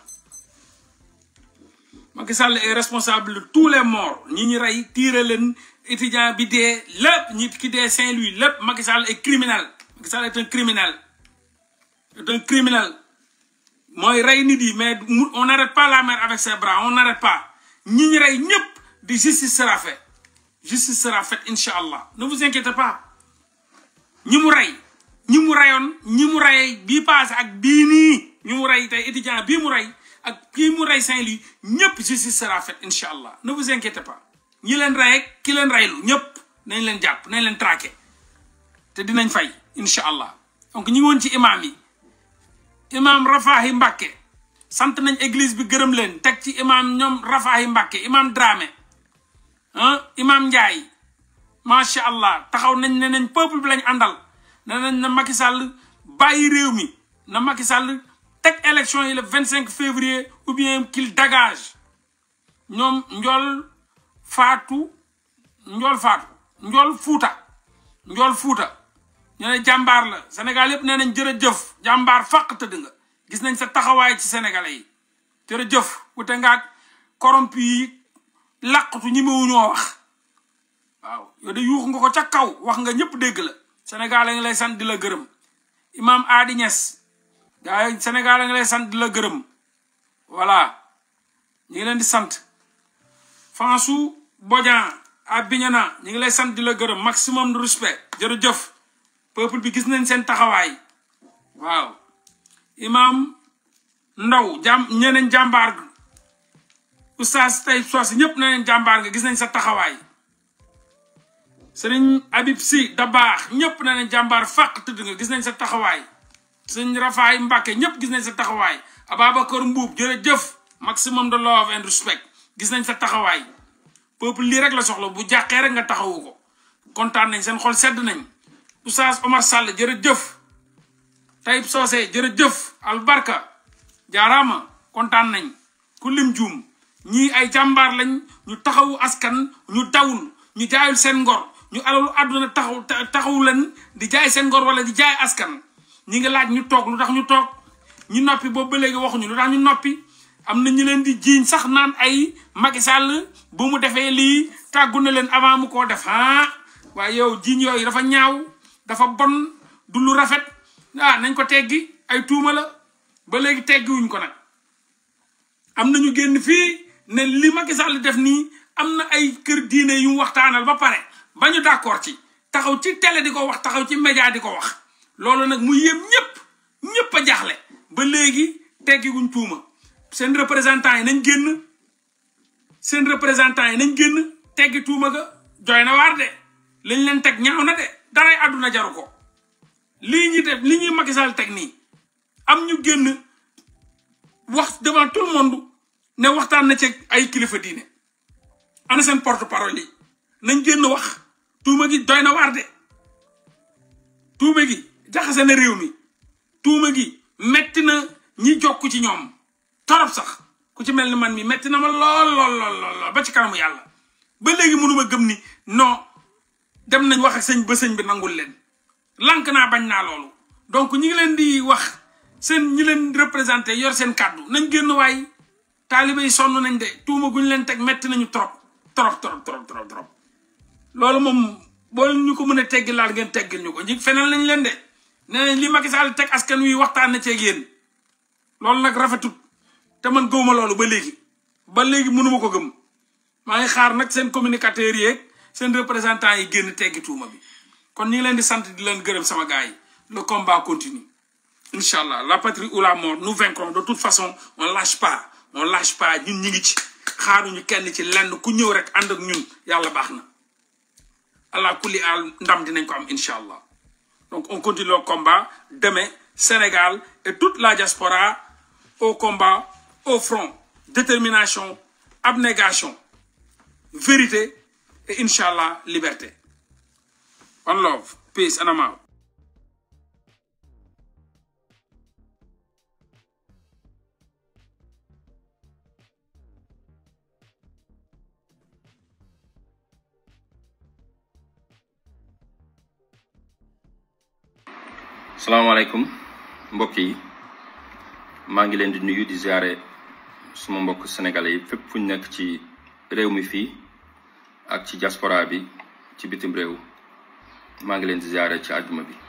Macky Sall est responsable de tous les morts ñi ñu ray tirer leen étudiant bi dee lépp ñi ki Saint-Louis lepp Macky Sall est criminel Macky Sall est un criminel C'est un criminel mooy ray nit yi mais on n'arrête pas la mer avec ses bras on n'arrête pas ñi ñu ray ñep di justice sera faite justice sera faite inshallah. ne vous inquiétez pas ñi mu ray ñi mu reyoon ñi mu rey bi paase ak bi ni ñu mu ray tay étudiant bi mu ray ak kii mu rey Saint-Louis ñëpp justice sera faite incha allah ne vous inquiétez pas ñi leen rey ki leen reylu ñëpp nañ leen jàpp nañ leen traqué te dinañ fay incha allah donc ñi ngi woon ci imaam yi imaam Rafaahi Mbàkke sant nañ église bi gërëm leen teg ci imaam ñoom Rafaahi Mbàkke imaam Dramé ah imaam Ndiaye macha allah taxaw nañ ne nañ peuple bi lañ àndal ne nañ na Macky Sall bàyyi réew mi na Macky Sall teg élection yi la vingt cinq février ou bien qu'il dégage ñoom njool faatu njool faatu njool fuuta njool fuuta ñu ne jàmbaar la Sénégal yëpp nee nañ jërëjëf jàmbaar fàq tëdd nga gis nañ sa taxawaay ci sénégalais yi jërëjëf wute ngaak corrompu yi làqatu ñi mawuñoo wax waaw yow de yuux nga ko ca kaw wax nga ñëpp dégg la sénégalais ngi lay sant di la gërëm imam Adi Niass gaa Sénégal a ngi lay sant di la gërëm voilà ñu ngi leen di sant Fansou Bodian à Bignona ñu ngi lay sant di la gërëm maximum de respect jërëjëf peuple bi gis nañ seen taxawaay waaw imam Ndaw jàmm ñeneen jàmbaar oustaz tey soos ñëpp na leen jàmbaar nga gis nañ sa taxawaay sëriñ Habib si da baax ñëpp na leen jàmbaar fàq nga gis nañ sa taxawaay sëñ Rafaay Mbàkke ñëpp gis nañ sa taxawaay Ababacar Mbuub jërëjëf maximum de love and respect gis nañ sa taxawaay peuple lii rek la soxla bu jàqee rek nga taxawu ko kontaan nañ seen xol sedd nañ Oustaz Omar Sall jërëjëf Tayib Socé jërëjëf albarka jaaraama kontaan nañ ku lim juum ñii ay jàmbaar lañ ñu taxawu askan ñu dawul ñu jaayul seen ngor ñu alalu àdduna taxaw taxawu leen di jaay seen ngor wala di jaay askan ñi ngi laaj ñu toog lu tax ñu toog ñu noppi boobu ba léegi waxuñu lu tax ñu noppi am na ñu leen di jiiñ sax naan ay Macky Sall bu mu defee lii tàggu na leen avant mu koo def ah waaye yow jiiñ yooyu dafa ñaaw dafa bon du lu rafet ah nañ ko teggi ay tuumala ba léegi teggiwuñ ko nag am na ñu génn fii ne li Macky Sall def nii am na ay kër diine yu mu waxtaanal ba pare ba ñu d'accord ci taxaw ci télé di ko wax taxaw ci média di ko wax loolu nag mu yéem ñëpp ñëpp a jaaxle ba léegi teggiguñ tuuma seen représentant yi nañ génn seen représentant yi nañ génn teggi tuuma ga doy na waar de lañ leen teg ñaaw na de daray àdduna jaru li lii ñuy def li ñuy Macky Sall teg nii am ñu génn wax devant ne waxtaan na ci ay kilifa diine ana seen porte parole yi nañ génn wax tuuma gi doy na waar de tuuma gi jaxase na réew mi tuuma gi metti na ñi jokku ci ñoom torop sax ku ci mel ni man mi metti na ma lool lool lool ba ci kanamu yàlla ba léegi mënuma gëm ni no dem nañ wax ak ba sëñ bi nangul leen lànk naa bañ naa loolu donc ñi ngi leen di wax seen ñi leen représenté yor seen kàddu nañ génn waay taalibe yi sonn nañ de tuuma guñ leen teg metti nañu trop trop trop trop trop trop loolu moom boo ñu ko mën a teggi laal ngeen teggil ñu ko ñi feneen lañ leen de nee lii Macky Sall teg askan wi waxtaan na ceeg yéen loolu nag rafetut te man gëwuma loolu ba léegi ba léegi mënuma ko gëm maa ngi xaar nag seen communicateurs yeeg seen représentants yi génn teggi tuuma bi kon ñu ngi leen di sant di leen gërëm sama gars yi le combat continue incha allah la patrie ou la mort nous vaincrons de toute façon on lâche pas on lâche pas ñun ñi ngi ci xaaruñu kenn ci lenn ku ñëw rek ànd ak ñun yàlla baax na allah kulli al ndam dinañ ko am incha allah Donc on continue le combat. Demain, Sénégal et toute la diaspora au combat, au front. Détermination, abnégation, vérité et Inch'Allah, liberté. On love, peace and amour. salaamaaleykum mbokk yi maa ngi leen di nuyu di ziare suma mbokk sénégalais yi fépp fu ñu nekk ci réew mi fii ak ci diaspora bi ci bitim réew maa ngi leen di ziare ci àdduma bi